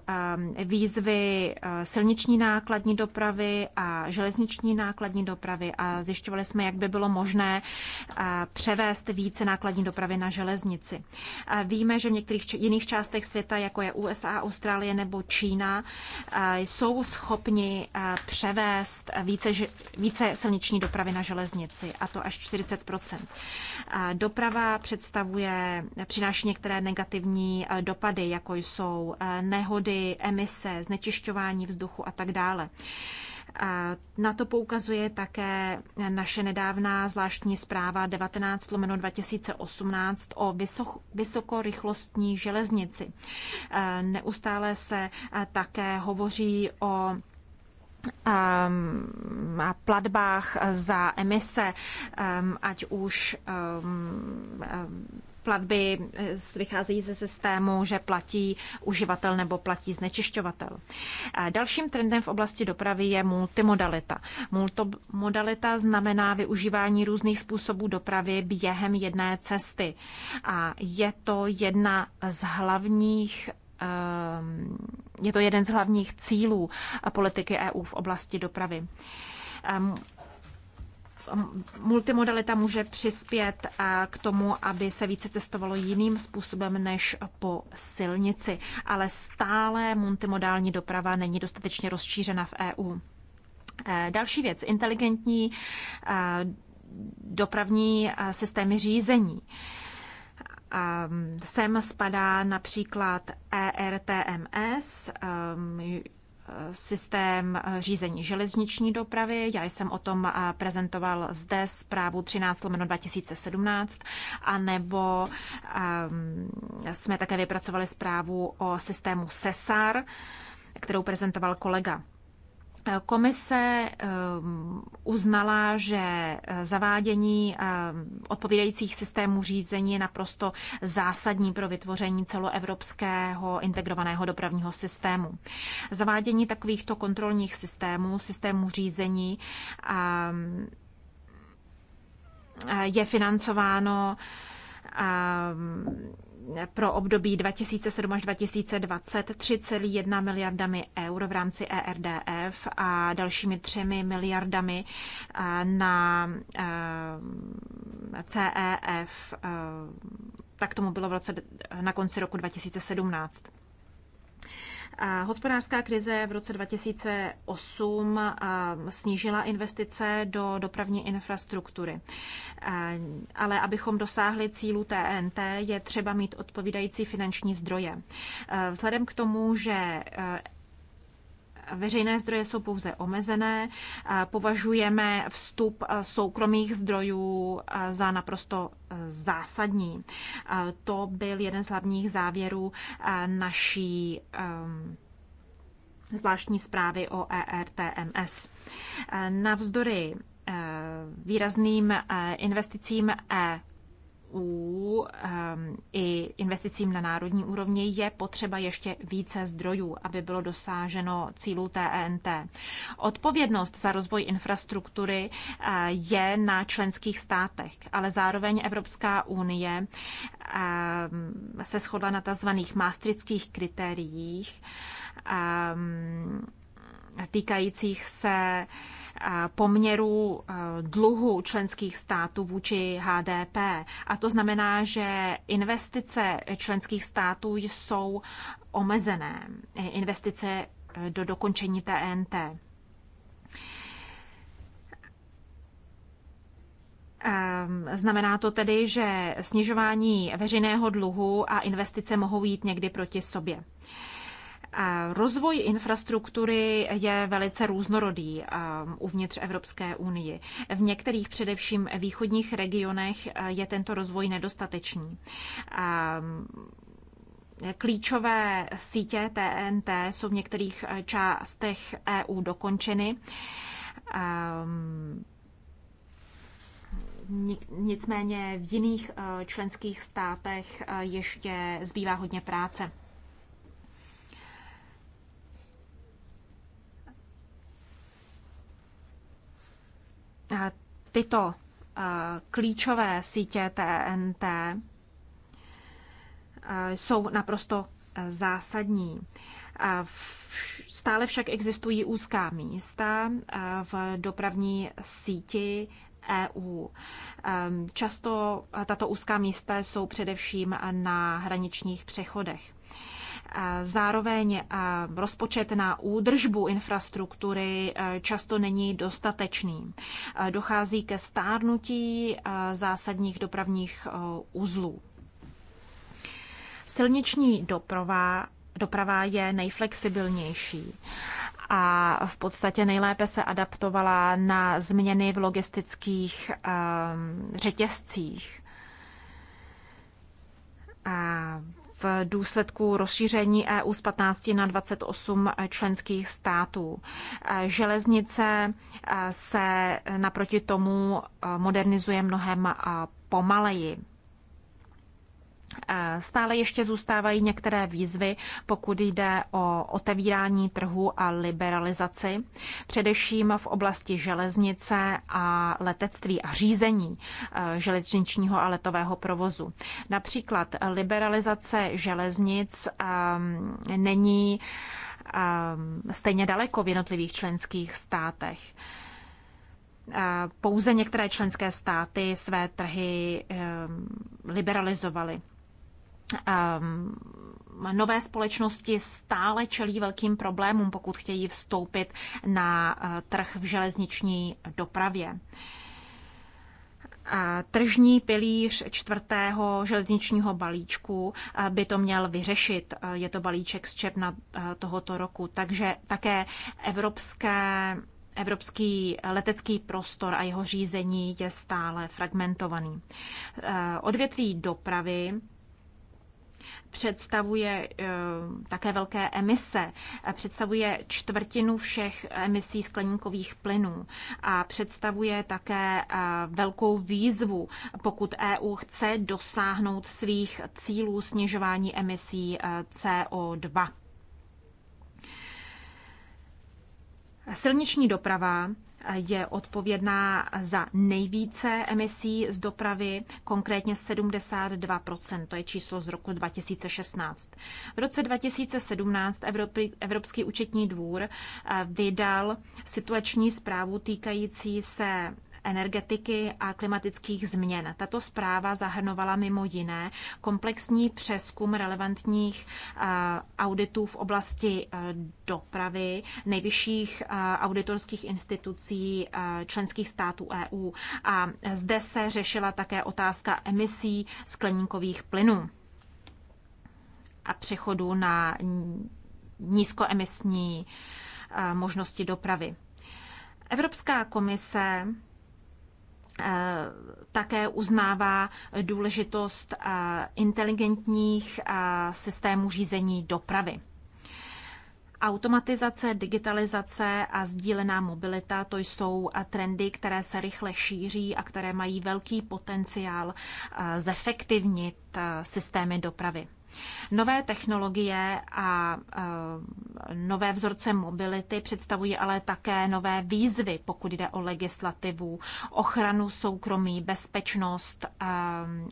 eh, výzvy eh, silniční nákladní dopravy a železniční nákladní dopravy a zjišťovali jsme, jak by bylo možné převést více nákladní dopravy na železnici. Víme, že v některých jiných částech světa, jako je USA, Austrálie nebo Čína, jsou schopni převést více, více silniční dopravy na železnici, a to až 40 Doprava představuje, přináší některé negativní dopady dopady, jako jsou eh, nehody, emise, znečišťování vzduchu a tak dále. Na to poukazuje také naše nedávná zvláštní zpráva 19 lomeno 2018 o vysokorychlostní železnici. Eh, neustále se eh, také hovoří o ehm, a platbách za emise, ehm, ať už ehm, platby eh, vycházejí ze systému, že platí uživatel nebo platí znečišťovatel. Dalším trendem v oblasti dopravy je multimodalita. Multimodalita znamená využívání různých způsobů dopravy během jedné cesty. A je to jedna z hlavních eh, je to jeden z hlavních cílů politiky EU v oblasti dopravy ehm, multimodalita může přispět eh, k tomu, aby se více cestovalo jiným způsobem než po silnici, ale stále multimodální doprava není dostatečně rozšířena v EU. Eh, další věc, inteligentní eh, dopravní systémy řízení. Sem spadá například ERTMS, systém eh, řízení železniční dopravy. Já jsem o tom eh, prezentoval zde zprávu 13 lomeno 2017, a nebo jsme také vypracovali zprávu o systému SESAR, kterou prezentoval kolega. Komise ehm, uznala, že eh, zavádění ehm, odpovídajících systémů řízení je naprosto zásadní pro vytvoření celoevropského integrovaného dopravního systému. Zavádění takovýchto kontrolních systémů, systémů řízení, ehm, je financováno pro období 2007 až 2020 3,1 miliardami eur v rámci ERDF a dalšími 3 miliardami eh, na eh, CEF. Eh, tak tomu bylo v roce, na konci roku 2017. Hospodářská krize v roce 2008 snížila investice do dopravní infrastruktury. Ale abychom dosáhli cílu TNT, je třeba mít odpovídající finanční zdroje. Vzhledem k tomu, že veřejné zdroje jsou pouze omezené. Považujeme vstup soukromých zdrojů za naprosto e, zásadní. To byl jeden z hlavních závěrů naší zvláštní zprávy o ERTMS. E, navzdory e, výrazným investicím EU ehm, i investicím na národní úrovni je potřeba ještě více zdrojů, aby bylo dosáženo cílů TENT. E Odpovědnost za rozvoj infrastruktury eh, je na členských státech, ale zároveň Evropská unie ehm, se shodla na tzv. mástrických kritériích ehm, týkajících se poměrů dluhu členských států vůči HDP. A to znamená, že investice členských států jsou omezené. Investice e, do dokončení TNT. E, znamená to tedy, že snižování veřejného dluhu a investice mohou jít někdy proti sobě. Rozvoj infrastruktury je velice různorodý um, uvnitř Evropské unie. V některých především východních regionech uh, je tento rozvoj nedostatečný. Um, klíčové sítě TNT jsou v některých uh, částech EU dokončeny. Um, nicméně v jiných uh, členských státech ještě zbývá hodně práce. Eh, tyto eh, klíčové sítě TNT eh, jsou naprosto zásadní. Stále však existují úzká místa v dopravní síti EU. Často tato úzká místa jsou především na hraničních přechodech. Zároveň rozpočet na údržbu infrastruktury e, často není dostatečný. E, dochází ke stárnutí e, zásadních dopravních uzlů. Silniční doprava, doprava je nejflexibilnější a v podstatě nejlépe se adaptovala na změny v logistických řetězcích. A v důsledku rozšíření EU z 15 na 28 členských států. Železnice eh, se naproti tomu eh, modernizuje mnohem eh, pomaleji. Stále ještě zůstávají některé výzvy, pokud jde o otevírání trhu a liberalizaci, především v oblasti železnice a letectví a řízení eh, železničního a letového provozu. Například liberalizace železnic ehm, není ehm, stejně daleko v jednotlivých členských státech eh, pouze některé členské státy své trhy ehm, liberalizovaly. Ehm, nové společnosti stále čelí velkým problémům, pokud chtějí vstoupit na eh, trh v železniční dopravě. Eh, tržní pilíř čtvrtého železničního balíčku eh, by to měl vyřešit. Je to balíček z června tohoto roku, takže také evropské Evropský letecký prostor a jeho řízení je stále fragmentovaný. Odvětví dopravy představuje eh, také velké emise, představuje čtvrtinu všech emisí skleníkových plynů a představuje také eh, velkou výzvu, pokud EU chce dosáhnout svých cílů snižování emisí eh, CO2. Silniční doprava je odpovědná za nejvíce emisí z dopravy, konkrétně 72%, to je číslo z roku 2016. V roce 2017 Evropy, Evropský účetní dvůr eh, vydal situační zprávu týkající se energetiky a klimatických změn. Tato zpráva zahrnovala mimo jiné komplexní přeskum relevantních eh, auditů v oblasti eh, dopravy, nejvyšších eh, auditorských institucí členských států EU. A zde se řešila také otázka emisí skleníkových plynů a přechodu na nízkoemisní možnosti dopravy. Evropská komise také uznává důležitost eh, inteligentních eh, systémů řízení dopravy. Automatizace, digitalizace a sdílená mobilita to jsou eh, trendy, které se rychle šíří a které mají velký potenciál zefektivnit systémy dopravy. Nové technologie a e, nové vzorce mobility představují ale také nové výzvy, pokud jde o legislativu, ochranu soukromí, bezpečnost e,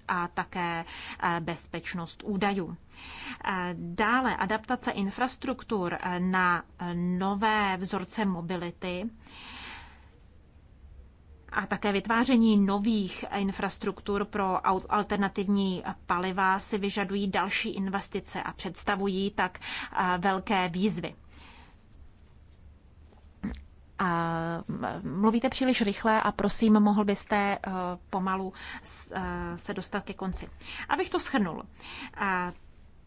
a také e, bezpečnost údajů. Dále adaptace infrastruktur na nové vzorce mobility a také vytváření nových infrastruktur pro alternativní paliva si vyžadují další investice a představují tak velké výzvy. A mluvíte příliš rychle a prosím, mohl byste e, pomalu e, se dostat ke konci. Abych to shrnul.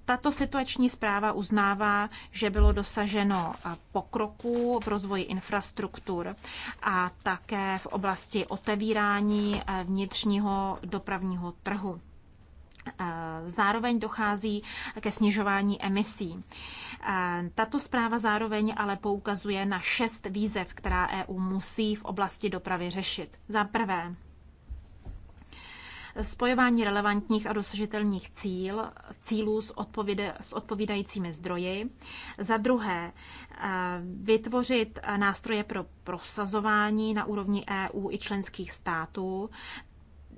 Tato situační zpráva uznává, že bylo dosaženo eh, pokroku v rozvoji infrastruktur a také v oblasti otevírání eh, vnitřního dopravního trhu. Eh, zároveň dochází ke snižování emisí. Tato zpráva zároveň ale poukazuje na šest výzev, která EU musí v oblasti dopravy řešit. Za prvé, spojování relevantních a dosažitelných cíl, cílů s, odpověde, s odpovídajícími zdroji. Za druhé, eh, vytvořit nástroje pro prosazování na úrovni EU i členských států,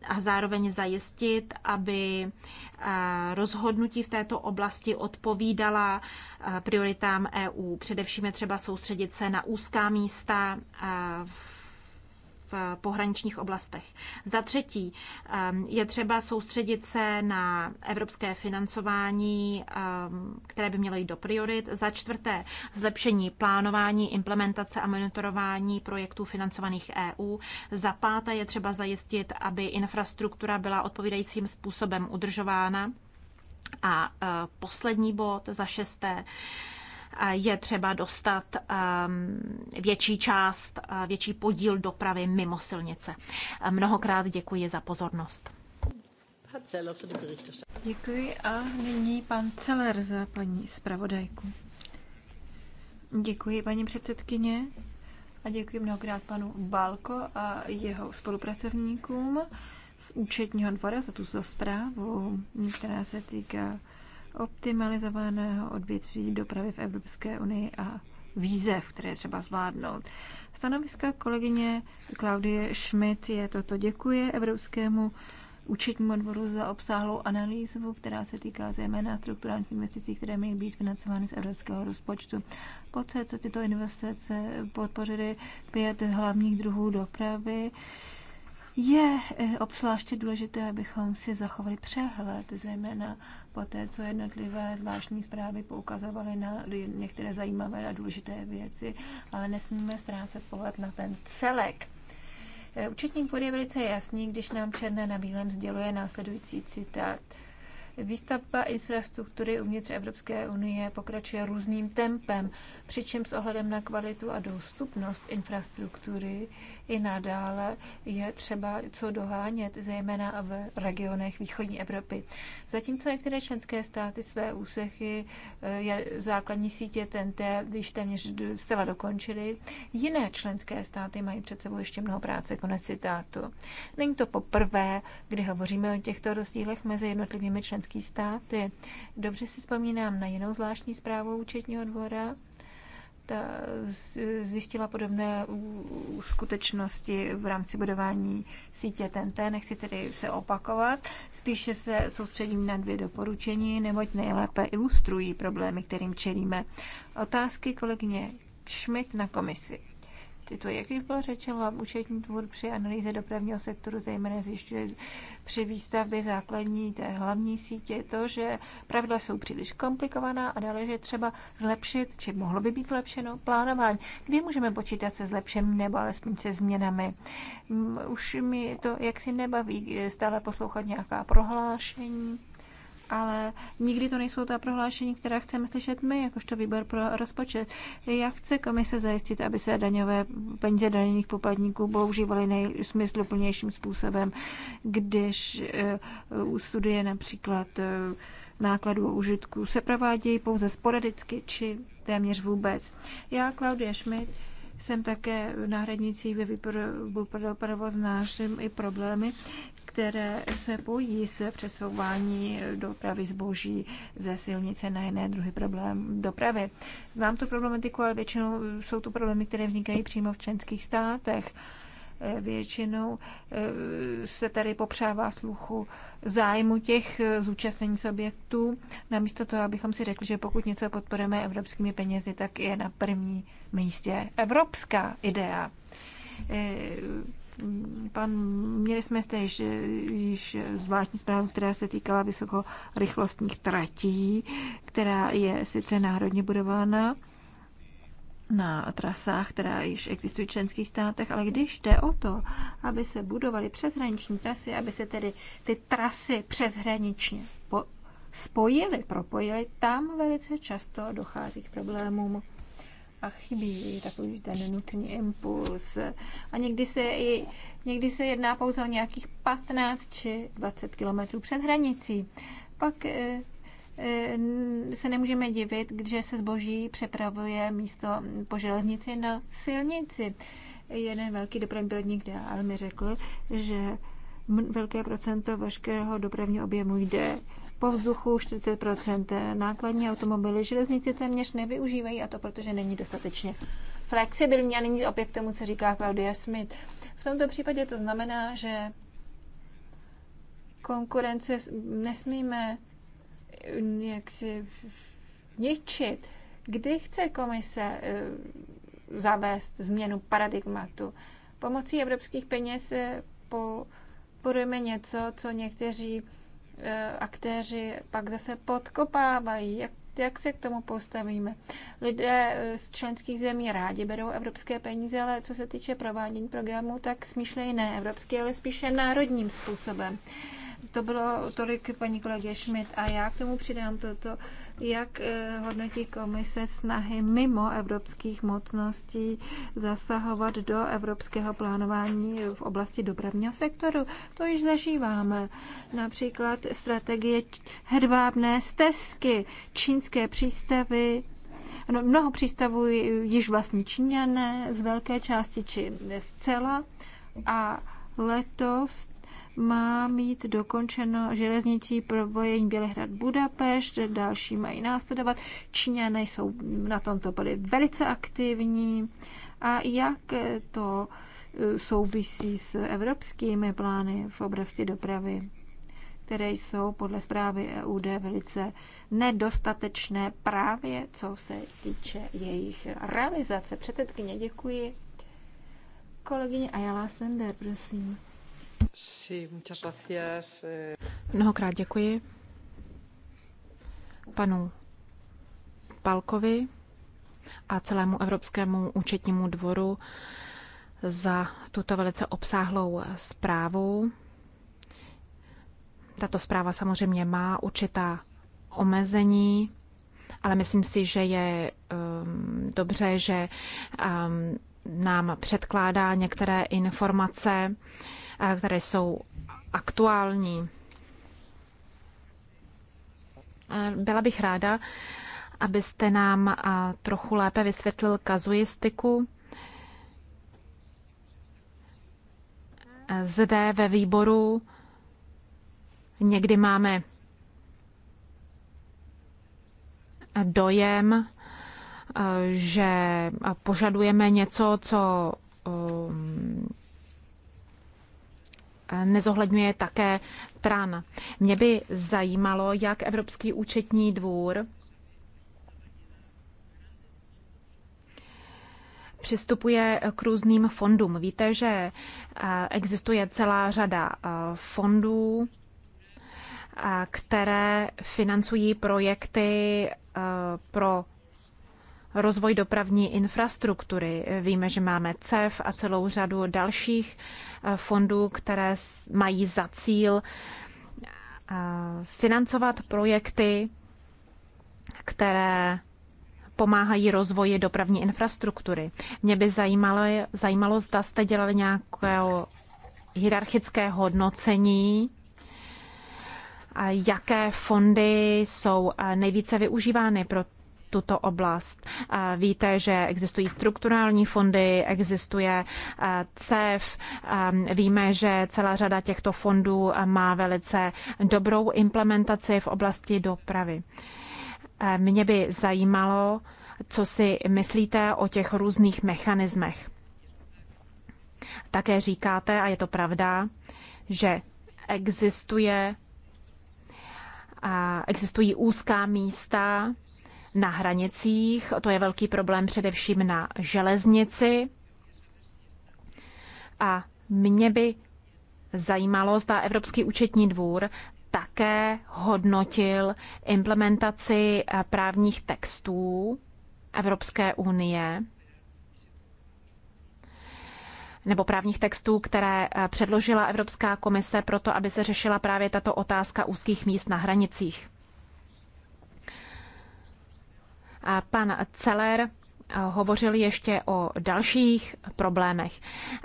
a zároveň zajistit, aby eh, rozhodnutí v této oblasti odpovídala eh, prioritám EU. Především je třeba soustředit se na úzká místa v v pohraničních oblastech. Za třetí, ehm, je třeba soustředit se na evropské financování, ehm, které by mělo jít do priorit. Za čtvrté, zlepšení plánování, implementace a monitorování projektů financovaných EU. Za páté je třeba zajistit, aby infrastruktura byla odpovídajícím způsobem udržována. A e, poslední bod, za šesté, je třeba dostat ehm, větší část, větší podíl dopravy mimo silnice. Mnohokrát děkuji za pozornost. Děkuji a nyní pan Celer za paní zpravodajku. Děkuji, paní předsedkyně. A děkuji mnohokrát panu Balko a jeho spolupracovníkům z účetního dvora za tu zprávu, která se týká optimalizovaného odvětví dopravy v Evropské unii a výzev, které třeba zvládnout. Stanoviska kolegyně Klaudie Schmidt je toto děkuje Evropskému účetnímu odboru za obsáhlou analýzu, která se týká zejména strukturálních investicí, které mají být financovány z evropského rozpočtu. Poté, co tyto investice podpořily pět hlavních druhů dopravy, je e, obzvláště důležité, abychom si zachovali přehled, zejména po té, co jednotlivé zvláštní zprávy poukazovaly na některé zajímavé a důležité věci, ale nesmíme ztrácet pohled na ten celek. Učetní e, půd je velice jasný, když nám černé na bílém sděluje následující citát – Výstavba infrastruktury uvnitř Evropské unie pokračuje různým tempem, přičemž s ohledem na kvalitu a dostupnost infrastruktury i nadále je třeba co dohánět, zejména v regionech východní Evropy. Zatímco některé členské státy své úsechy eh, základní sítě TNT již téměř zcela dokončily, jiné členské státy mají před sebou ještě mnoho práce, konec citátu. Není to poprvé, kdy hovoříme o těchto rozdílech mezi jednotlivými členskými členský státy. Dobře si vzpomínám na jinou zvláštní zprávu účetního dvora, ta zjistila podobné skutečnosti v rámci budování sítě TNT. Nechci tedy se opakovat, spíše se soustředím na dvě doporučení, neboť nejlépe ilustrují problémy, kterým čelíme. Otázky kolegyně Schmidt na komisi. Cituji, jak již bylo řečeno, účetní dvůr při analýze dopravního sektoru zejména zjišťuje při výstavbě základní té hlavní sítě to, že pravidla jsou příliš komplikovaná a dále, že třeba zlepšit, či mohlo by být zlepšeno plánování. Kdy můžeme počítat se zlepšením nebo alespoň se změnami? Mm, už mi to jaksi nebaví e, stále poslouchat nějaká prohlášení ale nikdy to nejsou ta prohlášení, která chceme slyšet my, jakožto výbor pro rozpočet. Jak chce komise zajistit, aby se daňové peníze daněných poplatníků používaly nejsmysluplnějším způsobem, když eh, u studie například eh, nákladů a užitků se provádějí pouze sporadicky či téměř vůbec. Já, Klaudia Schmidt, jsem také náhradnicí ve výboru pro provoz, znáším i problémy, které se pojí s přesouvání dopravy zboží ze silnice na jiné druhy problém dopravy. Znám tu problematiku, ale většinou jsou to problémy, které vznikají přímo v členských státech eh, většinou eh, se tady popřává sluchu zájmu těch eh, zúčastnění subjektů, namísto toho, abychom si řekli, že pokud něco podporujeme evropskými penězi, tak je na první místě evropská idea. Pan, měli jsme zde již, již zvláštní zprávu, která se týkala vysokorychlostních tratí, která je sice národně budována, na trasách, která již existují v členských státech, ale když jde o to, aby se budovaly přeshraniční trasy, aby se tedy ty trasy přeshraničně spojily, propojily, tam velice často dochází k problémům a chybí takový ten nutný impuls. A někdy se, i, někdy se jedná pouze o nějakých 15 či 20 kilometrů před hranicí. Pak eh, eh, se nemůžeme divit, že se zboží přepravuje místo po železnici na silnici. Jeden velký dopravní podnik dál mi řekl, že velké procento veškerého dopravního objemu jde po vzduchu 40 nákladní automobily železnice téměř nevyužívají a to protože není dostatečně flexibilní a není opět k tomu, co říká Claudia Smith. V tomto případě to znamená, že konkurence nesmíme mm, jaksi ničit. Kdy chce komise eh, zavést změnu paradigmatu? Pomocí evropských peněz eh, po podporujeme něco, co někteří E, aktéři pak zase podkopávají. Jak, jak se k tomu postavíme? Lidé z členských zemí rádi berou evropské peníze, ale co se týče provádění programů, tak smýšlejí ne evropské, ale spíše národním způsobem. Uh, to bylo tolik paní kolegě Schmidt a já k tomu přidám toto, jak eh, hodnotí komise snahy mimo evropských mocností zasahovat do evropského plánování v oblasti dopravního sektoru. To již zažíváme. Například strategie hedvábné stezky, čínské přístavy, No, mnoho přístavů již vlastně Číňané, z velké části či zcela. A letos má mít dokončeno železnicí probojení Bělehrad-Budapešť, další mají následovat. Číňané jsou na tomto poli velice aktivní. A jak to eh, souvisí s evropskými plány v oblasti dopravy, které jsou podle zprávy EUD velice nedostatečné právě co se týče jejich realizace. Předsedkyně, děkuji. Kolegyně Ayala Sender, prosím. Eh. Mnohokrát děkuji panu Palkovi a celému Evropskému účetnímu dvoru za tuto velice obsáhlou zprávu. Tato zpráva samozřejmě má určitá omezení, ale myslím si, že je um, dobře, že um, nám předkládá některé informace, které jsou aktuální. Byla bych ráda, abyste nám trochu lépe vysvětlil kazuistiku. Zde ve výboru někdy máme dojem, že požadujeme něco, co um, nezohledňuje také TRAN. Mě by zajímalo, jak Evropský účetní dvůr přistupuje k různým fondům. Víte, že eh, existuje celá řada eh, fondů, eh, které financují projekty pro rozvoj dopravní infrastruktury. Víme, že máme CEF a celou řadu dalších eh, fondů, které mají za cíl eh, financovat projekty, které pomáhají rozvoji dopravní infrastruktury. Mě by zajímalo, zajímalo zda jste dělali nějaké hierarchické hodnocení, jaké fondy jsou eh, nejvíce využívány pro tuto oblast. Víte, že existují strukturální fondy, existuje CEF, víme, že celá řada těchto fondů má velice dobrou implementaci v oblasti dopravy. Mě by zajímalo, co si myslíte o těch různých mechanismech. Také říkáte, a je to pravda, že existuje, existují úzká místa, na hranicích. To je velký problém především na železnici. A mě by zajímalo, zda Evropský účetní dvůr také hodnotil implementaci eh, právních textů Evropské unie nebo právních textů, které eh, předložila Evropská komise proto, aby se řešila právě tato otázka úzkých míst na hranicích. Pan Celer eh, hovořil ještě o dalších problémech.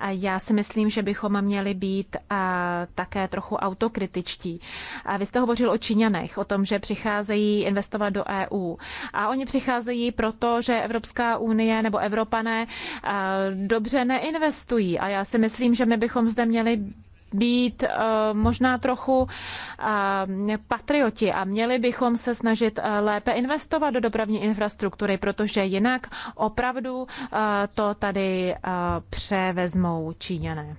Já si myslím, že bychom měli být eh, také trochu autokritičtí. Vy jste hovořil o Číňanech, o tom, že přicházejí investovat do EU. A oni přicházejí proto, že Evropská unie nebo Evropané eh, dobře neinvestují. A já si myslím, že my bychom zde měli být eh, možná trochu eh, patrioti a měli bychom se snažit eh, lépe investovat do dopravní infrastruktury, protože jinak opravdu to tady převezmou Číňané.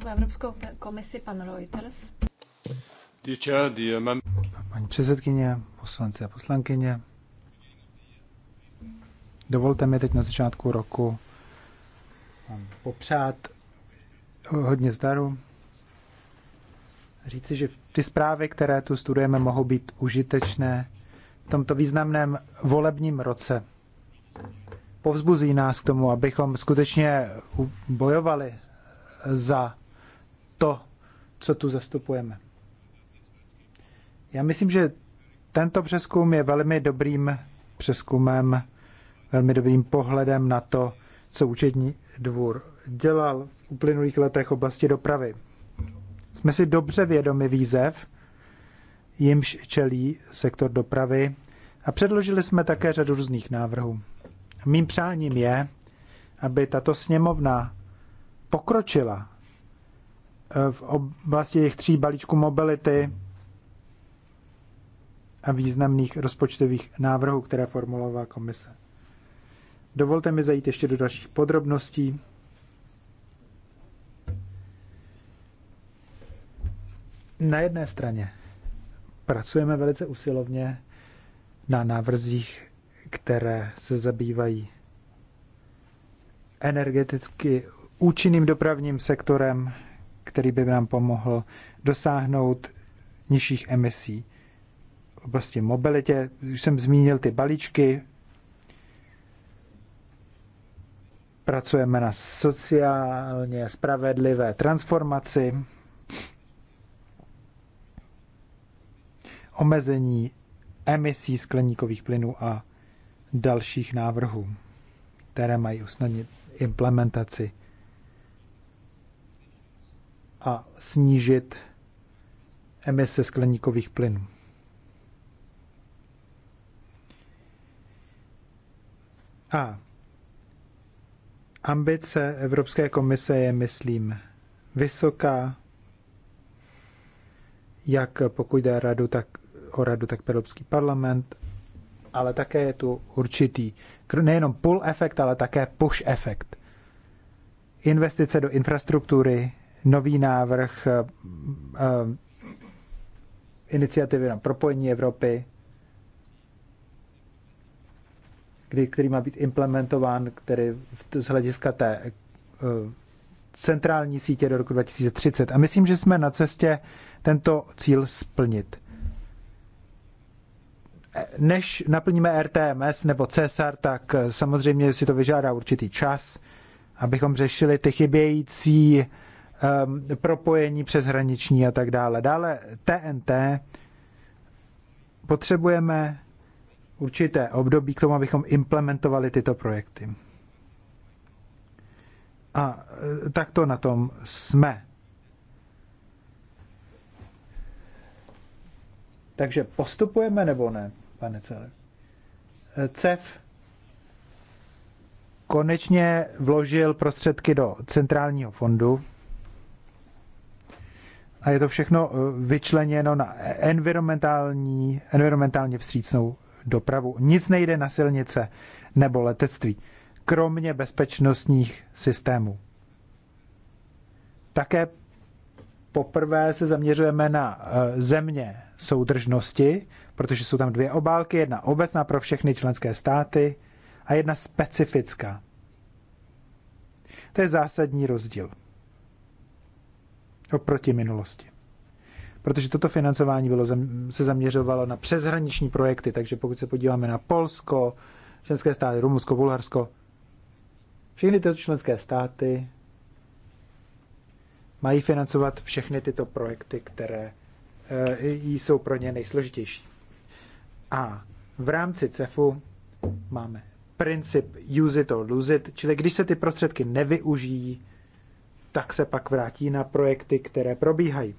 Za Evropskou komisi pan Reuters. Paní předsedkyně, poslanci a poslankyně, Dovolte mi teď na začátku roku popřát hodně zdaru. Říci, že ty zprávy, které tu studujeme, mohou být užitečné v tomto významném volebním roce. Povzbuzí nás k tomu, abychom skutečně bojovali za to, co tu zastupujeme. Já myslím, že tento přeskum je velmi dobrým přeskumem velmi dobrým pohledem na to, co účetní dvůr dělal v uplynulých letech oblasti dopravy. Jsme si dobře vědomi výzev, jimž čelí sektor dopravy a předložili jsme také řadu různých návrhů. Mým přáním je, aby tato sněmovna pokročila e, v oblasti těch tří balíčků mobility a významných rozpočtových návrhů, které formulovala komise. Dovolte mi zajít ještě do dalších podrobností. Na jedné straně pracujeme velice usilovně na návrzích, které se zabývají energeticky účinným dopravním sektorem, který by nám pomohl dosáhnout nižších emisí. V oblasti mobilitě už jsem zmínil ty balíčky Pracujeme na sociálně spravedlivé transformaci, omezení emisí skleníkových plynů a dalších návrhů, které mají usnadnit implementaci a snížit emise skleníkových plynů. A Ambice Evropské komise je, myslím, vysoká, jak pokud jde radu, tak, o radu, tak Evropský parlament, ale také je tu určitý, nejenom pull efekt, ale také push efekt. Investice do infrastruktury, nový návrh uh, iniciativy na propojení Evropy, kdy, který má být implementován který z hlediska té eh, centrální sítě do roku 2030. A myslím, že jsme na cestě tento cíl splnit. Eh, než naplníme RTMS nebo CSR, tak eh, samozřejmě si to vyžádá určitý čas, abychom řešili ty chybějící um, propojení přeshraniční a tak dále. Dále TNT potřebujeme určité období k tomu, abychom implementovali tyto projekty. A e, tak to na tom jsme. Takže postupujeme nebo ne, pane Cele? E, CEF konečně vložil prostředky do centrálního fondu a je to všechno e, vyčleněno na environmentální, environmentálně vstřícnou dopravu. Nic nejde na silnice nebo letectví, kromě bezpečnostních systémů. Také poprvé se zaměřujeme na e, země soudržnosti, protože jsou tam dvě obálky, jedna obecná pro všechny členské státy a jedna specifická. To je zásadní rozdíl oproti minulosti protože toto financování bylo, se zaměřovalo na přeshraniční projekty, takže pokud se podíváme na Polsko, členské státy, Rumunsko, Bulharsko, všechny tyto členské státy mají financovat všechny tyto projekty, které eh, jsou pro ně nejsložitější. A v rámci CEFu máme princip use it or lose it, čili když se ty prostředky nevyužijí, tak se pak vrátí na projekty, které probíhají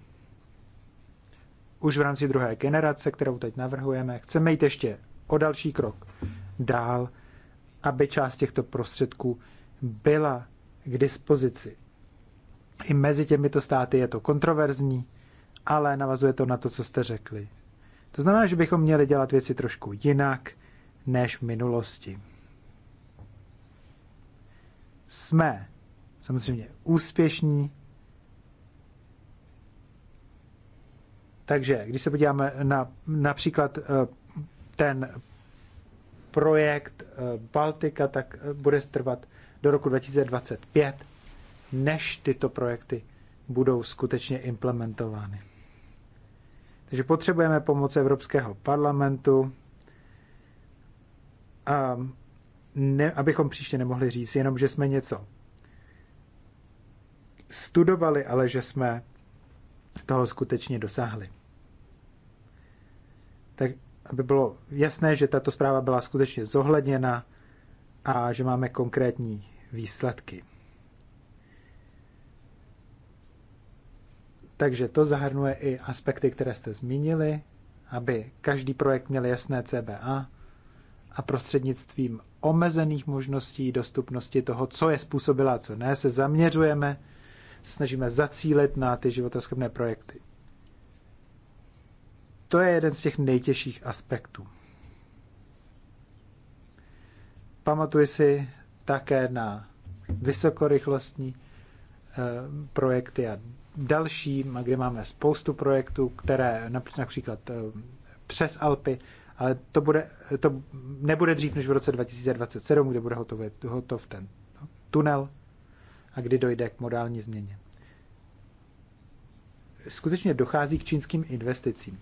už v rámci druhé generace, kterou teď navrhujeme. Chceme jít ještě o další krok dál, aby část těchto prostředků byla k dispozici. I mezi těmito státy je to kontroverzní, ale navazuje to na to, co jste řekli. To znamená, že bychom měli dělat věci trošku jinak než v minulosti. Jsme samozřejmě úspěšní, Takže když se podíváme na například eh, ten projekt eh, Baltika, tak eh, bude strvat do roku 2025, než tyto projekty budou skutečně implementovány. Takže potřebujeme pomoc Evropského parlamentu, a ne, abychom příště nemohli říct jenom, že jsme něco studovali, ale že jsme toho skutečně dosáhli tak aby bylo jasné, že tato zpráva byla skutečně zohledněna a že máme konkrétní výsledky. Takže to zahrnuje i aspekty, které jste zmínili, aby každý projekt měl jasné CBA a prostřednictvím omezených možností dostupnosti toho, co je způsobila, co ne, se zaměřujeme, se snažíme zacílit na ty životaschopné projekty to je jeden z těch nejtěžších aspektů. Pamatuji si také na vysokorychlostní eh, projekty a další, kde máme spoustu projektů, které například eh, přes Alpy, ale to, bude, to nebude dřív než v roce 2027, kde bude hotový hotov ten tunel a kdy dojde k modální změně. Skutečně dochází k čínským investicím.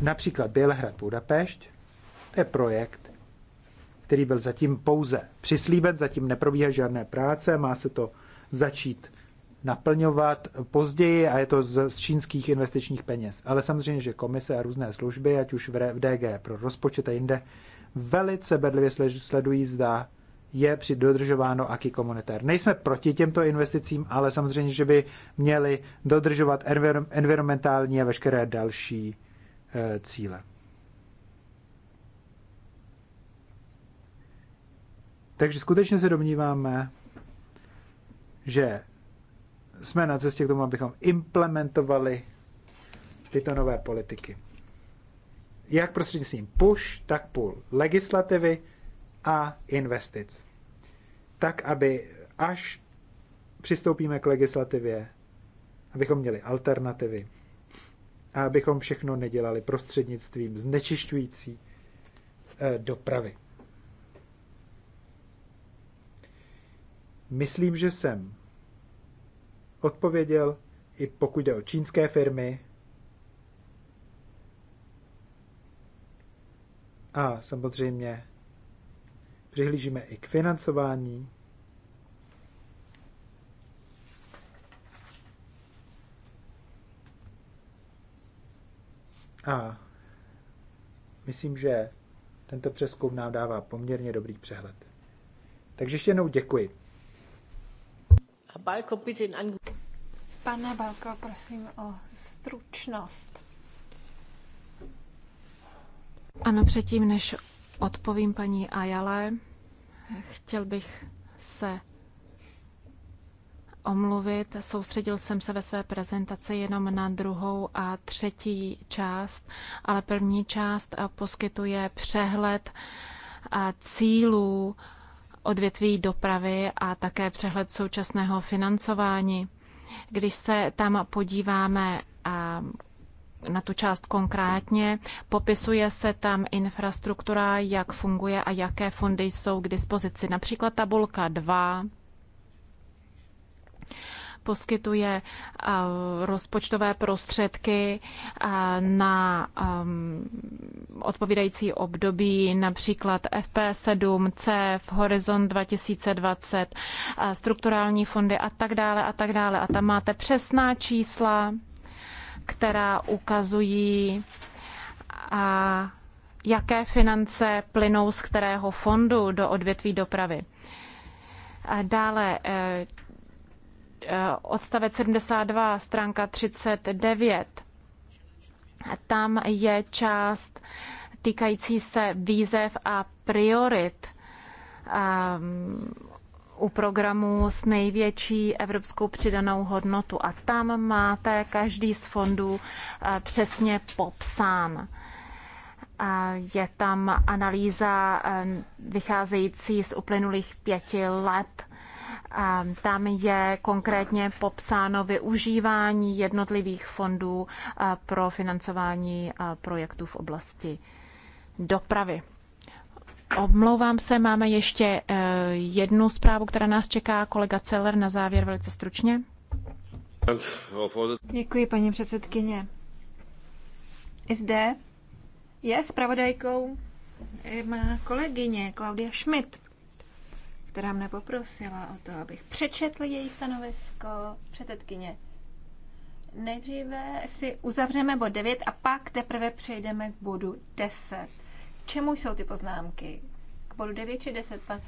Například Bělehrad Budapešť, to je projekt, který byl zatím pouze přislíben, zatím neprobíhá žádné práce, má se to začít naplňovat později a je to z, z čínských investičních peněz. Ale samozřejmě, že komise a různé služby, ať už v, v DG pro rozpočet a jinde, velice bedlivě sledují, zda je při dodržováno aký komunitér. Nejsme proti těmto investicím, ale samozřejmě, že by měli dodržovat environmentální a veškeré další Eh, cíle. Takže skutečně se domníváme, že jsme na cestě k tomu, abychom implementovali tyto nové politiky. Jak prostřednictvím push, tak pull legislativy a investic. Tak, aby až přistoupíme k legislativě, abychom měli alternativy a abychom všechno nedělali prostřednictvím znečišťující eh, dopravy. Myslím, že jsem odpověděl i pokud jde o čínské firmy. A samozřejmě přihlížíme i k financování. A myslím, že tento přeskum nám dává poměrně dobrý přehled. Takže ještě jednou děkuji. Pane Balko, prosím o stručnost. Ano, předtím, než odpovím paní Ajale, chtěl bych se omluvit. Soustředil jsem se ve své prezentaci jenom na druhou a třetí část, ale první část eh, poskytuje přehled eh, cílů odvětví dopravy a také přehled současného financování. Když se tam podíváme eh, na tu část konkrétně. Popisuje se tam infrastruktura, jak funguje a jaké fondy jsou k dispozici. Například tabulka 2 poskytuje eh, rozpočtové prostředky eh, na eh, odpovídající období, například FP7, CEF, Horizon 2020, strukturální fondy a tak dále a tak dále. A tam máte přesná čísla, která ukazují, a jaké finance plynou z kterého fondu do odvětví dopravy. A dále Eh, odstavec 72, stránka 39. Tam je část týkající se výzev a priorit um, u programu s největší evropskou přidanou hodnotu. A tam máte každý z fondů eh, přesně popsán. Je tam analýza eh, vycházející z uplynulých pěti let tam je konkrétně popsáno využívání jednotlivých fondů pro financování projektů v oblasti dopravy. Omlouvám se, máme ještě e, jednu zprávu, která nás čeká. Kolega Celer na závěr velice stručně. Děkuji, paní předsedkyně. I zde je zpravodajkou e, má kolegyně Klaudia Schmidt která mne poprosila o to, abych přečetl její stanovisko předsedkyně. Nejdříve si uzavřeme bod 9 a pak teprve přejdeme k bodu 10. K čemu jsou ty poznámky? K bodu 9 či 10, pan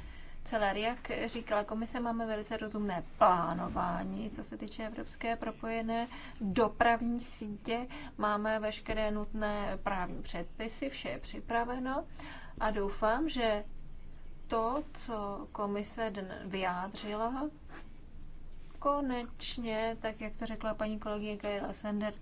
Celer, jak říkala komise, máme velice rozumné plánování, co se týče evropské propojené dopravní sítě. Máme veškeré nutné právní předpisy, vše je připraveno a doufám, že to, co komise vyjádřila, konečně, tak jak to řekla paní kolegyně Kajla Sender,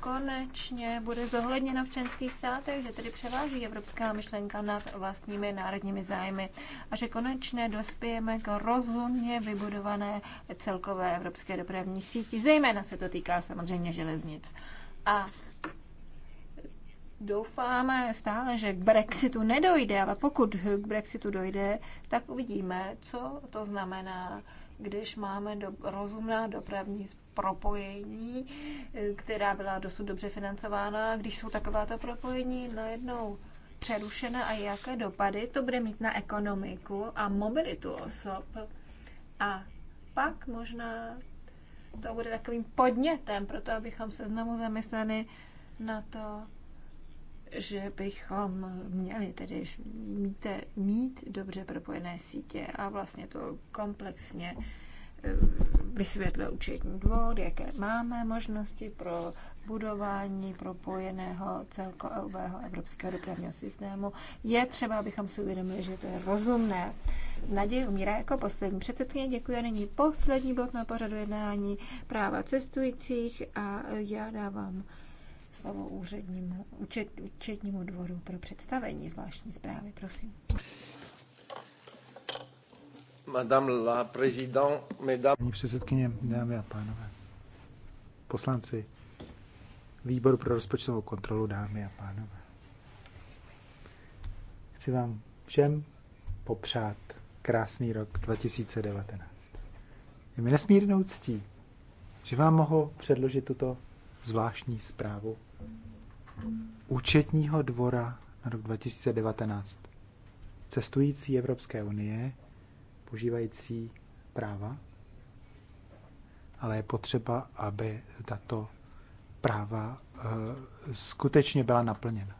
konečně bude zohledněna v členských státech, že tedy převáží evropská myšlenka nad vlastními národními zájmy a že konečně dospějeme k rozumně vybudované celkové evropské dopravní síti. Zejména se to týká samozřejmě železnic. A Doufáme stále, že k Brexitu nedojde, ale pokud k Brexitu dojde, tak uvidíme, co to znamená, když máme do, rozumná dopravní propojení, která byla dosud dobře financována, když jsou takováto propojení najednou přerušena a jaké dopady to bude mít na ekonomiku a mobilitu osob. A pak možná to bude takovým podnětem pro to, abychom se znovu zamysleli na to, že bychom měli tedy mít, mít dobře propojené sítě a vlastně to komplexně eh, vysvětlil účetní dvor, jaké máme možnosti pro budování propojeného celkového evropského dopravního systému. Je třeba, abychom si uvědomili, že to je rozumné. Naděje umírá jako poslední. Předsedkyně děkuji. Není poslední bod na pořadu jednání práva cestujících a já dávám slovo úřednímu, účet, účetnímu dvoru pro představení zvláštní zprávy. Prosím. Madame la présidente, mesdames... Paní předsedkyně, dámy a pánové, poslanci Výboru pro rozpočtovou kontrolu, dámy a pánové. Chci vám všem popřát krásný rok 2019. Je mi nesmírnou ctí, že vám mohu předložit tuto zvláštní zprávu účetního dvora na rok 2019. Cestující Evropské unie, požívající práva, ale je potřeba, aby tato práva uh, skutečně byla naplněna.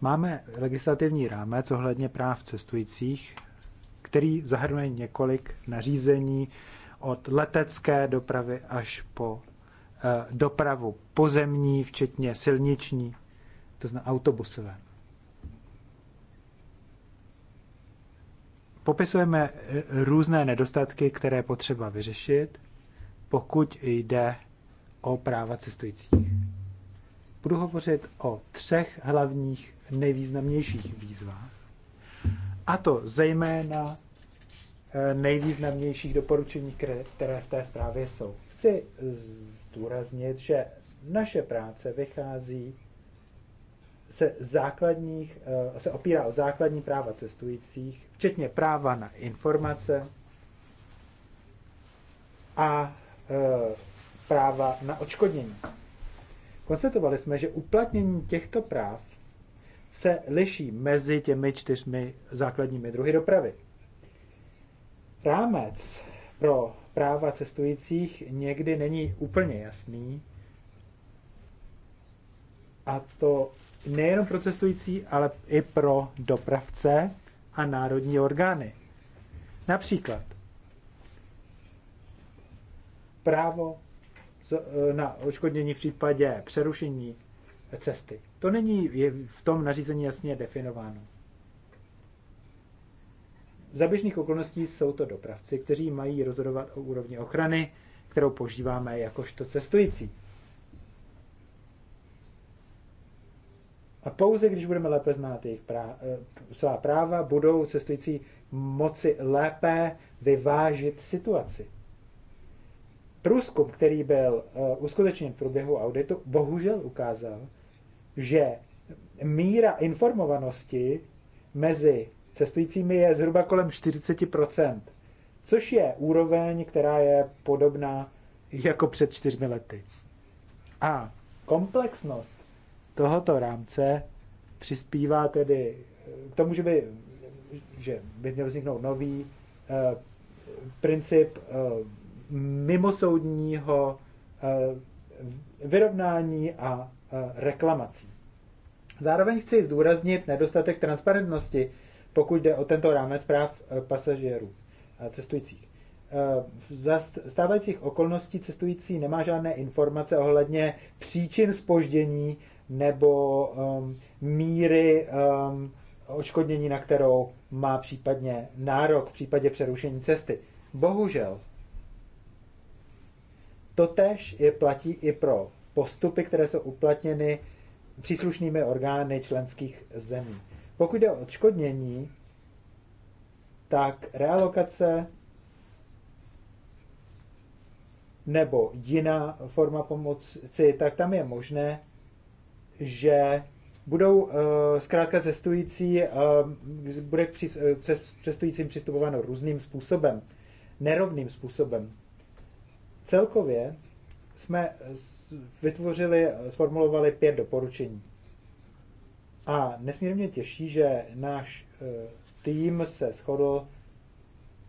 Máme legislativní rámec ohledně práv cestujících, který zahrnuje několik nařízení, od letecké dopravy až po eh, dopravu pozemní, včetně silniční, to znamená autobusové. Popisujeme eh, různé nedostatky, které je potřeba vyřešit, pokud jde o práva cestujících. Budu hovořit o třech hlavních nejvýznamnějších výzvách, a to zejména Eh, nejvýznamnějších doporučení, které v té zprávě jsou. Chci zdůraznit, že naše práce vychází se základních, eh, se opírá o základní práva cestujících, včetně práva na informace a eh, práva na očkodnění. Konstatovali jsme, že uplatnění těchto práv se liší mezi těmi čtyřmi základními druhy dopravy. Rámec pro práva cestujících někdy není úplně jasný. A to nejenom pro cestující, ale i pro dopravce a národní orgány. Například právo na odškodnění v případě přerušení cesty. To není v tom nařízení jasně definováno. Za běžných okolností jsou to dopravci, kteří mají rozhodovat o úrovni ochrany, kterou požíváme jakožto cestující. A pouze když budeme lépe znát jejich prá- eh, svá práva, budou cestující moci lépe vyvážit situaci. Průzkum, který byl eh, uskutečněn v průběhu auditu, bohužel ukázal, že míra informovanosti mezi cestujícími je zhruba kolem 40%, což je úroveň, která je podobná jako před čtyřmi lety. A komplexnost tohoto rámce přispívá tedy eh, k tomu, že by, že by měl vzniknout nový eh, princip eh, mimosoudního eh, vyrovnání a eh, reklamací. Zároveň chci zdůraznit nedostatek transparentnosti pokud jde o tento rámec práv eh, pasažérů a cestujících. Eh, za stávajících okolností cestující nemá žádné informace ohledně příčin spoždění nebo um, míry um, odškodnění, na kterou má případně nárok v případě přerušení cesty. Bohužel, totež je platí i pro postupy, které jsou uplatněny příslušnými orgány členských zemí. Pokud jde o odškodnění, tak realokace nebo jiná forma pomoci, tak tam je možné, že budou eh, zkrátka cestující, eh, bude k eh, cestujícím přistupováno různým způsobem, nerovným způsobem. Celkově jsme vytvořili, sformulovali pět doporučení. A nesmírně těší, že náš eh, tým se shodl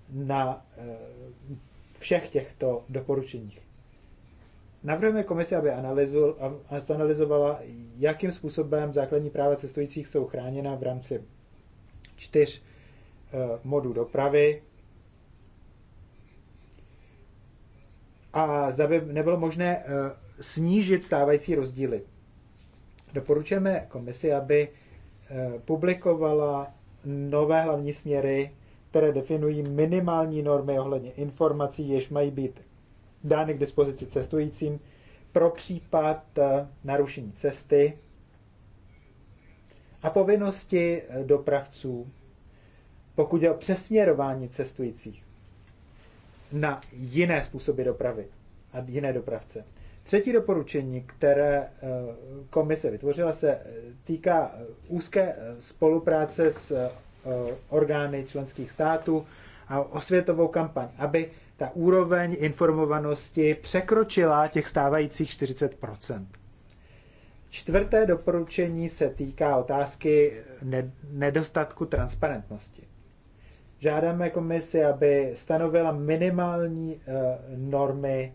na eh, všech těchto doporučeních. Navrhujeme komisi, aby analyzovala, jakým způsobem základní práva cestujících jsou chráněna v rámci čtyř eh, modů dopravy. A zda by nebylo možné snížit stávající rozdíly. Doporučujeme komisi, aby eh, publikovala nové hlavní směry, které definují minimální normy ohledně informací, jež mají být dány k dispozici cestujícím pro případ eh, narušení cesty a povinnosti eh, dopravců, pokud je o přesměrování cestujících na jiné způsoby dopravy a jiné dopravce. Třetí doporučení, které eh, komise vytvořila, se eh, týká eh, úzké spolupráce s orgány členských států a osvětovou kampaň, aby ta úroveň informovanosti překročila těch stávajících 40 Čtvrté doporučení se týká otázky nedostatku transparentnosti. Žádáme komisi, aby stanovila minimální normy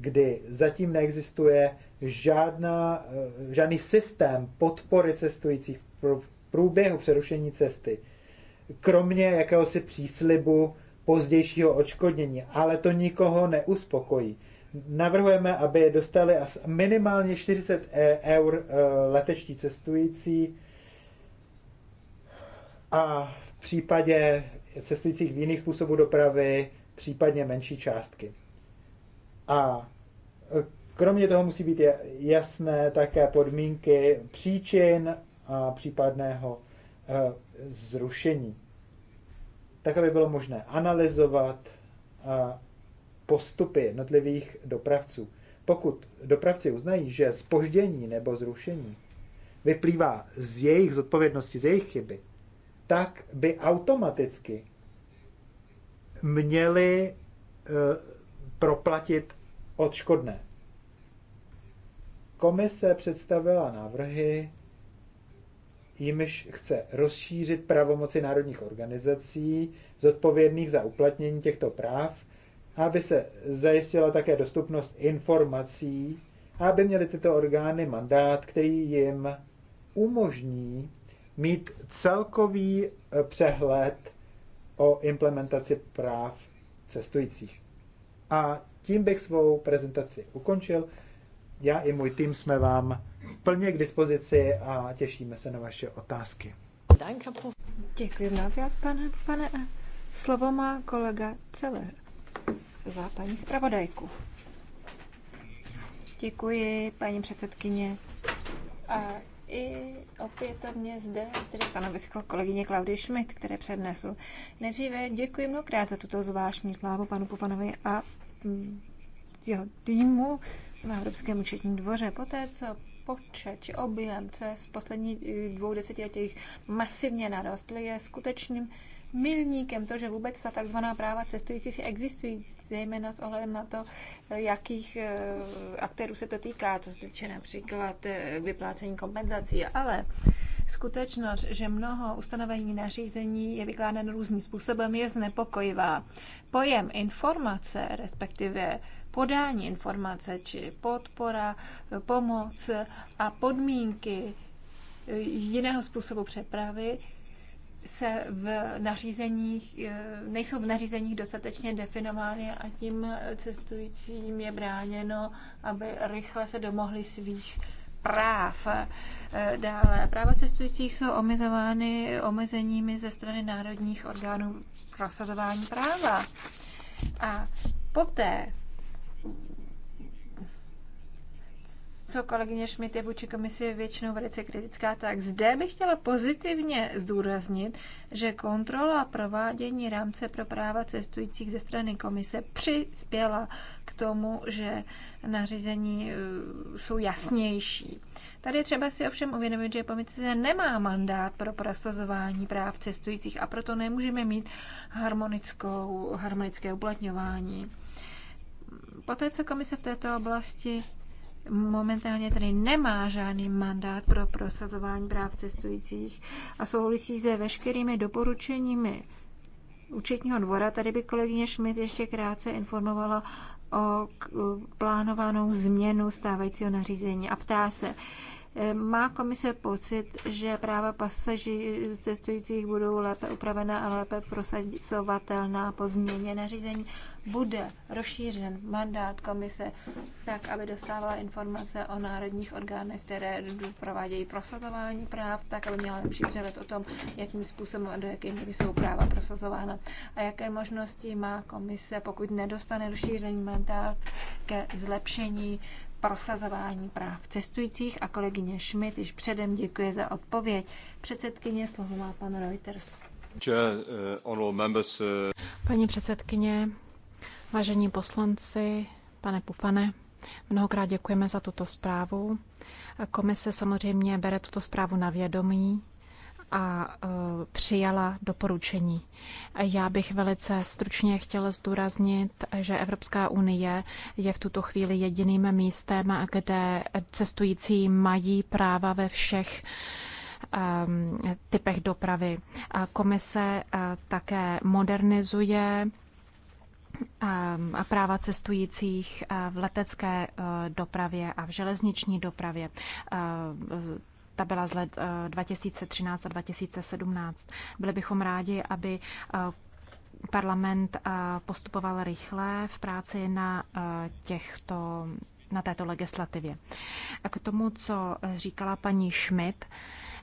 kdy zatím neexistuje žádná, eh, žádný systém podpory cestujících v průběhu přerušení cesty, kromě jakéhosi příslibu pozdějšího odškodnění, ale to nikoho neuspokojí. Navrhujeme, aby dostali minimálně 40 e, eur eh, letečtí cestující a v případě cestujících v jiných způsobů dopravy případně menší částky. A e, kromě toho musí být jasné také podmínky příčin a případného e, zrušení. Tak, aby bylo možné analyzovat e, postupy jednotlivých dopravců. Pokud dopravci uznají, že spoždění nebo zrušení vyplývá z jejich zodpovědnosti, z jejich chyby, tak by automaticky měli proplatit odškodné. Komise představila návrhy, jimž chce rozšířit pravomoci národních organizací zodpovědných za uplatnění těchto práv, aby se zajistila také dostupnost informací, aby měly tyto orgány mandát, který jim umožní mít celkový eh, přehled o implementaci práv cestujících. A tím bych svou prezentaci ukončil. Já i můj tým jsme vám plně k dispozici a těšíme se na vaše otázky. Děkuji mnohokrát, pane, pane. Slovo má kolega Celer za paní zpravodajku. Děkuji, paní předsedkyně. A i opětovně zde tedy stanovisko kolegyně Klaudy Schmidt, které přednesu. Nejdříve děkuji mnohokrát za tuto zvláštní slávu panu Popanovi a jeho týmu na Evropském účetním dvoře. Poté, co počet či objem cest z posledních eh, dvou desetiletích masivně narostl, je skutečným milníkem to, že vůbec ta takzvaná práva si existují, zejména s ohledem na to, eh, jakých eh, aktérů se to týká, to se týče například vyplácení kompenzací, ale Skutečnost, že mnoho ustanovení nařízení je vykládáno různým způsobem, je znepokojivá. Pojem informace, respektive podání informace, či podpora, pomoc a podmínky jiného způsobu přepravy se v nařízeních, eh, nejsou v nařízeních dostatečně definovány a tím cestujícím je bráněno, aby rychle se domohli svých práv. E, dále, práva cestujících jsou omezovány omezeními ze strany národních orgánů prosazování práva. A poté co kolegyně Šmit je vůči komisi většinou velice kritická, tak zde bych chtěla pozitivně zdůraznit, že kontrola provádění rámce pro práva cestujících ze strany komise přispěla k tomu, že nařízení e, jsou jasnější. Tady třeba si ovšem uvědomit, že komise nemá mandát pro prosazování práv cestujících a proto nemůžeme mít harmonickou, harmonické uplatňování. Poté, co komise v této oblasti momentálně tady nemá žádný mandát pro prosazování práv cestujících a souhlasí se veškerými doporučeními účetního dvora. Tady by kolegyně Schmidt ještě krátce informovala o plánovanou změnu stávajícího nařízení a ptá se, má komise pocit, že práva pasaží cestujících budou lépe upravená a lépe prosazovatelná po změně nařízení? Bude rozšířen mandát komise tak, aby dostávala informace o národních orgánech, které provádějí prosazování práv, tak, aby měla lepší přehled o tom, jakým způsobem a do jaké míry jsou práva prosazována a jaké možnosti má komise, pokud nedostane rozšířený mandát ke zlepšení prosazování práv cestujících a kolegyně Schmidt již předem děkuje za odpověď. Předsedkyně slovo má pan Reuters. Eh, eh, Paní předsedkyně, vážení poslanci, pane Pupane, mnohokrát děkujeme za tuto zprávu. Komise samozřejmě bere tuto zprávu na vědomí a e, přijala doporučení. Já bych velice stručně chtěla zdůraznit, že Evropská unie je v tuto chvíli jediným místem, kde cestující mají práva ve všech e, typech dopravy. Komise e, také modernizuje a práva cestujících v letecké dopravě a v železniční dopravě ta byla z let 2013 eh, a 2017. Byli bychom rádi, aby eh, parlament eh, postupoval rychle v práci na těchto na této legislativě. A k tomu, co říkala paní Schmidt,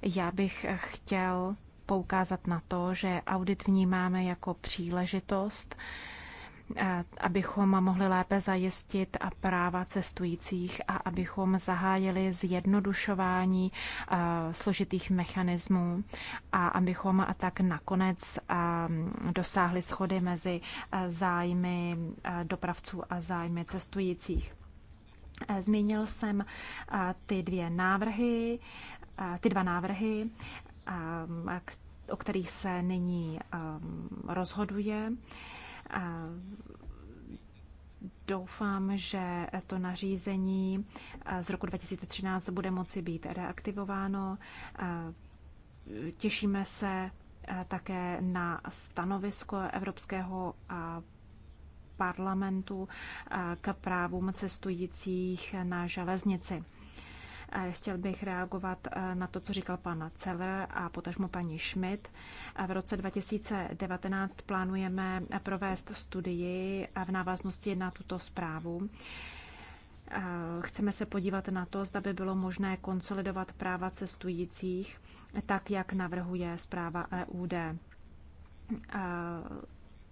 já bych chtěl poukázat na to, že audit vnímáme jako příležitost, abychom mohli lépe zajistit a práva cestujících a abychom zahájili zjednodušování složitých mechanismů a abychom a tak nakonec dosáhli schody mezi zájmy dopravců a zájmy cestujících. Zmínil jsem ty dvě návrhy, ty dva návrhy, o kterých se nyní rozhoduje. Doufám, že to nařízení z roku 2013 bude moci být reaktivováno. Těšíme se také na stanovisko Evropského parlamentu k právům cestujících na železnici. Chtěl bych reagovat eh, na to, co říkal pan Celer a potažmo paní Schmidt. V roce 2019 plánujeme provést studii v návaznosti na tuto zprávu. Eh, chceme se podívat na to, zda by bylo možné konsolidovat práva cestujících tak, jak navrhuje zpráva EUD eh,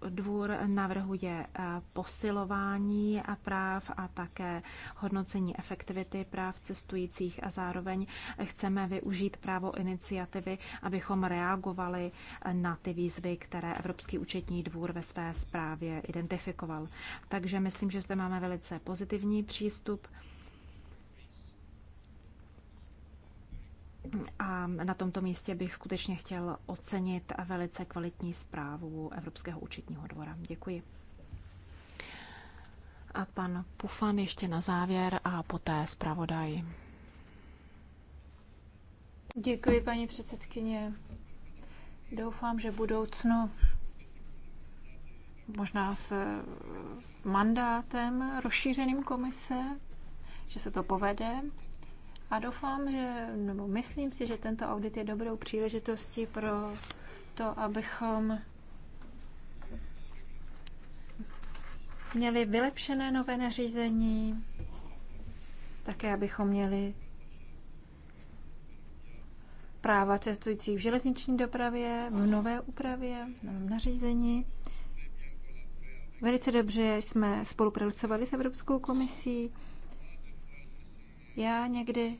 dvůr navrhuje eh, posilování a eh, práv a také hodnocení efektivity práv cestujících a zároveň chceme využít právo iniciativy, abychom reagovali eh, na ty výzvy, které Evropský účetní dvůr ve své zprávě identifikoval. Takže myslím, že zde máme velice pozitivní přístup. A na tomto místě bych skutečně chtěl ocenit velice kvalitní zprávu Evropského účetního dvora. Děkuji. A pan Pufan ještě na závěr a poté zpravodaj. Děkuji, paní předsedkyně. Doufám, že v budoucnu možná s mandátem rozšířeným komise, že se to povede a doufám, že, nebo myslím si, že tento audit je dobrou příležitostí pro to, abychom měli vylepšené nové nařízení, také abychom měli práva cestujících v železniční dopravě, v nové úpravě, v novém nařízení. Velice dobře jsme spolupracovali s Evropskou komisí já někdy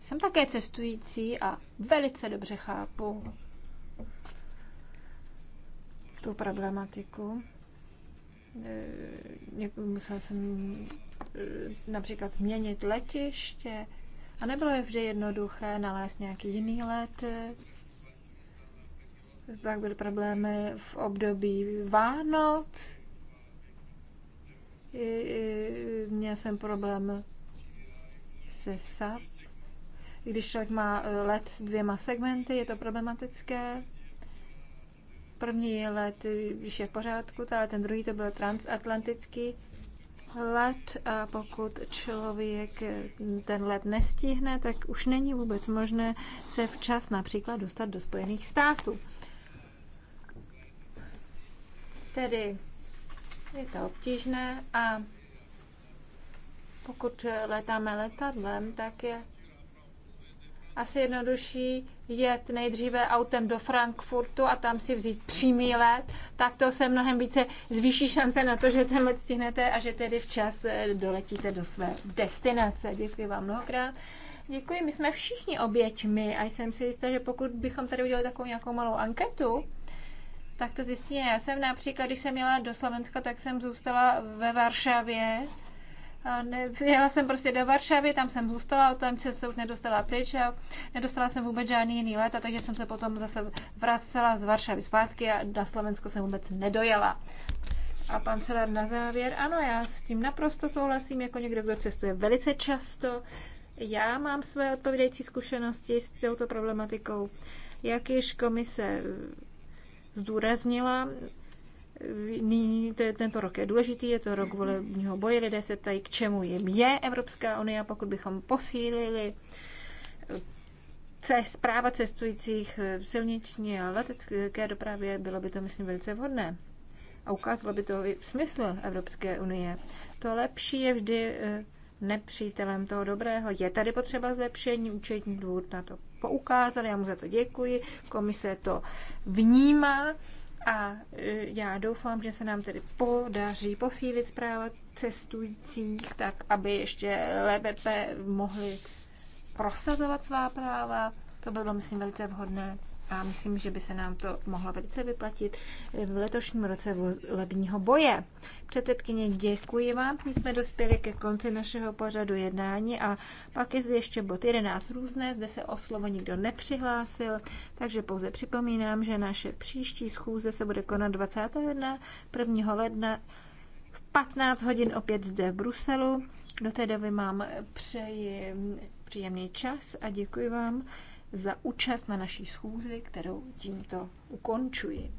jsem také cestující a velice dobře chápu tu problematiku. Eh, musela jsem eh, například změnit letiště a nebylo je vždy jednoduché nalézt nějaký jiný let. Pak byly problémy v období Vánoc. Měl jsem problém se SAP. Když člověk má eh, let s dvěma segmenty, je to problematické. První let eh, když je v pořádku, ale ten druhý to byl transatlantický let a pokud člověk eh, ten let nestihne, tak už není vůbec možné se včas například dostat do Spojených států. Tedy je to obtížné a pokud letáme letadlem, tak je asi jednodušší jet nejdříve autem do Frankfurtu a tam si vzít přímý let, tak to se mnohem více zvýší šance na to, že ten let stihnete a že tedy včas eh, doletíte do své destinace. Děkuji vám mnohokrát. Děkuji, my jsme všichni oběťmi a jsem si jistá, že pokud bychom tady udělali takovou nějakou malou anketu, tak to zjistíme. Já jsem například, když jsem jela do Slovenska, tak jsem zůstala ve Varšavě a jela jsem prostě do Varšavy, tam jsem zůstala, tam jsem se už nedostala pryč a nedostala jsem vůbec žádný jiný let, a takže jsem se potom zase vracela z Varšavy zpátky a na Slovensko jsem vůbec nedojela. A pan Celer na závěr, ano, já s tím naprosto souhlasím, jako někdo, kdo cestuje velice často. Já mám své odpovídající zkušenosti s touto problematikou. Jak již komise zdůraznila, nyní tento rok je důležitý, je to rok volebního boje, lidé se ptají, k čemu jim je Evropská unie, pokud bychom posílili eh, cest, práva cestujících v eh, silniční a letecké dopravě, bylo by to, myslím, velice vhodné. A ukázalo by to i smysl Evropské unie. To lepší je vždy eh, nepřítelem toho dobrého. Je tady potřeba zlepšení, účetní dvůr na to poukázal, já mu za to děkuji, komise to vnímá a e, já doufám, že se nám tedy podaří posílit zpráva cestujících, tak aby ještě LBP mohli prosazovat svá práva. To bylo, myslím, velice vhodné a myslím, že by se nám to mohlo velice vyplatit v letošním roce volebního boje. Předsedkyně, děkuji vám. My jsme dospěli ke konci našeho pořadu jednání a pak je zde ještě bod 11 různé, zde se o slovo nikdo nepřihlásil, takže pouze připomínám, že naše příští schůze se bude konat 21. 1. ledna v 15 hodin opět zde v Bruselu. Do té doby mám přeji příjemný čas a děkuji vám za účast na naší schůzi, kterou tímto ukončuji.